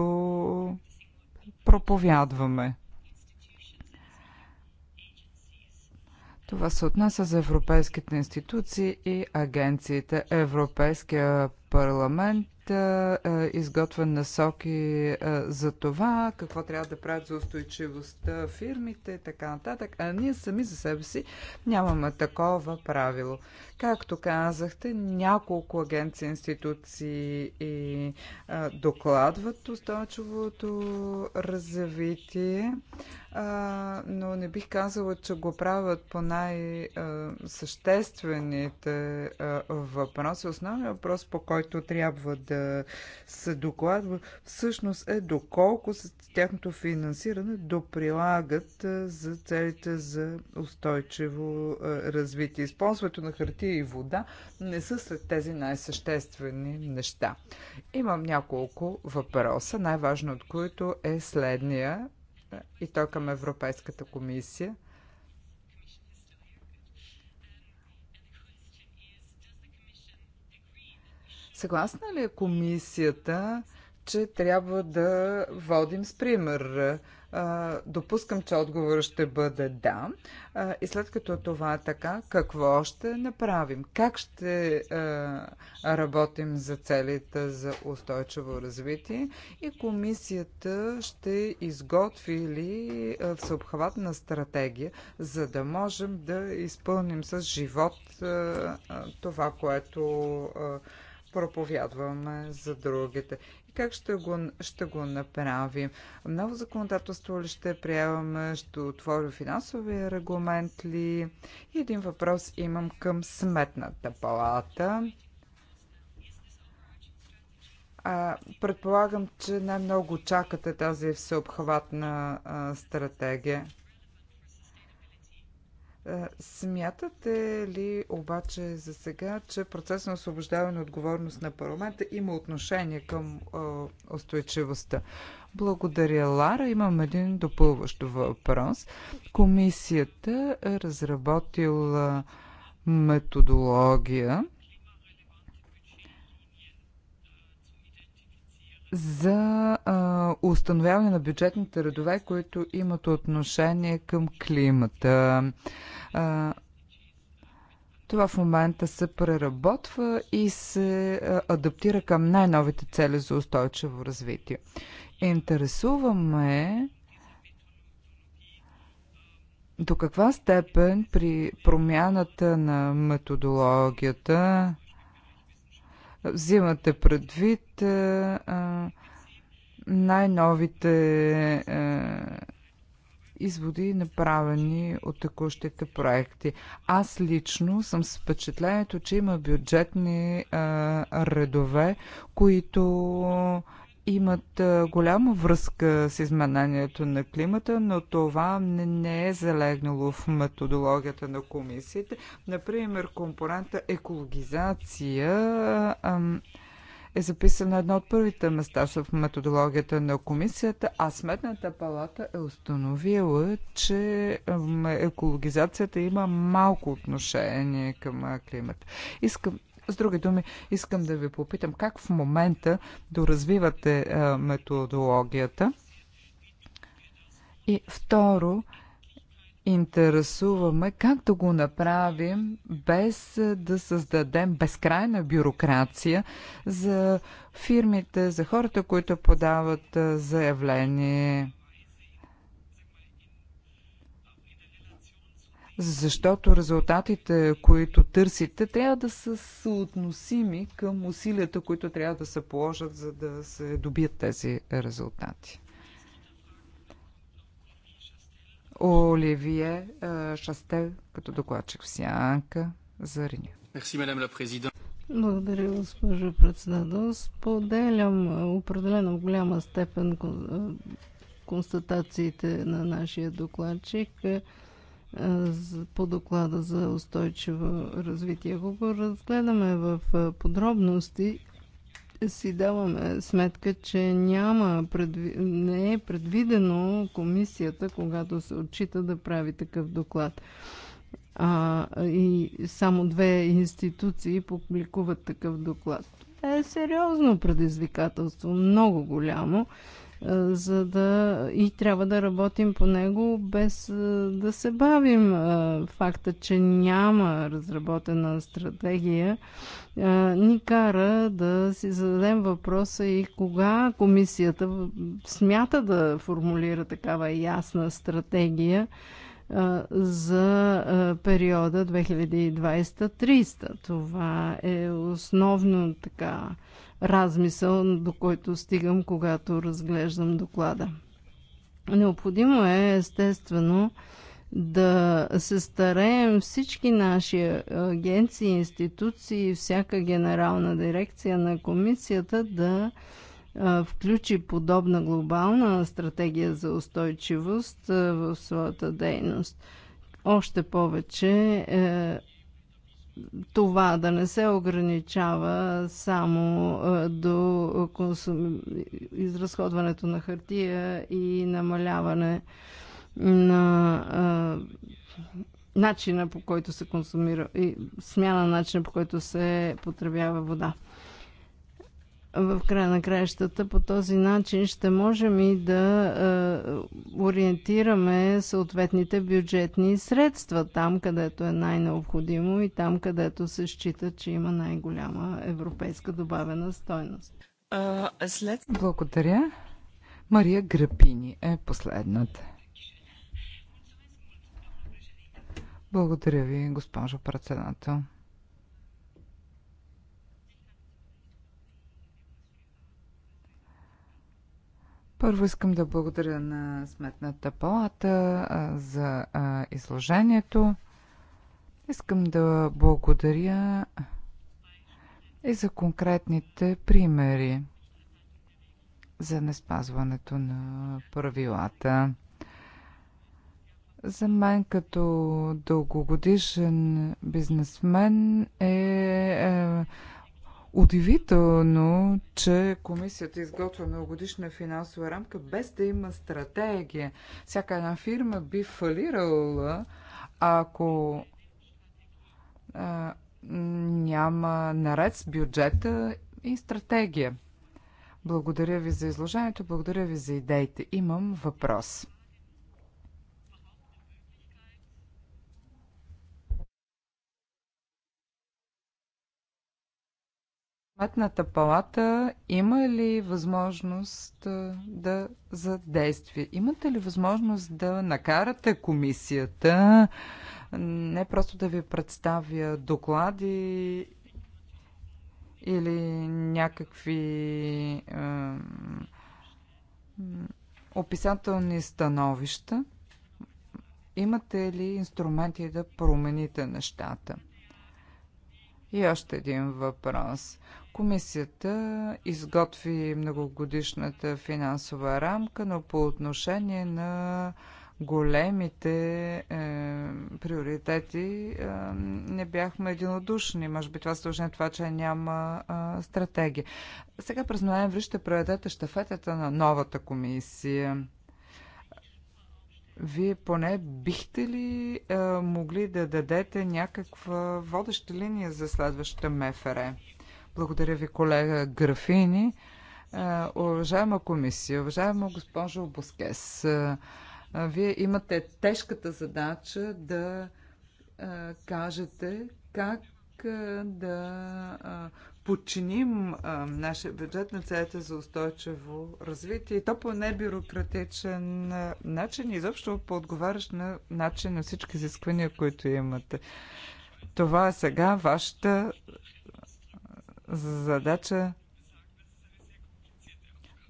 Speaker 1: проповядваме. Това се отнася за европейските институции и агенциите. Европейския парламент съвета е, изготвя насоки е, за това, какво трябва да правят за устойчивостта фирмите и така нататък. А ние сами за себе си нямаме такова правило. Както казахте, няколко агенции, институции и а, е, докладват устойчивото развитие, а, но не бих казала, че го правят по най-съществените въпроси. Основният въпрос, по който трябва да е, се докладва, всъщност е доколко с тяхното финансиране доприлагат е, за целите за устойчиво е, развитие. Използването на хартия и вода не са сред тези най-съществени неща. Имам няколко въпроса, най-важно от които е следния и той към Европейската комисия – Съгласна ли е комисията, че трябва да водим с пример? Допускам, че отговорът ще бъде да. И след като това е така, какво ще направим? Как ще работим за целите за устойчиво развитие? И комисията ще изготви ли всеобхватна стратегия, за да можем да изпълним с живот това, което проповядваме за другите. И как ще го, ще го направим? Ново законодателство ли ще приемаме? Ще отворим финансовия регламент ли? И един въпрос имам към сметната палата. А, предполагам, че най-много чакате тази всеобхватна а, стратегия. Е, смятате ли обаче за сега, че процес на освобождаване отговорност на парламента има отношение към е, устойчивостта? Благодаря, Лара. Имам един допълващ въпрос. Комисията е разработила методология за а, установяване на бюджетните редове, които имат отношение към климата. А, това в момента се преработва и се адаптира към най-новите цели за устойчиво развитие. Интересуваме до каква степен при промяната на методологията взимате предвид е, е, най-новите е, изводи, направени от текущите проекти. Аз лично съм с впечатлението, че има бюджетни а, редове, които имат голяма връзка с изменението на климата, но това не е залегнало в методологията на комисиите. Например, компонента екологизация е записана на едно от първите места в методологията на комисията, а Сметната палата е установила, че екологизацията има малко отношение към климата. Искам с други думи, искам да ви попитам как в момента доразвивате е, методологията. И второ, интересуваме как да го направим без е, да създадем безкрайна бюрокрация за фирмите, за хората, които подават е, заявление. защото резултатите, които търсите, трябва да са съотносими към усилията, които трябва да се положат, за да се добият тези резултати. Оливие Шастел, като докладчик в
Speaker 3: Сянка,
Speaker 1: за Риня.
Speaker 3: Благодаря, госпожо председател. Споделям определено в голяма степен констатациите на нашия докладчик. Е, по доклада за устойчиво развитие. Ако го разгледаме в е, подробности, си даваме сметка, че няма предви... не е предвидено комисията, когато се отчита да прави такъв доклад. А, и само две институции публикуват такъв доклад. Е сериозно предизвикателство, много голямо е, за да и трябва да работим по него без е, да се бавим. Е, факта, че няма разработена стратегия, ни кара да си зададем въпроса и кога комисията смята да формулира такава ясна стратегия за периода 2020-30. Това е основно така размисъл, до който стигам, когато разглеждам доклада. Необходимо е, естествено, да се стараем всички наши агенции, институции, всяка генерална дирекция на комисията да включи подобна глобална стратегия за устойчивост в своята дейност. Още повече е, това да не се ограничава само е, до консум... изразходването на хартия и намаляване на е, начина по който се консумира и смяна на начина по който се потребява вода в края на краищата по този начин ще можем и да е, ориентираме съответните бюджетни средства там, където е най-необходимо и там, където се счита, че има най-голяма европейска добавена стойност.
Speaker 1: А, след...
Speaker 3: Благодаря. Мария Грапини
Speaker 1: е последната. Благодаря ви, госпожо председател. Първо искам да благодаря на Сметната палата за изложението. Искам да благодаря и за конкретните примери за неспазването на правилата. За мен като дългогодишен бизнесмен е, е Удивително, че комисията изготвя многогодишна финансова рамка без да има стратегия. Всяка една фирма би фалирала, ако а, няма наред с бюджета и стратегия. Благодаря ви за изложението, благодаря ви за идеите. Имам въпрос. Сметната палата има ли възможност да задейства? Имате ли възможност да накарате комисията не просто да ви представя доклади или някакви е, описателни становища? Имате ли инструменти да промените нещата? И още един въпрос. Комисията изготви многогодишната финансова рамка, но по отношение на големите е, приоритети е, не бяхме единодушни. Може би това се това, че няма е, стратегия. Сега през ноември ще проведете щафетата на новата комисия. Вие поне бихте ли а, е, могли да дадете някаква водеща линия за следващата МФР? Благодаря ви, колега Графини. А, е, уважаема комисия, уважаема госпожо Боскес, а, е, а, вие имате тежката задача да а, кажете как да подчиним а, нашия бюджет на целите за устойчиво развитие и то по небюрократичен начин, изобщо по отговарящ на начин на всички изисквания, които имате. Това е сега вашата задача.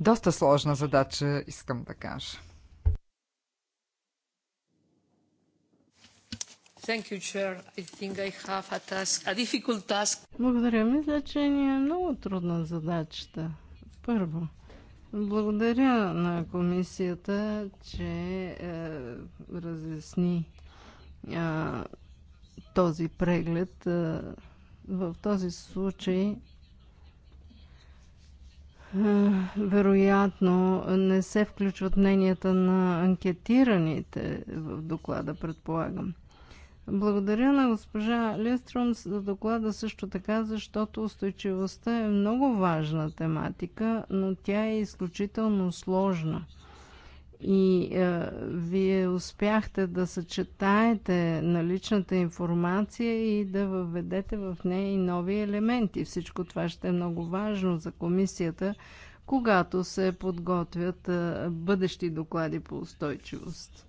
Speaker 1: Доста сложна задача, искам да кажа.
Speaker 3: Благодаря. Мисля, че значи ни е много трудна задачата. Първо, благодаря на комисията, че е, разясни е, този преглед. Е, в този случай е, вероятно не се включват мненията на анкетираните в доклада, предполагам. Благодаря на госпожа Лестрон за доклада също така, защото устойчивостта е много важна тематика, но тя е изключително сложна. И е, вие успяхте да съчетаете наличната информация и да въведете в нея и нови елементи. Всичко това ще е много важно за комисията, когато се подготвят е, бъдещи доклади по устойчивост.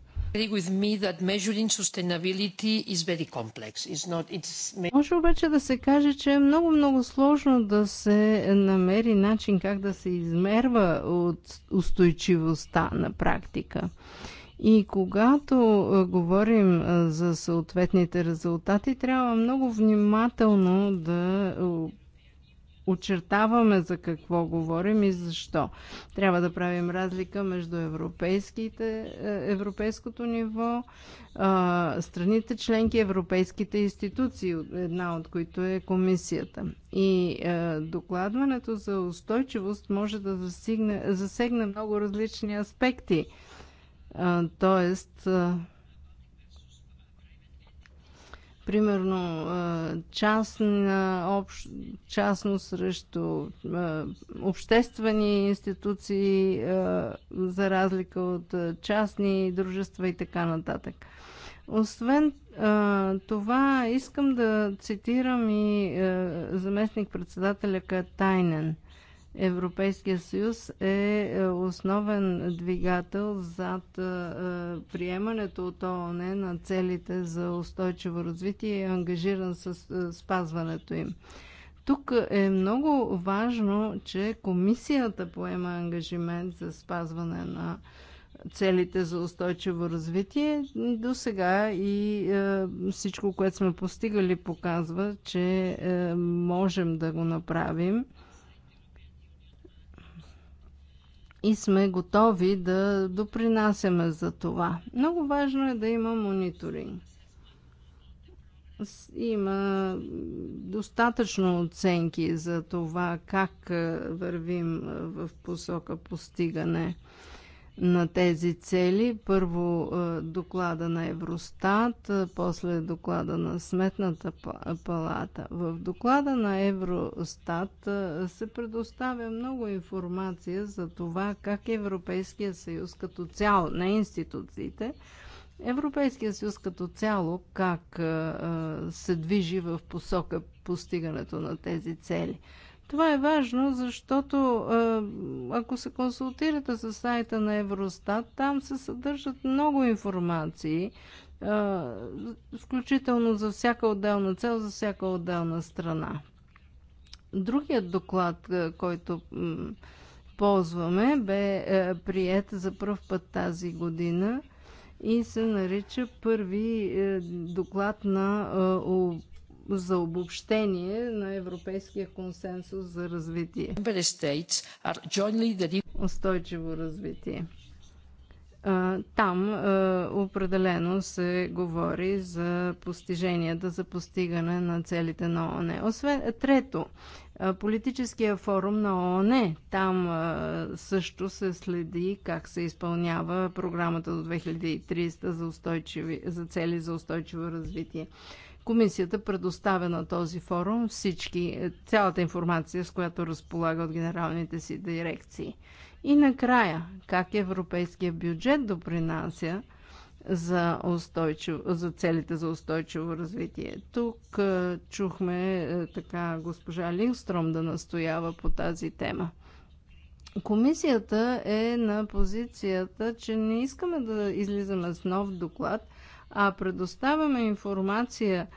Speaker 3: Може обаче да се каже, че е много-много сложно да се намери начин как да се измерва от устойчивостта на практика. И когато говорим за съответните резултати, трябва много внимателно да очертаваме за какво говорим и защо. Трябва да правим разлика между европейските, е, европейското ниво, страните членки, европейските институции, една от които е комисията. И е, докладването за устойчивост може да засегне, засегне много различни аспекти. Тоест, примерно частна, общ, частно срещу обществени институции, за разлика от частни дружества и така нататък. Освен това, искам да цитирам и заместник-председателя Катайнен – Европейския съюз е, е основен двигател зад е, приемането от ООН на целите за устойчиво развитие и е ангажиран с е, спазването им. Тук е много важно, че комисията поема ангажимент за спазване на целите за устойчиво развитие. До сега и е, всичко, което сме постигали, показва, че е, можем да го направим. и сме готови да допринасяме за това. Много важно е да има мониторинг. Има достатъчно оценки за това как е, вървим е, в посока постигане на тези цели. Първо е, доклада на Евростат, е, после доклада на Сметната палата. В доклада на Евростат е, се предоставя много информация за това как Европейския съюз като цяло, на институциите, Европейския съюз като цяло как се движи в посока постигането на тези цели. Това е важно, защото ако се консултирате с сайта на Евростат, там се съдържат много информации, включително за всяка отделна цел, за всяка отделна страна. Другият доклад, който ползваме, бе прият за първ път тази година и се нарича първи е, доклад на за обобщение на Европейския консенсус за развитие. Устойчиво развитие. Там определено се говори за постиженията за постигане на целите на ООН. Освен трето, политическия форум на ООН. Там също се следи как се изпълнява програмата до 2030 за, за цели за устойчиво развитие. Комисията предоставя на този форум всички, е, цялата информация, с която разполага от генералните си дирекции. И накрая, как европейския бюджет допринася за, устойчив, за целите за устойчиво развитие. Тук е, чухме е, така госпожа Линстром да настоява по тази тема. Комисията е на позицията, че не искаме да излизаме с нов доклад – а предоставяме информация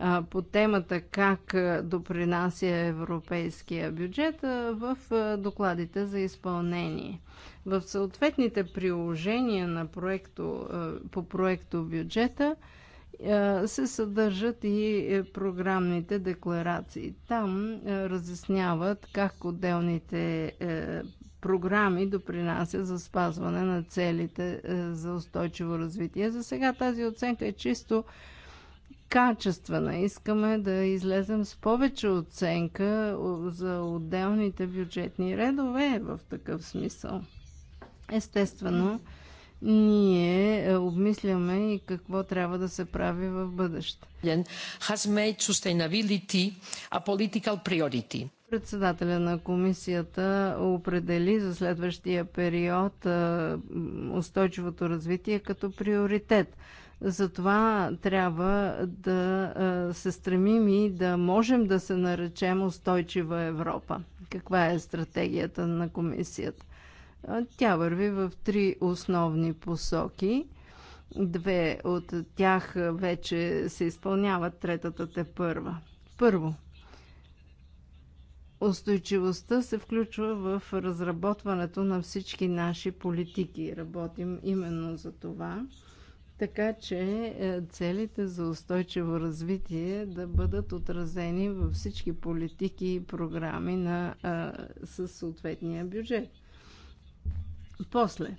Speaker 3: а, по темата как допринася европейския бюджет а, в а, докладите за изпълнение. В съответните приложения на проекто, по проекто бюджета се съдържат и е, програмните декларации. Там разясняват как отделните е, програми допринася за спазване на целите е, за устойчиво развитие. За сега тази оценка е чисто качествена. Искаме да излезем с повече оценка за отделните бюджетни редове в такъв смисъл. Естествено, ние е, обмисляме и какво трябва да се прави в бъдеще. Has made sustainability a political priority. Председателя на комисията определи за следващия период устойчивото развитие като приоритет. Затова трябва да се стремим и да можем да се наречем устойчива Европа. Каква е стратегията на комисията? Тя върви в три основни посоки. Две от тях вече се изпълняват, третата те първа. Първо – Устойчивостта се включва в разработването на всички наши политики. Работим именно за това, така че е, целите за устойчиво развитие да бъдат отразени във всички политики и програми на, а, със съответния бюджет. После,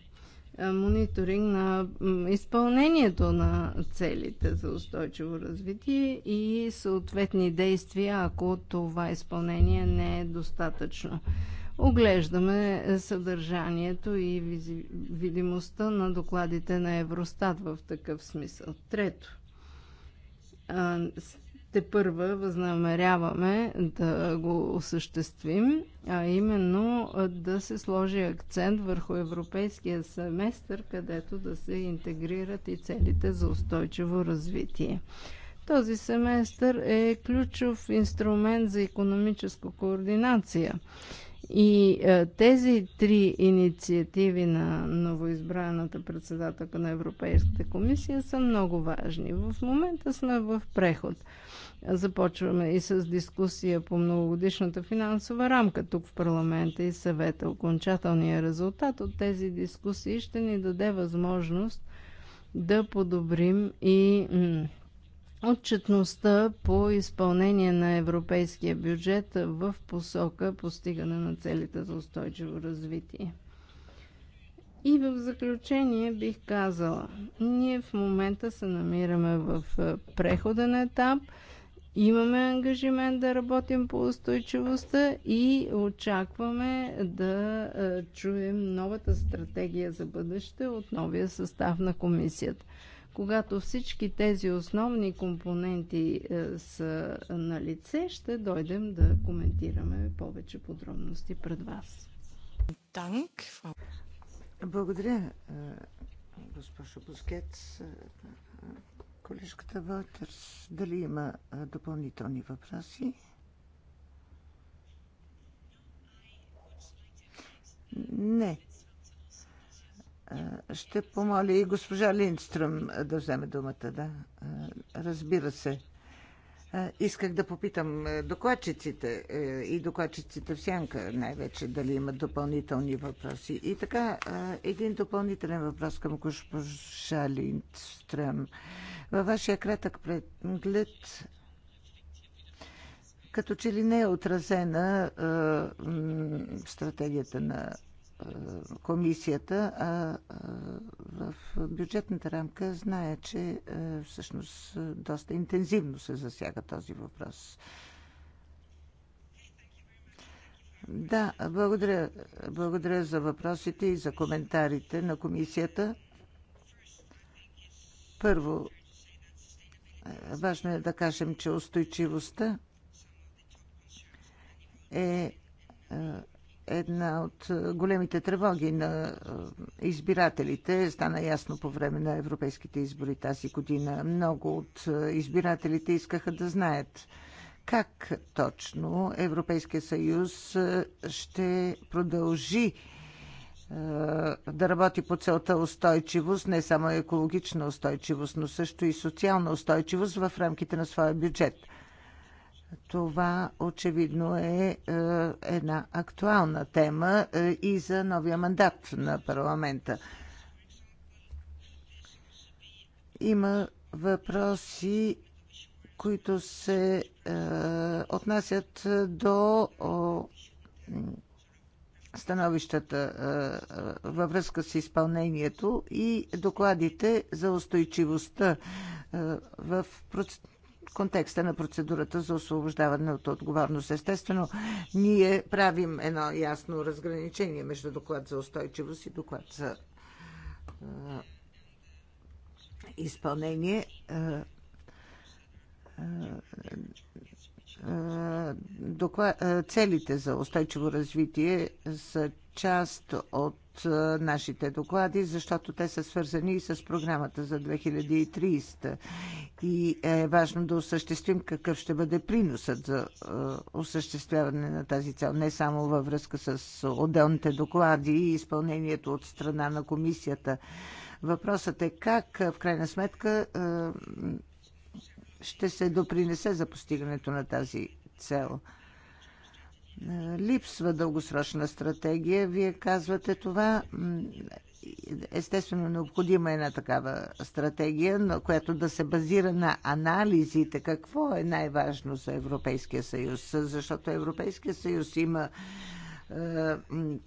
Speaker 3: е, мониторинг на изпълнението на целите за устойчиво развитие и съответни действия, ако това изпълнение не е достатъчно. Оглеждаме съдържанието и видимостта на докладите на Евростат в такъв смисъл. Трето, те първа възнамеряваме да го осъществим, а именно да се сложи акцент върху европейския семестър, където да се интегрират и целите за устойчиво развитие. Този семестър е ключов инструмент за економическа координация и е, тези три инициативи на новоизбраната председателка на Европейската комисия са много важни. В момента сме в преход. Започваме и с дискусия по многогодишната финансова рамка тук в парламента и съвета. Окончателният резултат от тези дискусии ще ни даде възможност да подобрим и отчетността по изпълнение на европейския бюджет в посока постигане на целите за устойчиво развитие. И в заключение бих казала, ние в момента се намираме в преходен етап, имаме ангажимент да работим по устойчивостта и очакваме да чуем новата стратегия за бъдеще от новия състав на комисията. Когато всички тези основни компоненти е, са на лице, ще дойдем да коментираме повече подробности пред вас. Благодаря, е,
Speaker 2: госпожо Бускет. Е, колежката Вълтърс, дали има допълнителни въпроси? Не. Ще помоля и госпожа Линдстръм да вземе думата, да. Разбира се. Исках да попитам докладчиците и докладчиците в сянка най-вече дали имат допълнителни въпроси. И така, един допълнителен въпрос към госпожа Линдстрем. Във вашия кратък преглед като че ли не е отразена стратегията на комисията, а в бюджетната рамка знае, че всъщност доста интензивно се засяга този въпрос. Да, благодаря. Благодаря за въпросите и за коментарите на комисията. Първо, важно е да кажем, че устойчивостта е една от е, големите тревоги на е, избирателите. Стана ясно по време на европейските избори тази година. Много от е, избирателите искаха да знаят как точно Европейския съюз ще продължи да работи по целта устойчивост, не само екологична устойчивост, но също и социална устойчивост в рамките на своя бюджет – това очевидно е, е една актуална тема е, и за новия мандат на парламента. Има въпроси, които се е, отнасят до становищата във връзка с изпълнението и докладите за устойчивостта в контекста на процедурата за освобождаване от отговорност. Естествено, ние правим едно ясно разграничение между доклад за устойчивост и доклад за е, изпълнение е, е, целите за устойчиво развитие са част от е, нашите доклади, защото те са свързани и с програмата за 2030. И е важно да осъществим какъв ще бъде приносът за е, осъществяване на тази цел, не само във връзка с отделните доклади и изпълнението от страна на комисията. Въпросът е как, е, в крайна сметка, ще се допринесе за постигането на тази цел. Е, липсва дългосрочна стратегия. Вие казвате това. Естествено, необходима е една такава стратегия, на която да се базира на анализите какво е най-важно за Европейския съюз, защото Европейския съюз има е,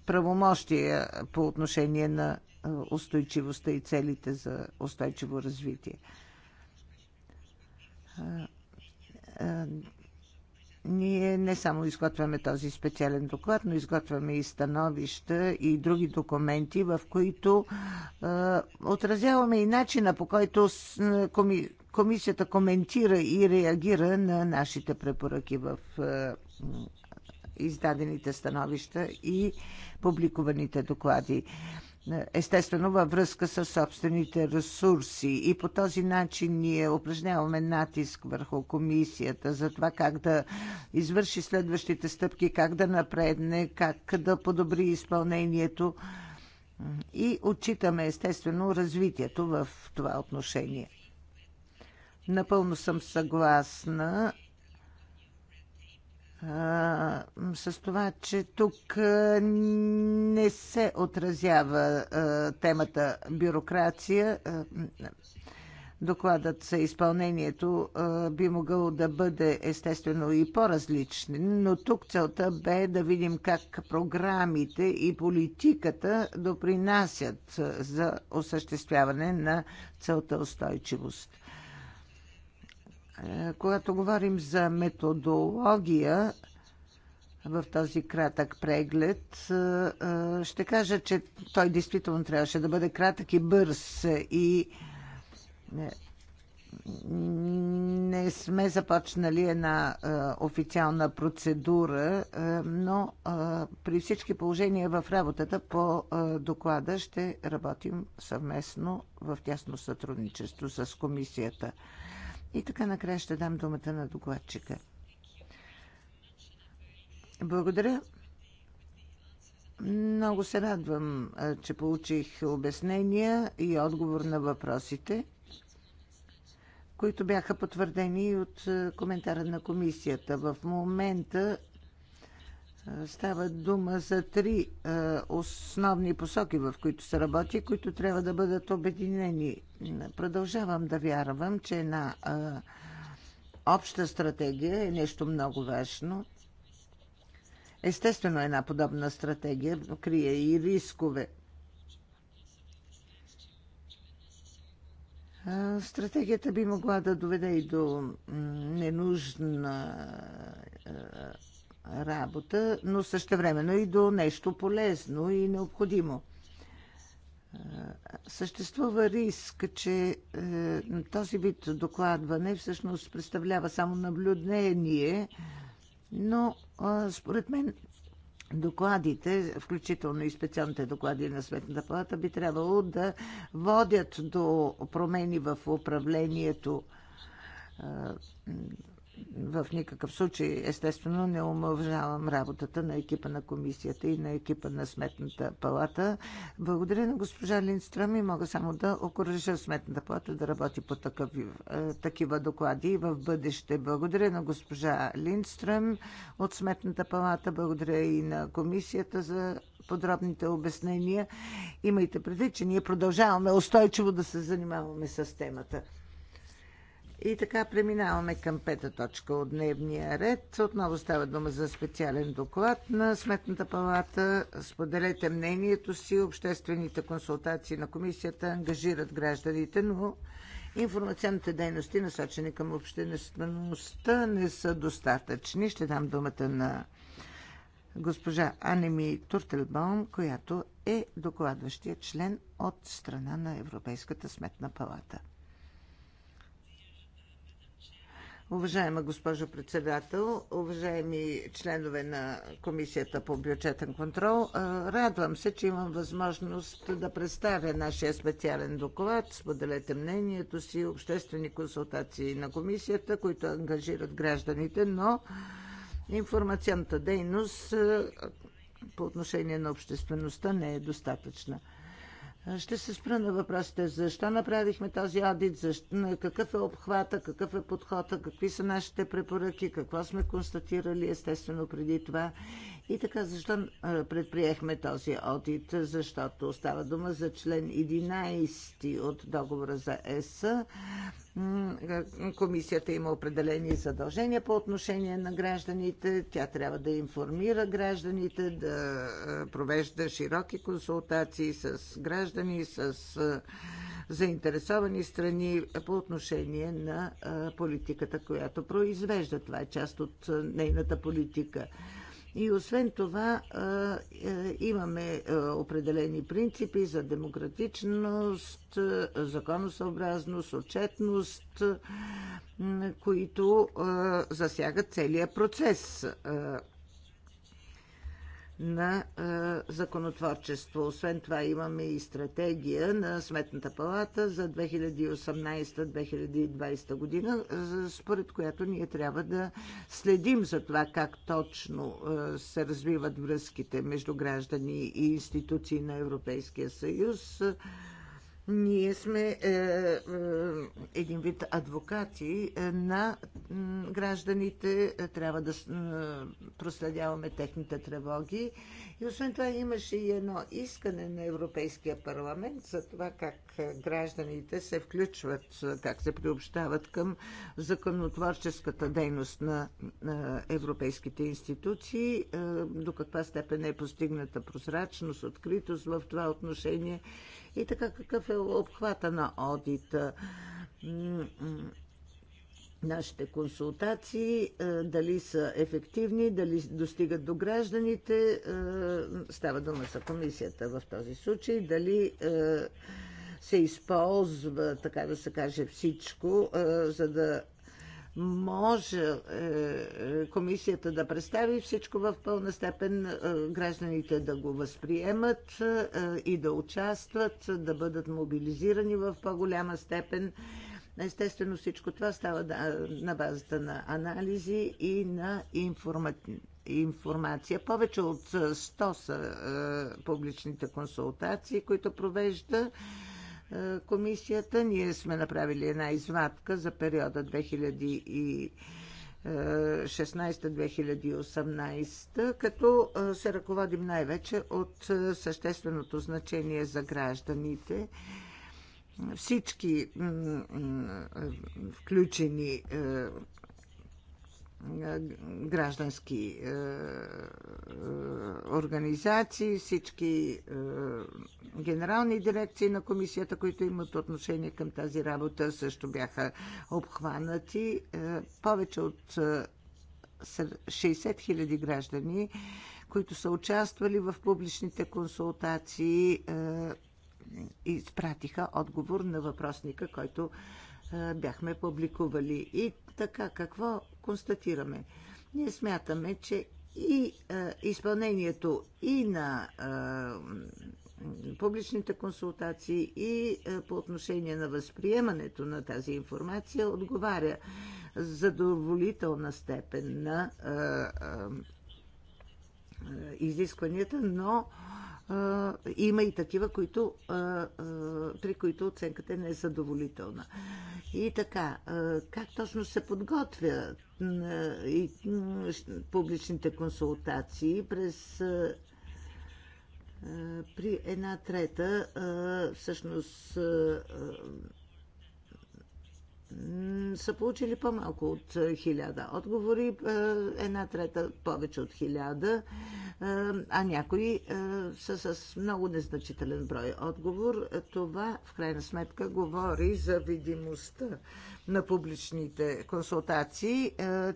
Speaker 2: правомощия по отношение на е, устойчивостта и целите за устойчиво развитие ние не само изготвяме този специален доклад, но изготвяме и становища и други документи, в които е, отразяваме и начина по който коми, комисията коментира и реагира на нашите препоръки в е, издадените становища и публикуваните доклади естествено във връзка с собствените ресурси. И по този начин ние упражняваме натиск върху комисията за това как да извърши следващите стъпки, как да напредне, как да подобри изпълнението и отчитаме естествено развитието в това отношение. Напълно съм съгласна а, с това, че тук не се отразява а, темата бюрокрация. Докладът за изпълнението а, би могъл да бъде естествено и по-различен, но тук целта бе да видим как програмите и политиката допринасят за осъществяване на целта устойчивост. Когато говорим за методология в този кратък преглед, ще кажа, че той действително трябваше да бъде кратък и бърз и е, не сме започнали една официална процедура, но при всички положения в работата по доклада ще работим съвместно в тясно сътрудничество с комисията. И така накрая ще дам думата на докладчика. Благодаря. Много се радвам, че получих обяснения и отговор на въпросите, които бяха потвърдени от коментара на комисията. В момента Става дума за три е, основни посоки, в които се работи, които трябва да бъдат обединени. Продължавам да вярвам, че една е, обща стратегия е нещо много важно. Естествено, една подобна стратегия крие и рискове. Е, стратегията би могла да доведе и до ненужна работа, но същевременно и до нещо полезно и необходимо. Съществува риск, че е, този вид докладване всъщност представлява само наблюдение, но според мен докладите, включително и специалните доклади на Светната палата, би трябвало да водят до промени в управлението в никакъв случай, естествено, не омължавам работата на екипа на комисията и на екипа на Сметната палата. Благодаря на госпожа Линстрам и мога само да окоръжа Сметната палата да работи по такъв, е, такива доклади в бъдеще. Благодаря на госпожа Линстрам от Сметната палата, благодаря и на комисията за подробните обяснения. Имайте предвид, че ние продължаваме устойчиво да се занимаваме с темата. И така преминаваме към пета точка от дневния ред. Отново става дума за специален доклад на Сметната палата. Споделете мнението си. Обществените консултации на комисията ангажират гражданите, но информационните дейности, насочени към обществеността, не са достатъчни. Ще дам думата на госпожа Анеми Туртелбаум, която е докладващия член от страна на Европейската сметна палата. Уважаема госпожо председател, уважаеми членове на Комисията по бюджетен контрол, радвам се, че имам възможност да представя нашия специален доклад. Споделете мнението си, обществени консултации на Комисията, които ангажират гражданите, но информационната дейност по отношение на обществеността не е достатъчна. Ще се спра на въпросите защо направихме този одит, защо, какъв е обхвата, какъв е подхода, какви са нашите препоръки, какво сме констатирали естествено преди това и така, защо предприехме този одит? Защото става дума за член 11 от договора за ЕС. Комисията има определени задължения по отношение на гражданите. Тя трябва да информира гражданите, да провежда широки консултации с граждани, с заинтересовани страни по отношение на политиката, която произвежда. Това е част от нейната политика. И освен това е, имаме определени принципи за демократичност, законосъобразност, отчетност, които засягат целият процес на законотворчество. Освен това имаме и стратегия на Сметната палата за 2018-2020 година, според която ние трябва да следим за това как точно се развиват връзките между граждани и институции на Европейския съюз. Ние сме е, е, един вид адвокати е, на гражданите, е, трябва да е, проследяваме техните тревоги. И освен това имаше и едно искане на Европейския парламент за това как гражданите се включват, как се приобщават към законотворческата дейност на, на европейските институции, до каква степен е постигната прозрачност, откритост в това отношение и така какъв е обхвата на одита? нашите консултации, е, дали са ефективни, дали достигат до гражданите. Е, става дума за комисията в този случай, дали е, се използва, така да се каже, всичко, за да може е, комисията да представи всичко в пълна степен, е, гражданите да го възприемат е, и да участват, да бъдат мобилизирани в по-голяма степен. Естествено всичко това става на базата на анализи и на информация. Повече от 100 са е, публичните консултации, които провежда. Е, комисията. Ние сме направили една извадка за периода 2016-2018, е, като е, се ръководим най-вече от същественото значение за гражданите. Всички включени граждански организации, всички генерални дирекции на комисията, които имат отношение към тази работа, също бяха обхванати. Повече от 60 хиляди граждани, които са участвали в публичните консултации, изпратиха отговор на въпросника, който бяхме публикували. И така, какво констатираме? Ние смятаме, че и е, изпълнението и на е, публичните консултации, и е, по отношение на възприемането на тази информация отговаря задоволителна степен на е, е, изискванията, но има и такива, които, при които оценката не е задоволителна. И така, как точно се подготвя и публичните консултации през при една трета всъщност са получили по-малко от 1000 е, отговори, е, една трета повече от 1000, е, а някои са с много незначителен брой отговор. Това в крайна сметка говори за видимостта на публичните консултации.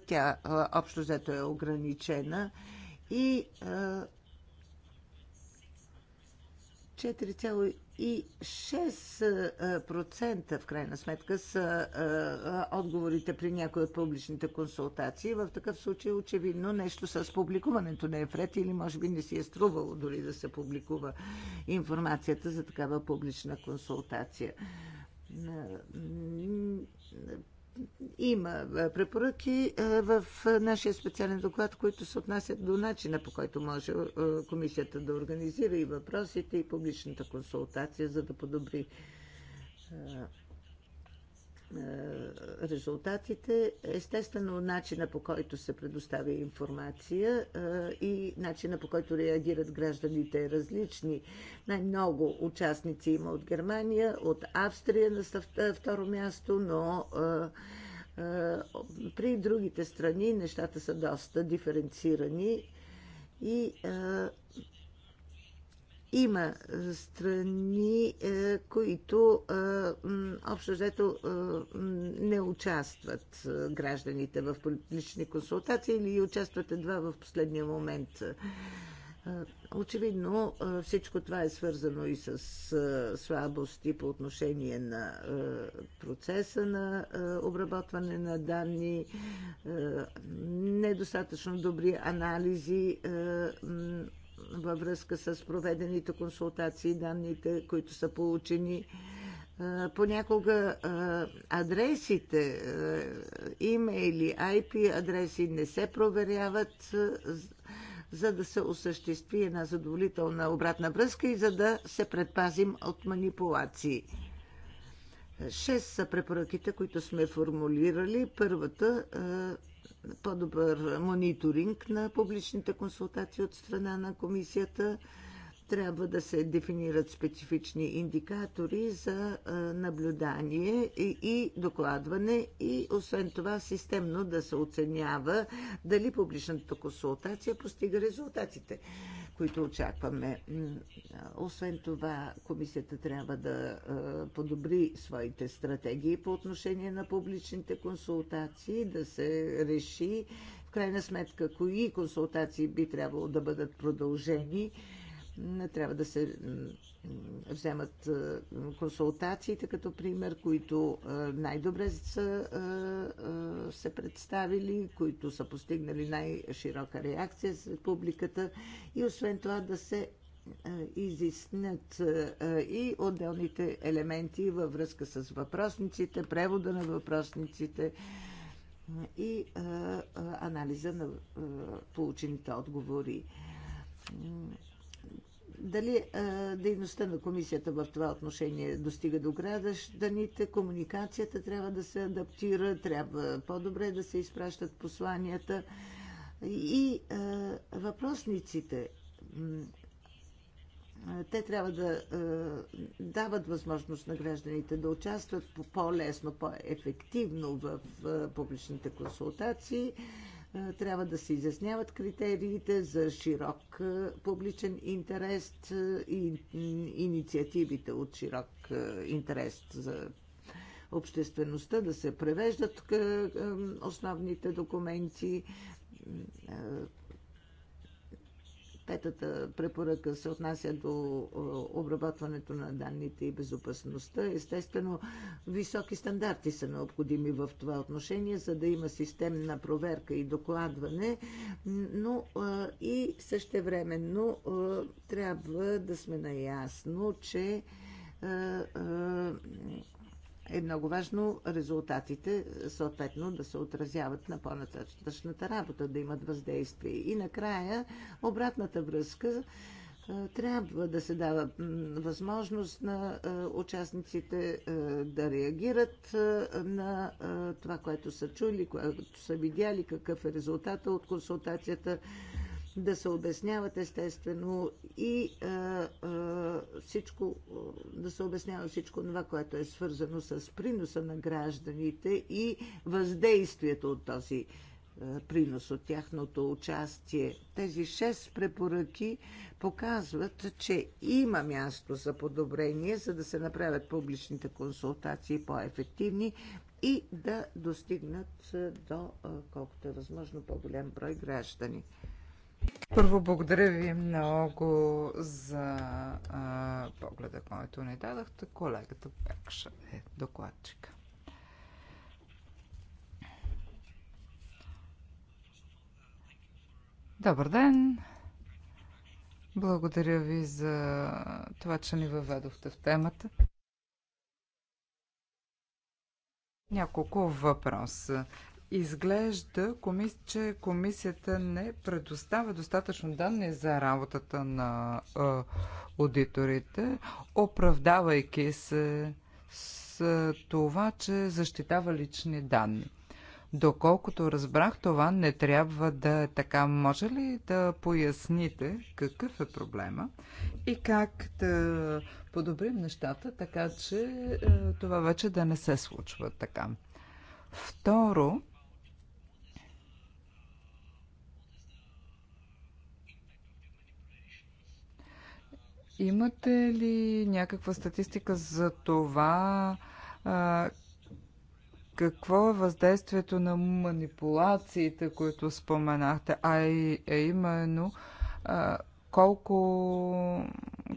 Speaker 2: Тя общо взето е ограничена и 96% в крайна сметка са отговорите при някои от публичните консултации. В такъв случай очевидно нещо с публикуването не е вред или може би не си е струвало дори да се публикува информацията за такава публична консултация има е, препоръки е, в е, нашия специален доклад, които се отнасят до начина по който може комисията да организира и въпросите, и публичната консултация, за да подобри е, резултатите, естествено начина по който се предоставя информация е, и начина по който реагират гражданите е различни. Най-много участници има от Германия, от Австрия на е, второ място, но при другите страни нещата са доста диференцирани и има е, страни, е, които е, общо взето не участват гражданите в лични консултации или участват едва в последния момент. Очевидно всичко това е свързано и с слабости по отношение на процеса на обработване на данни, недостатъчно добри анализи във връзка с проведените консултации, данните, които са получени. Понякога адресите, имейли, IP адреси не се проверяват, за да се осъществи една задоволителна обратна връзка и за да се предпазим от манипулации. Шест са препоръките, които сме формулирали. Първата по-добър мониторинг на публичните консултации от страна на комисията. Трябва да се дефинират специфични индикатори за наблюдание и докладване и освен това системно да се оценява дали публичната консултация постига резултатите които очакваме. Освен това, комисията трябва да подобри своите стратегии по отношение на публичните консултации, да се реши в крайна сметка кои консултации би трябвало да бъдат продължени трябва да се вземат консултациите като пример, които най-добре са се представили, които са постигнали най-широка реакция с публиката и освен това да се изяснят и отделните елементи във връзка с въпросниците, превода на въпросниците и анализа на получените отговори дали а, дейността на комисията в това отношение достига до гражданите, комуникацията трябва да се адаптира, трябва по-добре да се изпращат посланията и а, въпросниците. Те трябва да а, дават възможност на гражданите да участват по- лесно по-ефективно в а, публичните консултации. А, е, трябва да се изясняват критериите за широк е, публичен интерес е, и инициативите от широк интерес за обществеността, да се превеждат основните документи, Петата препоръка се отнася до е, обработването на данните и безопасността. Естествено, високи стандарти са необходими в това отношение, за да има системна проверка и докладване, но е, и същевременно е, трябва да сме наясно, че е много важно резултатите съответно да се отразяват на по-нататъчната работа, да имат въздействие. И накрая обратната връзка е, трябва да се дава възможност на е, участниците е, да реагират на това, което са чули, което са видяли, какъв е резултата от консултацията да се обясняват естествено и а, а, всичко, да се обяснява всичко това, което е свързано с приноса на гражданите и въздействието от този а, принос, от тяхното участие. Тези шест препоръки показват, че има място за подобрение, за да се направят публичните консултации по-ефективни и да достигнат до колкото
Speaker 1: е възможно по-голям брой граждани. Първо, благодаря ви много за а, погледа, който ни дадахте. Колегата Пекша е докладчика. Добър ден! Благодаря ви за това, че ни въведохте в темата. Няколко въпроса. Изглежда, че комисията не предоставя достатъчно данни за работата на а, аудиторите, оправдавайки се с това, че защитава лични данни. Доколкото разбрах, това не трябва да е така. Може ли да поясните какъв е проблема и как да подобрим нещата, така че това вече да не се случва така? Второ, Имате ли някаква статистика за това а, какво е въздействието на манипулациите, които споменахте, а и, е именно а, колко,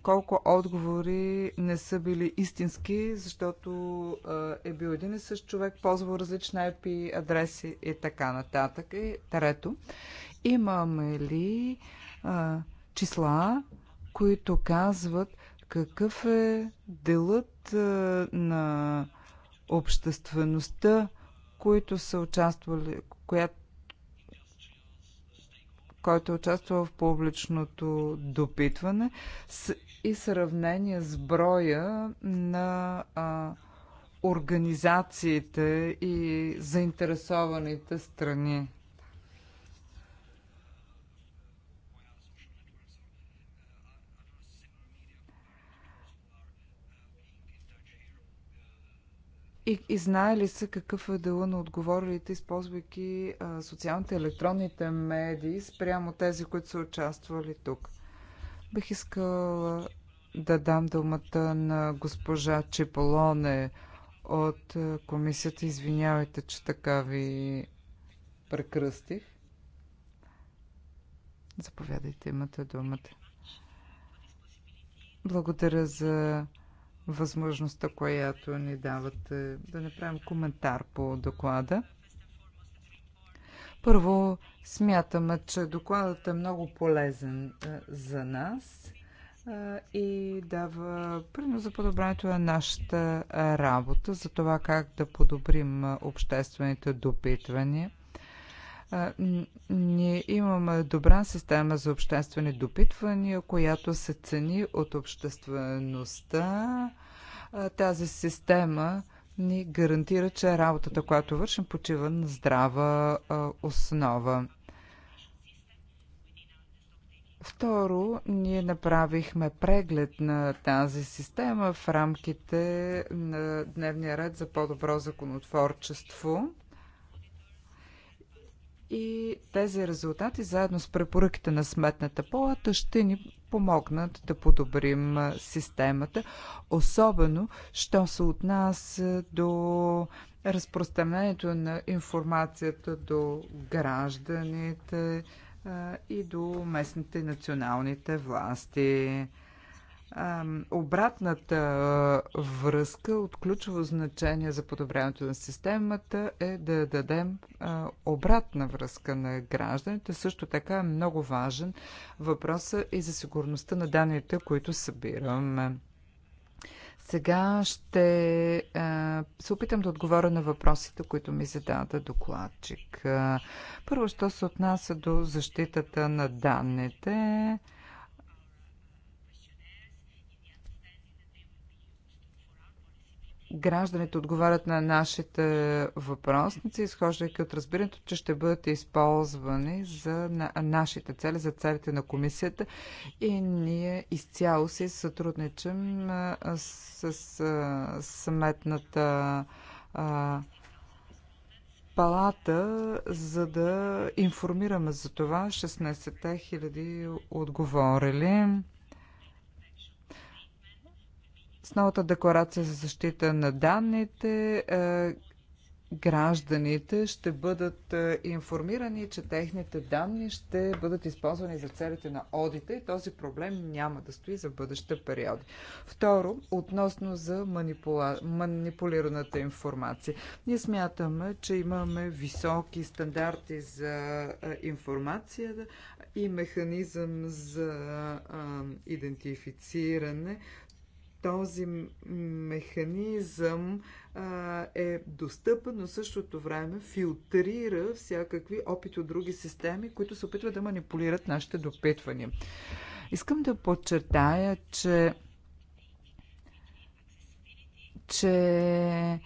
Speaker 1: колко отговори не са били истински, защото а, е бил един и същ човек, ползвал различни IP адреси и така нататък. И трето, имаме ли а, числа които казват какъв е делът на обществеността, които са участвали, която който е участвал в публичното допитване с, и сравнение с броя на а, организациите и заинтересованите страни. И, и знае ли се какъв е дела на отговорите, използвайки а, социалните електронните медии спрямо тези, които са участвали тук? Бих искала да дам думата на госпожа Чеполоне от комисията. Извинявайте, че така ви прекръстих. Заповядайте, имате думата. Благодаря за възможността, която ни дават, да направим коментар по доклада. Първо, смятаме, че докладът е много полезен е, за нас е, и дава принос за подобрането на нашата работа, за това как да подобрим обществените допитвания. Ние имаме добра система за обществени допитвания, която се цени от обществеността. Тази система ни гарантира, че работата, която вършим, почива на здрава основа. Второ, ние направихме преглед на тази система в рамките на дневния ред за по-добро законотворчество и тези резултати, заедно с препоръките на Сметната палата, ще ни помогнат да подобрим системата, особено, що се отнася до разпространението на информацията до гражданите и до местните и националните власти обратната връзка от ключово значение за подобряването на системата е да дадем обратна връзка на гражданите. Също така е много важен въпроса и за сигурността на данните, които събираме. Сега ще а, се опитам да отговоря на въпросите, които ми зададе докладчик. Първо, що се отнася до защитата на данните. гражданите отговарят на нашите въпросници, изхождайки от разбирането, че ще бъдат използвани за нашите цели, за целите на комисията и ние изцяло си сътрудничим с, съметната палата, за да информираме за това 16 000 отговорили с новата декларация за защита на данните е, гражданите ще бъдат е, информирани, че техните данни ще бъдат използвани за целите на одита и този проблем няма да стои за бъдеща периоди. Второ, относно за манипула... манипулираната информация. Ние смятаме, че имаме високи стандарти за е, информацията и механизъм за идентифициране този механизъм а, е достъпен, но същото време филтрира всякакви опити от други системи, които се опитват да манипулират нашите допитвания. Искам да подчертая, че че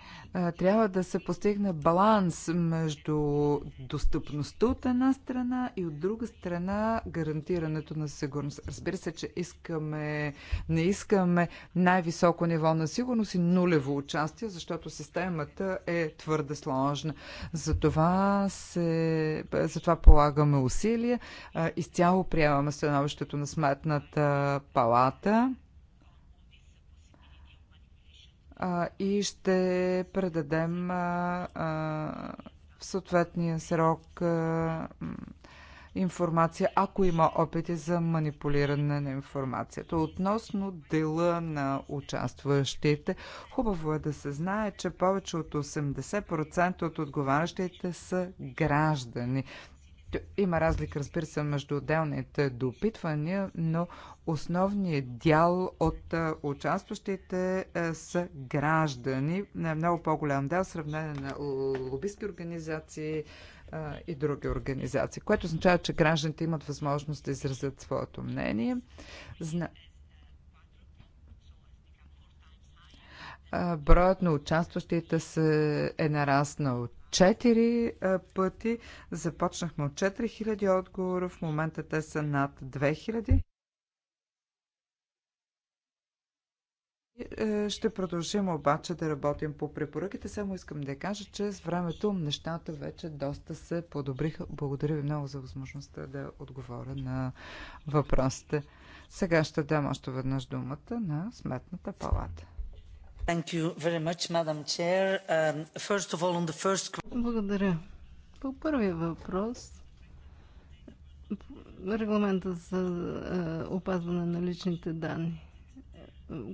Speaker 1: трябва да се постигне баланс между достъпността от една страна и от друга страна гарантирането на сигурност. Разбира се, че искаме, не искаме най-високо ниво на сигурност и нулево участие, защото системата е твърде сложна. Затова, се, затова полагаме усилия. Изцяло приемаме становището на Сметната палата а, и ще предадем а, а, в съответния срок а, информация, ако има опити за манипулиране на информацията. Относно дела на участващите, хубаво е да се знае, че повече от 80% от отговарящите са граждани. Има разлика, разбира се, между отделните допитвания, но основният дял от участващите са граждани. На много по-голям дял сравнение на лобистки организации и други организации, което означава, че гражданите имат възможност да изразят своето мнение. Зна... Броят на участващите се е нараснал четири пъти. Започнахме от 4000 отговора, в момента те са над 2000. Е, ще продължим обаче да работим по препоръките. Само искам да кажа, че с времето нещата вече доста се подобриха. Благодаря ви много за възможността да отговоря на въпросите. Сега ще дам още веднъж думата на Сметната палата.
Speaker 3: Um, Благодаря. По първия въпрос, регламента за е, опазване на личните данни.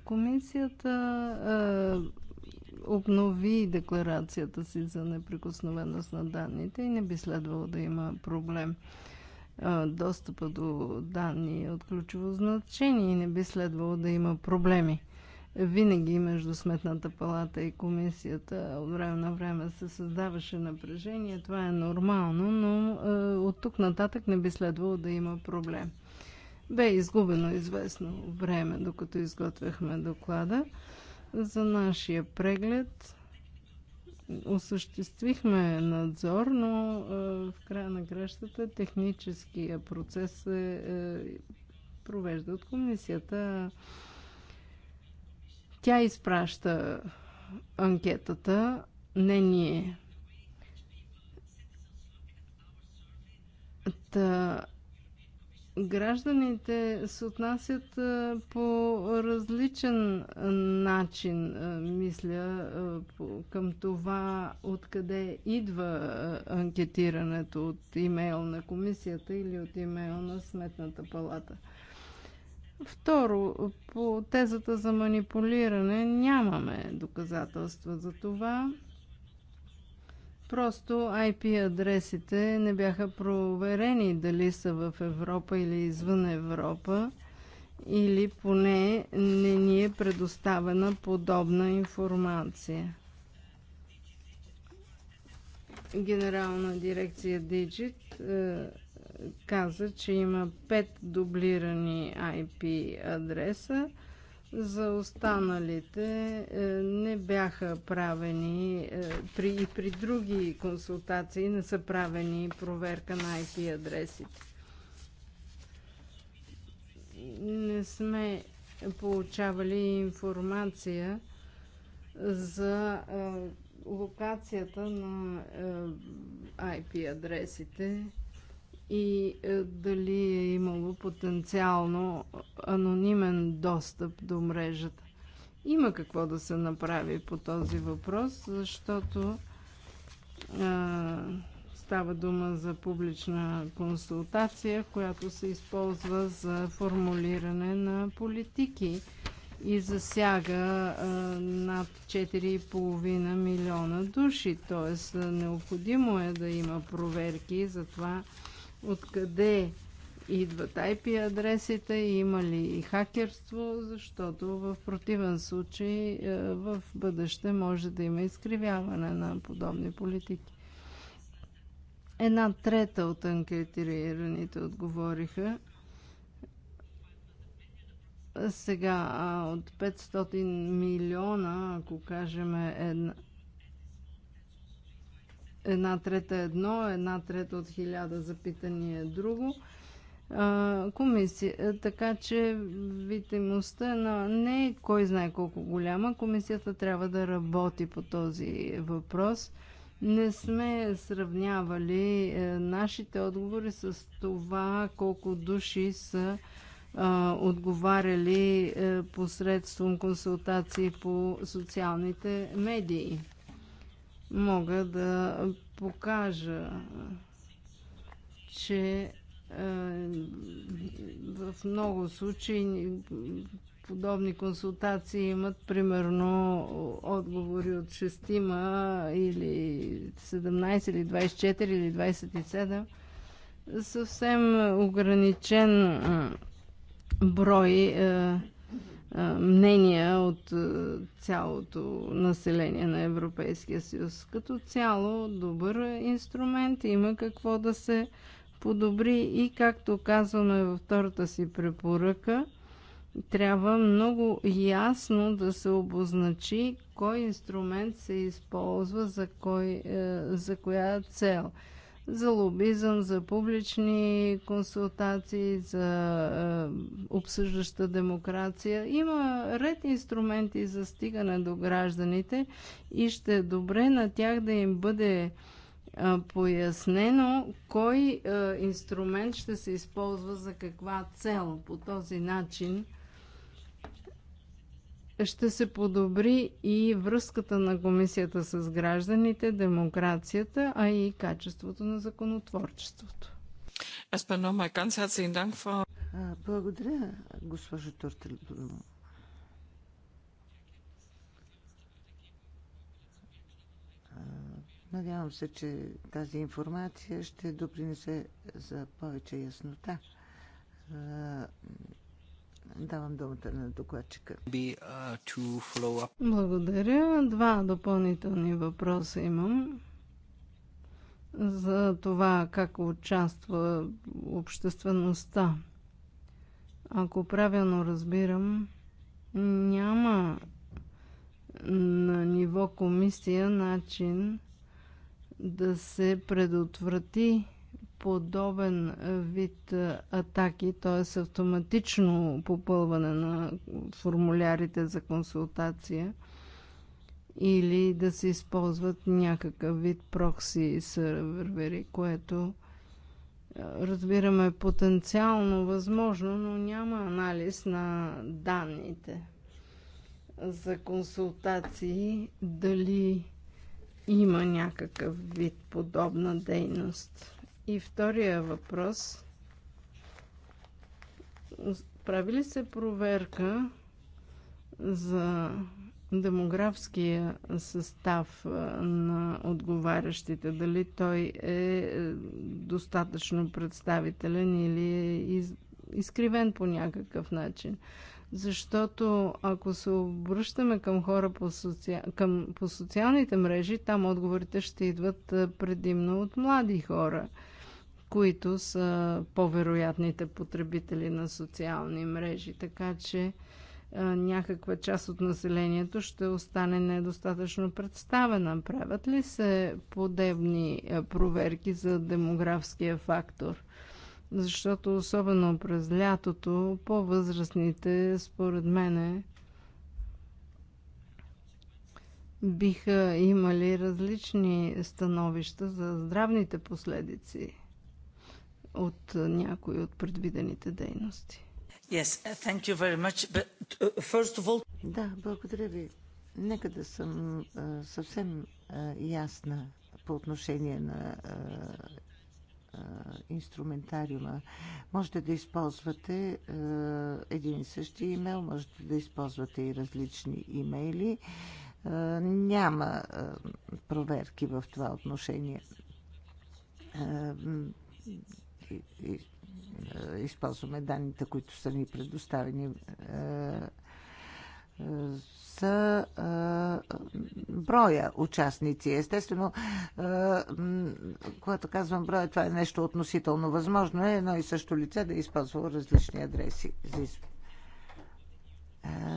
Speaker 3: Комисията е, обнови декларацията си за неприкосновеност на данните и не би следвало да има проблем. Е, достъпа до данни е от ключово значение и не би следвало да има проблеми винаги между Сметната палата и комисията от време на време се създаваше напрежение. Това е нормално, но е, от тук нататък не би следвало да има проблем. Бе изгубено известно време, докато изготвяхме доклада. За нашия преглед осъществихме надзор, но е, в края на кращата техническия процес се е, провежда от комисията. Тя изпраща анкетата, не ние. Та, гражданите се отнасят по различен начин, мисля, към това откъде идва анкетирането от имейл на комисията или от имейл на Сметната палата. Второ, по тезата за манипулиране нямаме доказателства за това. Просто IP адресите не бяха проверени дали са в Европа или извън Европа или поне не ни е предоставена подобна информация. Генерална дирекция Digit е, каза, че има 5 дублирани IP адреса. За останалите е, не бяха правени е, при, и при други консултации не са правени проверка на IP адресите. Не сме получавали информация за е, локацията на IP адресите и е, дали е имало потенциално е, анонимен достъп до мрежата. Има какво да се направи по този въпрос, защото а, е, става дума за публична консултация, която се използва за формулиране на политики и засяга а, над 4,5 милиона души. Тоест, необходимо е да има проверки за това откъде идват IP адресите, има ли и хакерство, защото в противен случай е, в бъдеще може да има изкривяване на подобни политики. Една трета от анкетираните отговориха. Сега от 500 милиона, ако кажем една, една трета е едно, една трета от хиляда запитания е друго. Комисия, е, така че видимостта е на не е кой знае колко голяма. Комисията трябва да работи по този въпрос. Не сме сравнявали нашите отговори с това колко души са отговаряли посредством консултации по социалните медии мога да покажа, че е, в много случаи подобни консултации имат примерно отговори от 6 или 17 или 24 или 27 съвсем ограничен е, брой е, мнения от цялото население на Европейския съюз. Като цяло добър инструмент, има какво да се подобри и както казваме във втората си препоръка, трябва много ясно да се обозначи кой инструмент се използва за, кой, е, за коя цел – за лобизъм, за публични консултации, за е, обсъждаща демокрация. Има ред инструменти за стигане до гражданите и ще е добре на тях да им бъде е, пояснено кой е, инструмент ще се използва за каква цел. По този начин ще се подобри и връзката на комисията с гражданите, демокрацията, а и качеството на законотворчеството.
Speaker 2: Благодаря, госпожо Туртел. Надявам се, че тази информация ще допринесе за повече
Speaker 3: яснота
Speaker 2: Давам думата на докладчика. Uh,
Speaker 3: Благодаря. Два допълнителни въпроса имам за това как участва обществеността. Ако правилно разбирам, няма на ниво комисия начин да се предотврати подобен е, вид е, атаки, т.е. автоматично попълване на формулярите за консултация или да се използват някакъв вид прокси сервери, което е, разбираме потенциално възможно, но няма анализ на данните за консултации дали има някакъв вид подобна дейност. И втория въпрос. Прави ли се проверка за демографския състав на отговарящите? Дали той е, е достатъчно представителен или е изкривен по някакъв начин? Защото ако се обръщаме към хора по, социал... към... по социалните мрежи, там отговорите ще идват предимно от млади хора – които са по-вероятните потребители на социални мрежи. Така че някаква част от населението ще остане недостатъчно представена. Правят ли се подебни проверки за демографския фактор? Защото особено през лятото по-възрастните, според мене, биха имали различни становища за здравните последици от някои от предвидените дейности.
Speaker 2: Yes, thank you very much. But uh, first of all... Да, благодаря ви.
Speaker 3: Нека да съм а,
Speaker 2: съвсем а, ясна по отношение на а, а, инструментариума. Можете да използвате а, един и същи имейл, можете да използвате и различни имейли. А, няма а, проверки в това отношение. А, е, използваме данните, които са ни предоставени за е, е, броя участници. Естествено, когато казвам броя, това е нещо относително възможно. Е едно и също лице да използва различни адреси.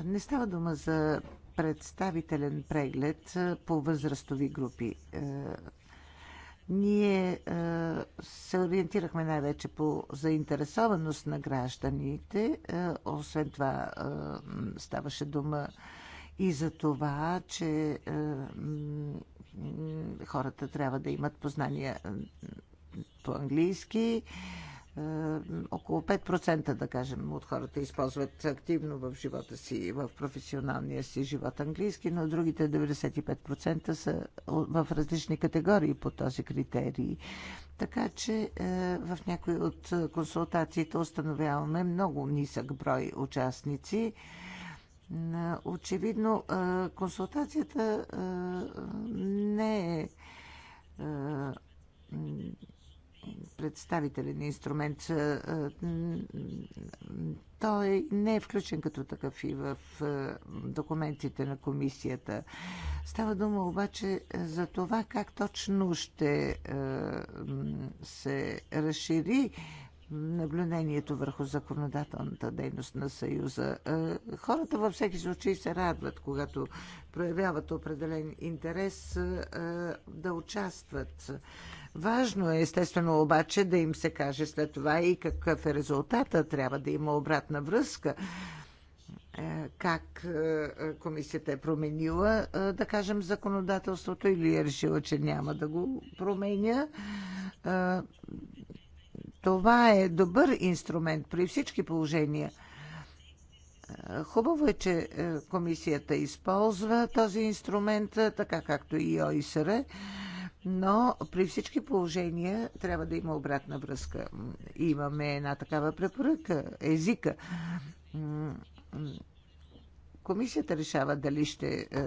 Speaker 2: Не става дума за представителен преглед по възрастови групи. Ние се ориентирахме най-вече по заинтересованост на гражданите. освен това ставаше дума и за това, че хората трябва да имат познания по английски е, около 5% да кажем от хората използват активно в живота си, в професионалния си живот английски, но другите 95% са в различни категории по този критерий. Така че е, в някои от консултациите установяваме много нисък брой участници. Е, очевидно, консултацията не е представителен инструмент. Е, той не е включен като такъв и в е, документите на комисията. Става дума обаче за това как точно ще е, се разшири наблюдението върху законодателната дейност на Съюза. Хората във всеки случай се радват, когато проявяват определен интерес да участват. Важно е, естествено, обаче да им се каже след това и какъв е резултата. Трябва да има обратна връзка е, как е, комисията е променила, е, да кажем, законодателството или е решила, че няма да го променя. Това е добър инструмент при всички положения. Хубаво е, че комисията използва този инструмент, така както и ОИСР. -е но при всички положения трябва да има обратна връзка. Имаме една такава препоръка езика. Комисията решава дали ще е,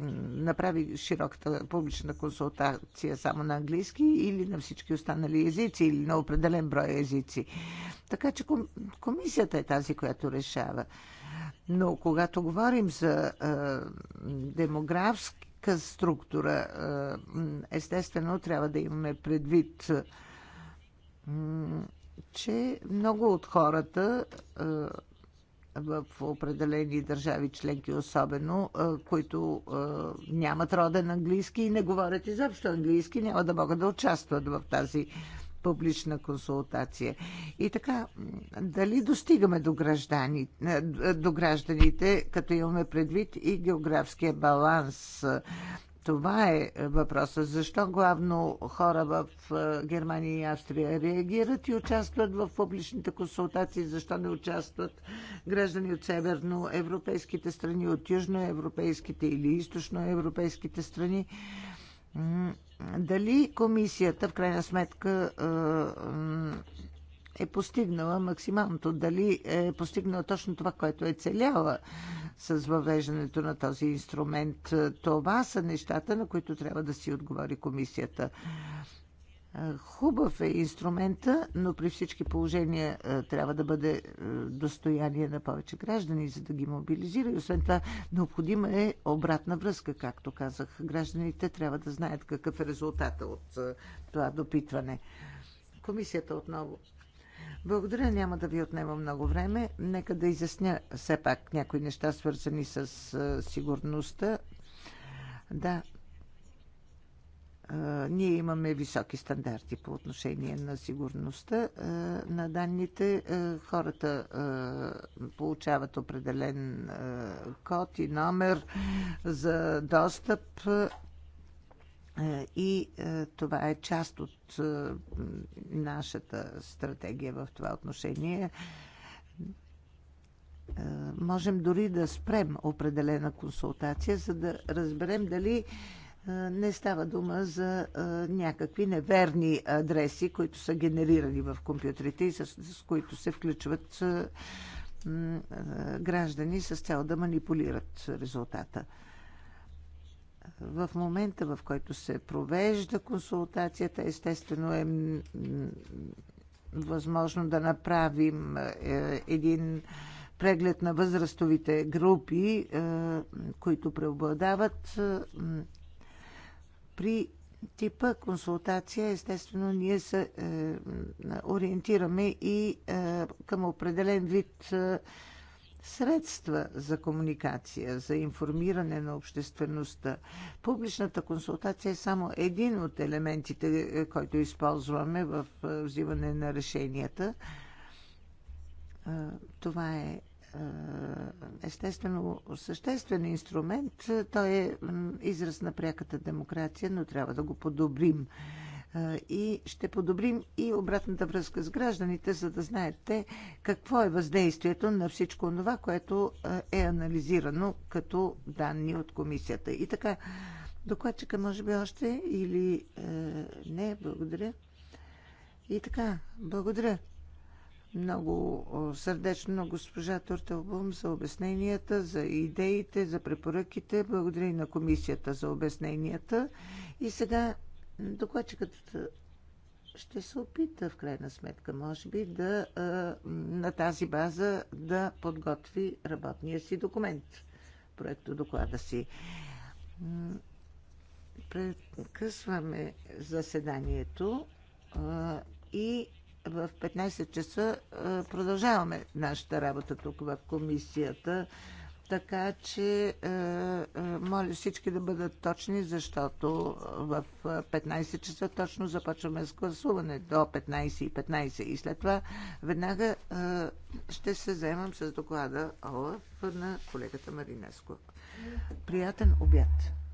Speaker 2: направи широката публична консултация само на английски или на всички останали езици или на определен брой езици. Така че комисията е тази, която решава. Но когато говорим за е, демографски всяка структура. Е, естествено, трябва да имаме предвид, е, че много от хората е, в определени държави членки, особено, които нямат роден английски и не говорят изобщо английски, няма да могат да участват в тази публична консултация. И така, дали достигаме до, граждани, е, до гражданите, като имаме предвид и географския баланс? Това е въпроса. Защо главно хора в е, Германия и Австрия реагират и участват в публичните консултации? Защо не участват граждани от северноевропейските страни, от южноевропейските или източноевропейските страни? Дали комисията в крайна сметка е, е постигнала максималното, дали е постигнала точно това, което е целяла с въвеждането на този инструмент. Това са нещата, на които трябва да си отговори комисията. Хубав е инструмента, но при всички положения трябва да бъде достояние на повече граждани, за да ги мобилизира. И освен това, необходима е обратна връзка, както казах. Гражданите трябва да знаят какъв е резултата от това допитване. Комисията отново. Благодаря, няма да ви отнема много време. Нека да изясня все пак някои неща, свързани с сигурността. Да, ние имаме високи стандарти по отношение на сигурността на данните. Хората получават определен код и номер за достъп и това е част от нашата стратегия в това отношение. Можем дори да спрем определена консултация, за да разберем дали не става дума за някакви неверни адреси, които са генерирани в компютрите и с, с които се включват граждани с цел да манипулират резултата. В момента, в който се провежда консултацията, естествено е възможно да направим един преглед на възрастовите групи, които преобладават при типа консултация, естествено, ние се е, ориентираме и е, към определен вид е, средства за комуникация, за информиране на обществеността. Публичната консултация е само един от елементите, е, който използваме в е, взимане на решенията. Е, това е е, естествено съществен инструмент. Той е израз на пряката демокрация, но трябва да го подобрим. Е, и ще подобрим и обратната връзка с гражданите, за да знаете какво е въздействието на всичко това, което е, е анализирано като данни от комисията. И така, докладчика може би още или не, благодаря. И така, благодаря много сърдечно на госпожа Туртълбум за обясненията, за идеите, за препоръките. Благодаря и на комисията за обясненията. И сега докладчикът ще се опита, в крайна сметка, може би, да на тази база да подготви работния си документ, проекто доклада си. Прекъсваме заседанието и в 15 часа продължаваме нашата работа тук в комисията. Така че моля всички да бъдат точни, защото в 15 часа точно започваме с гласуване до 15 и 15. И след това веднага ще се заемам с доклада ОЛАФ на колегата Маринеско. Приятен обяд!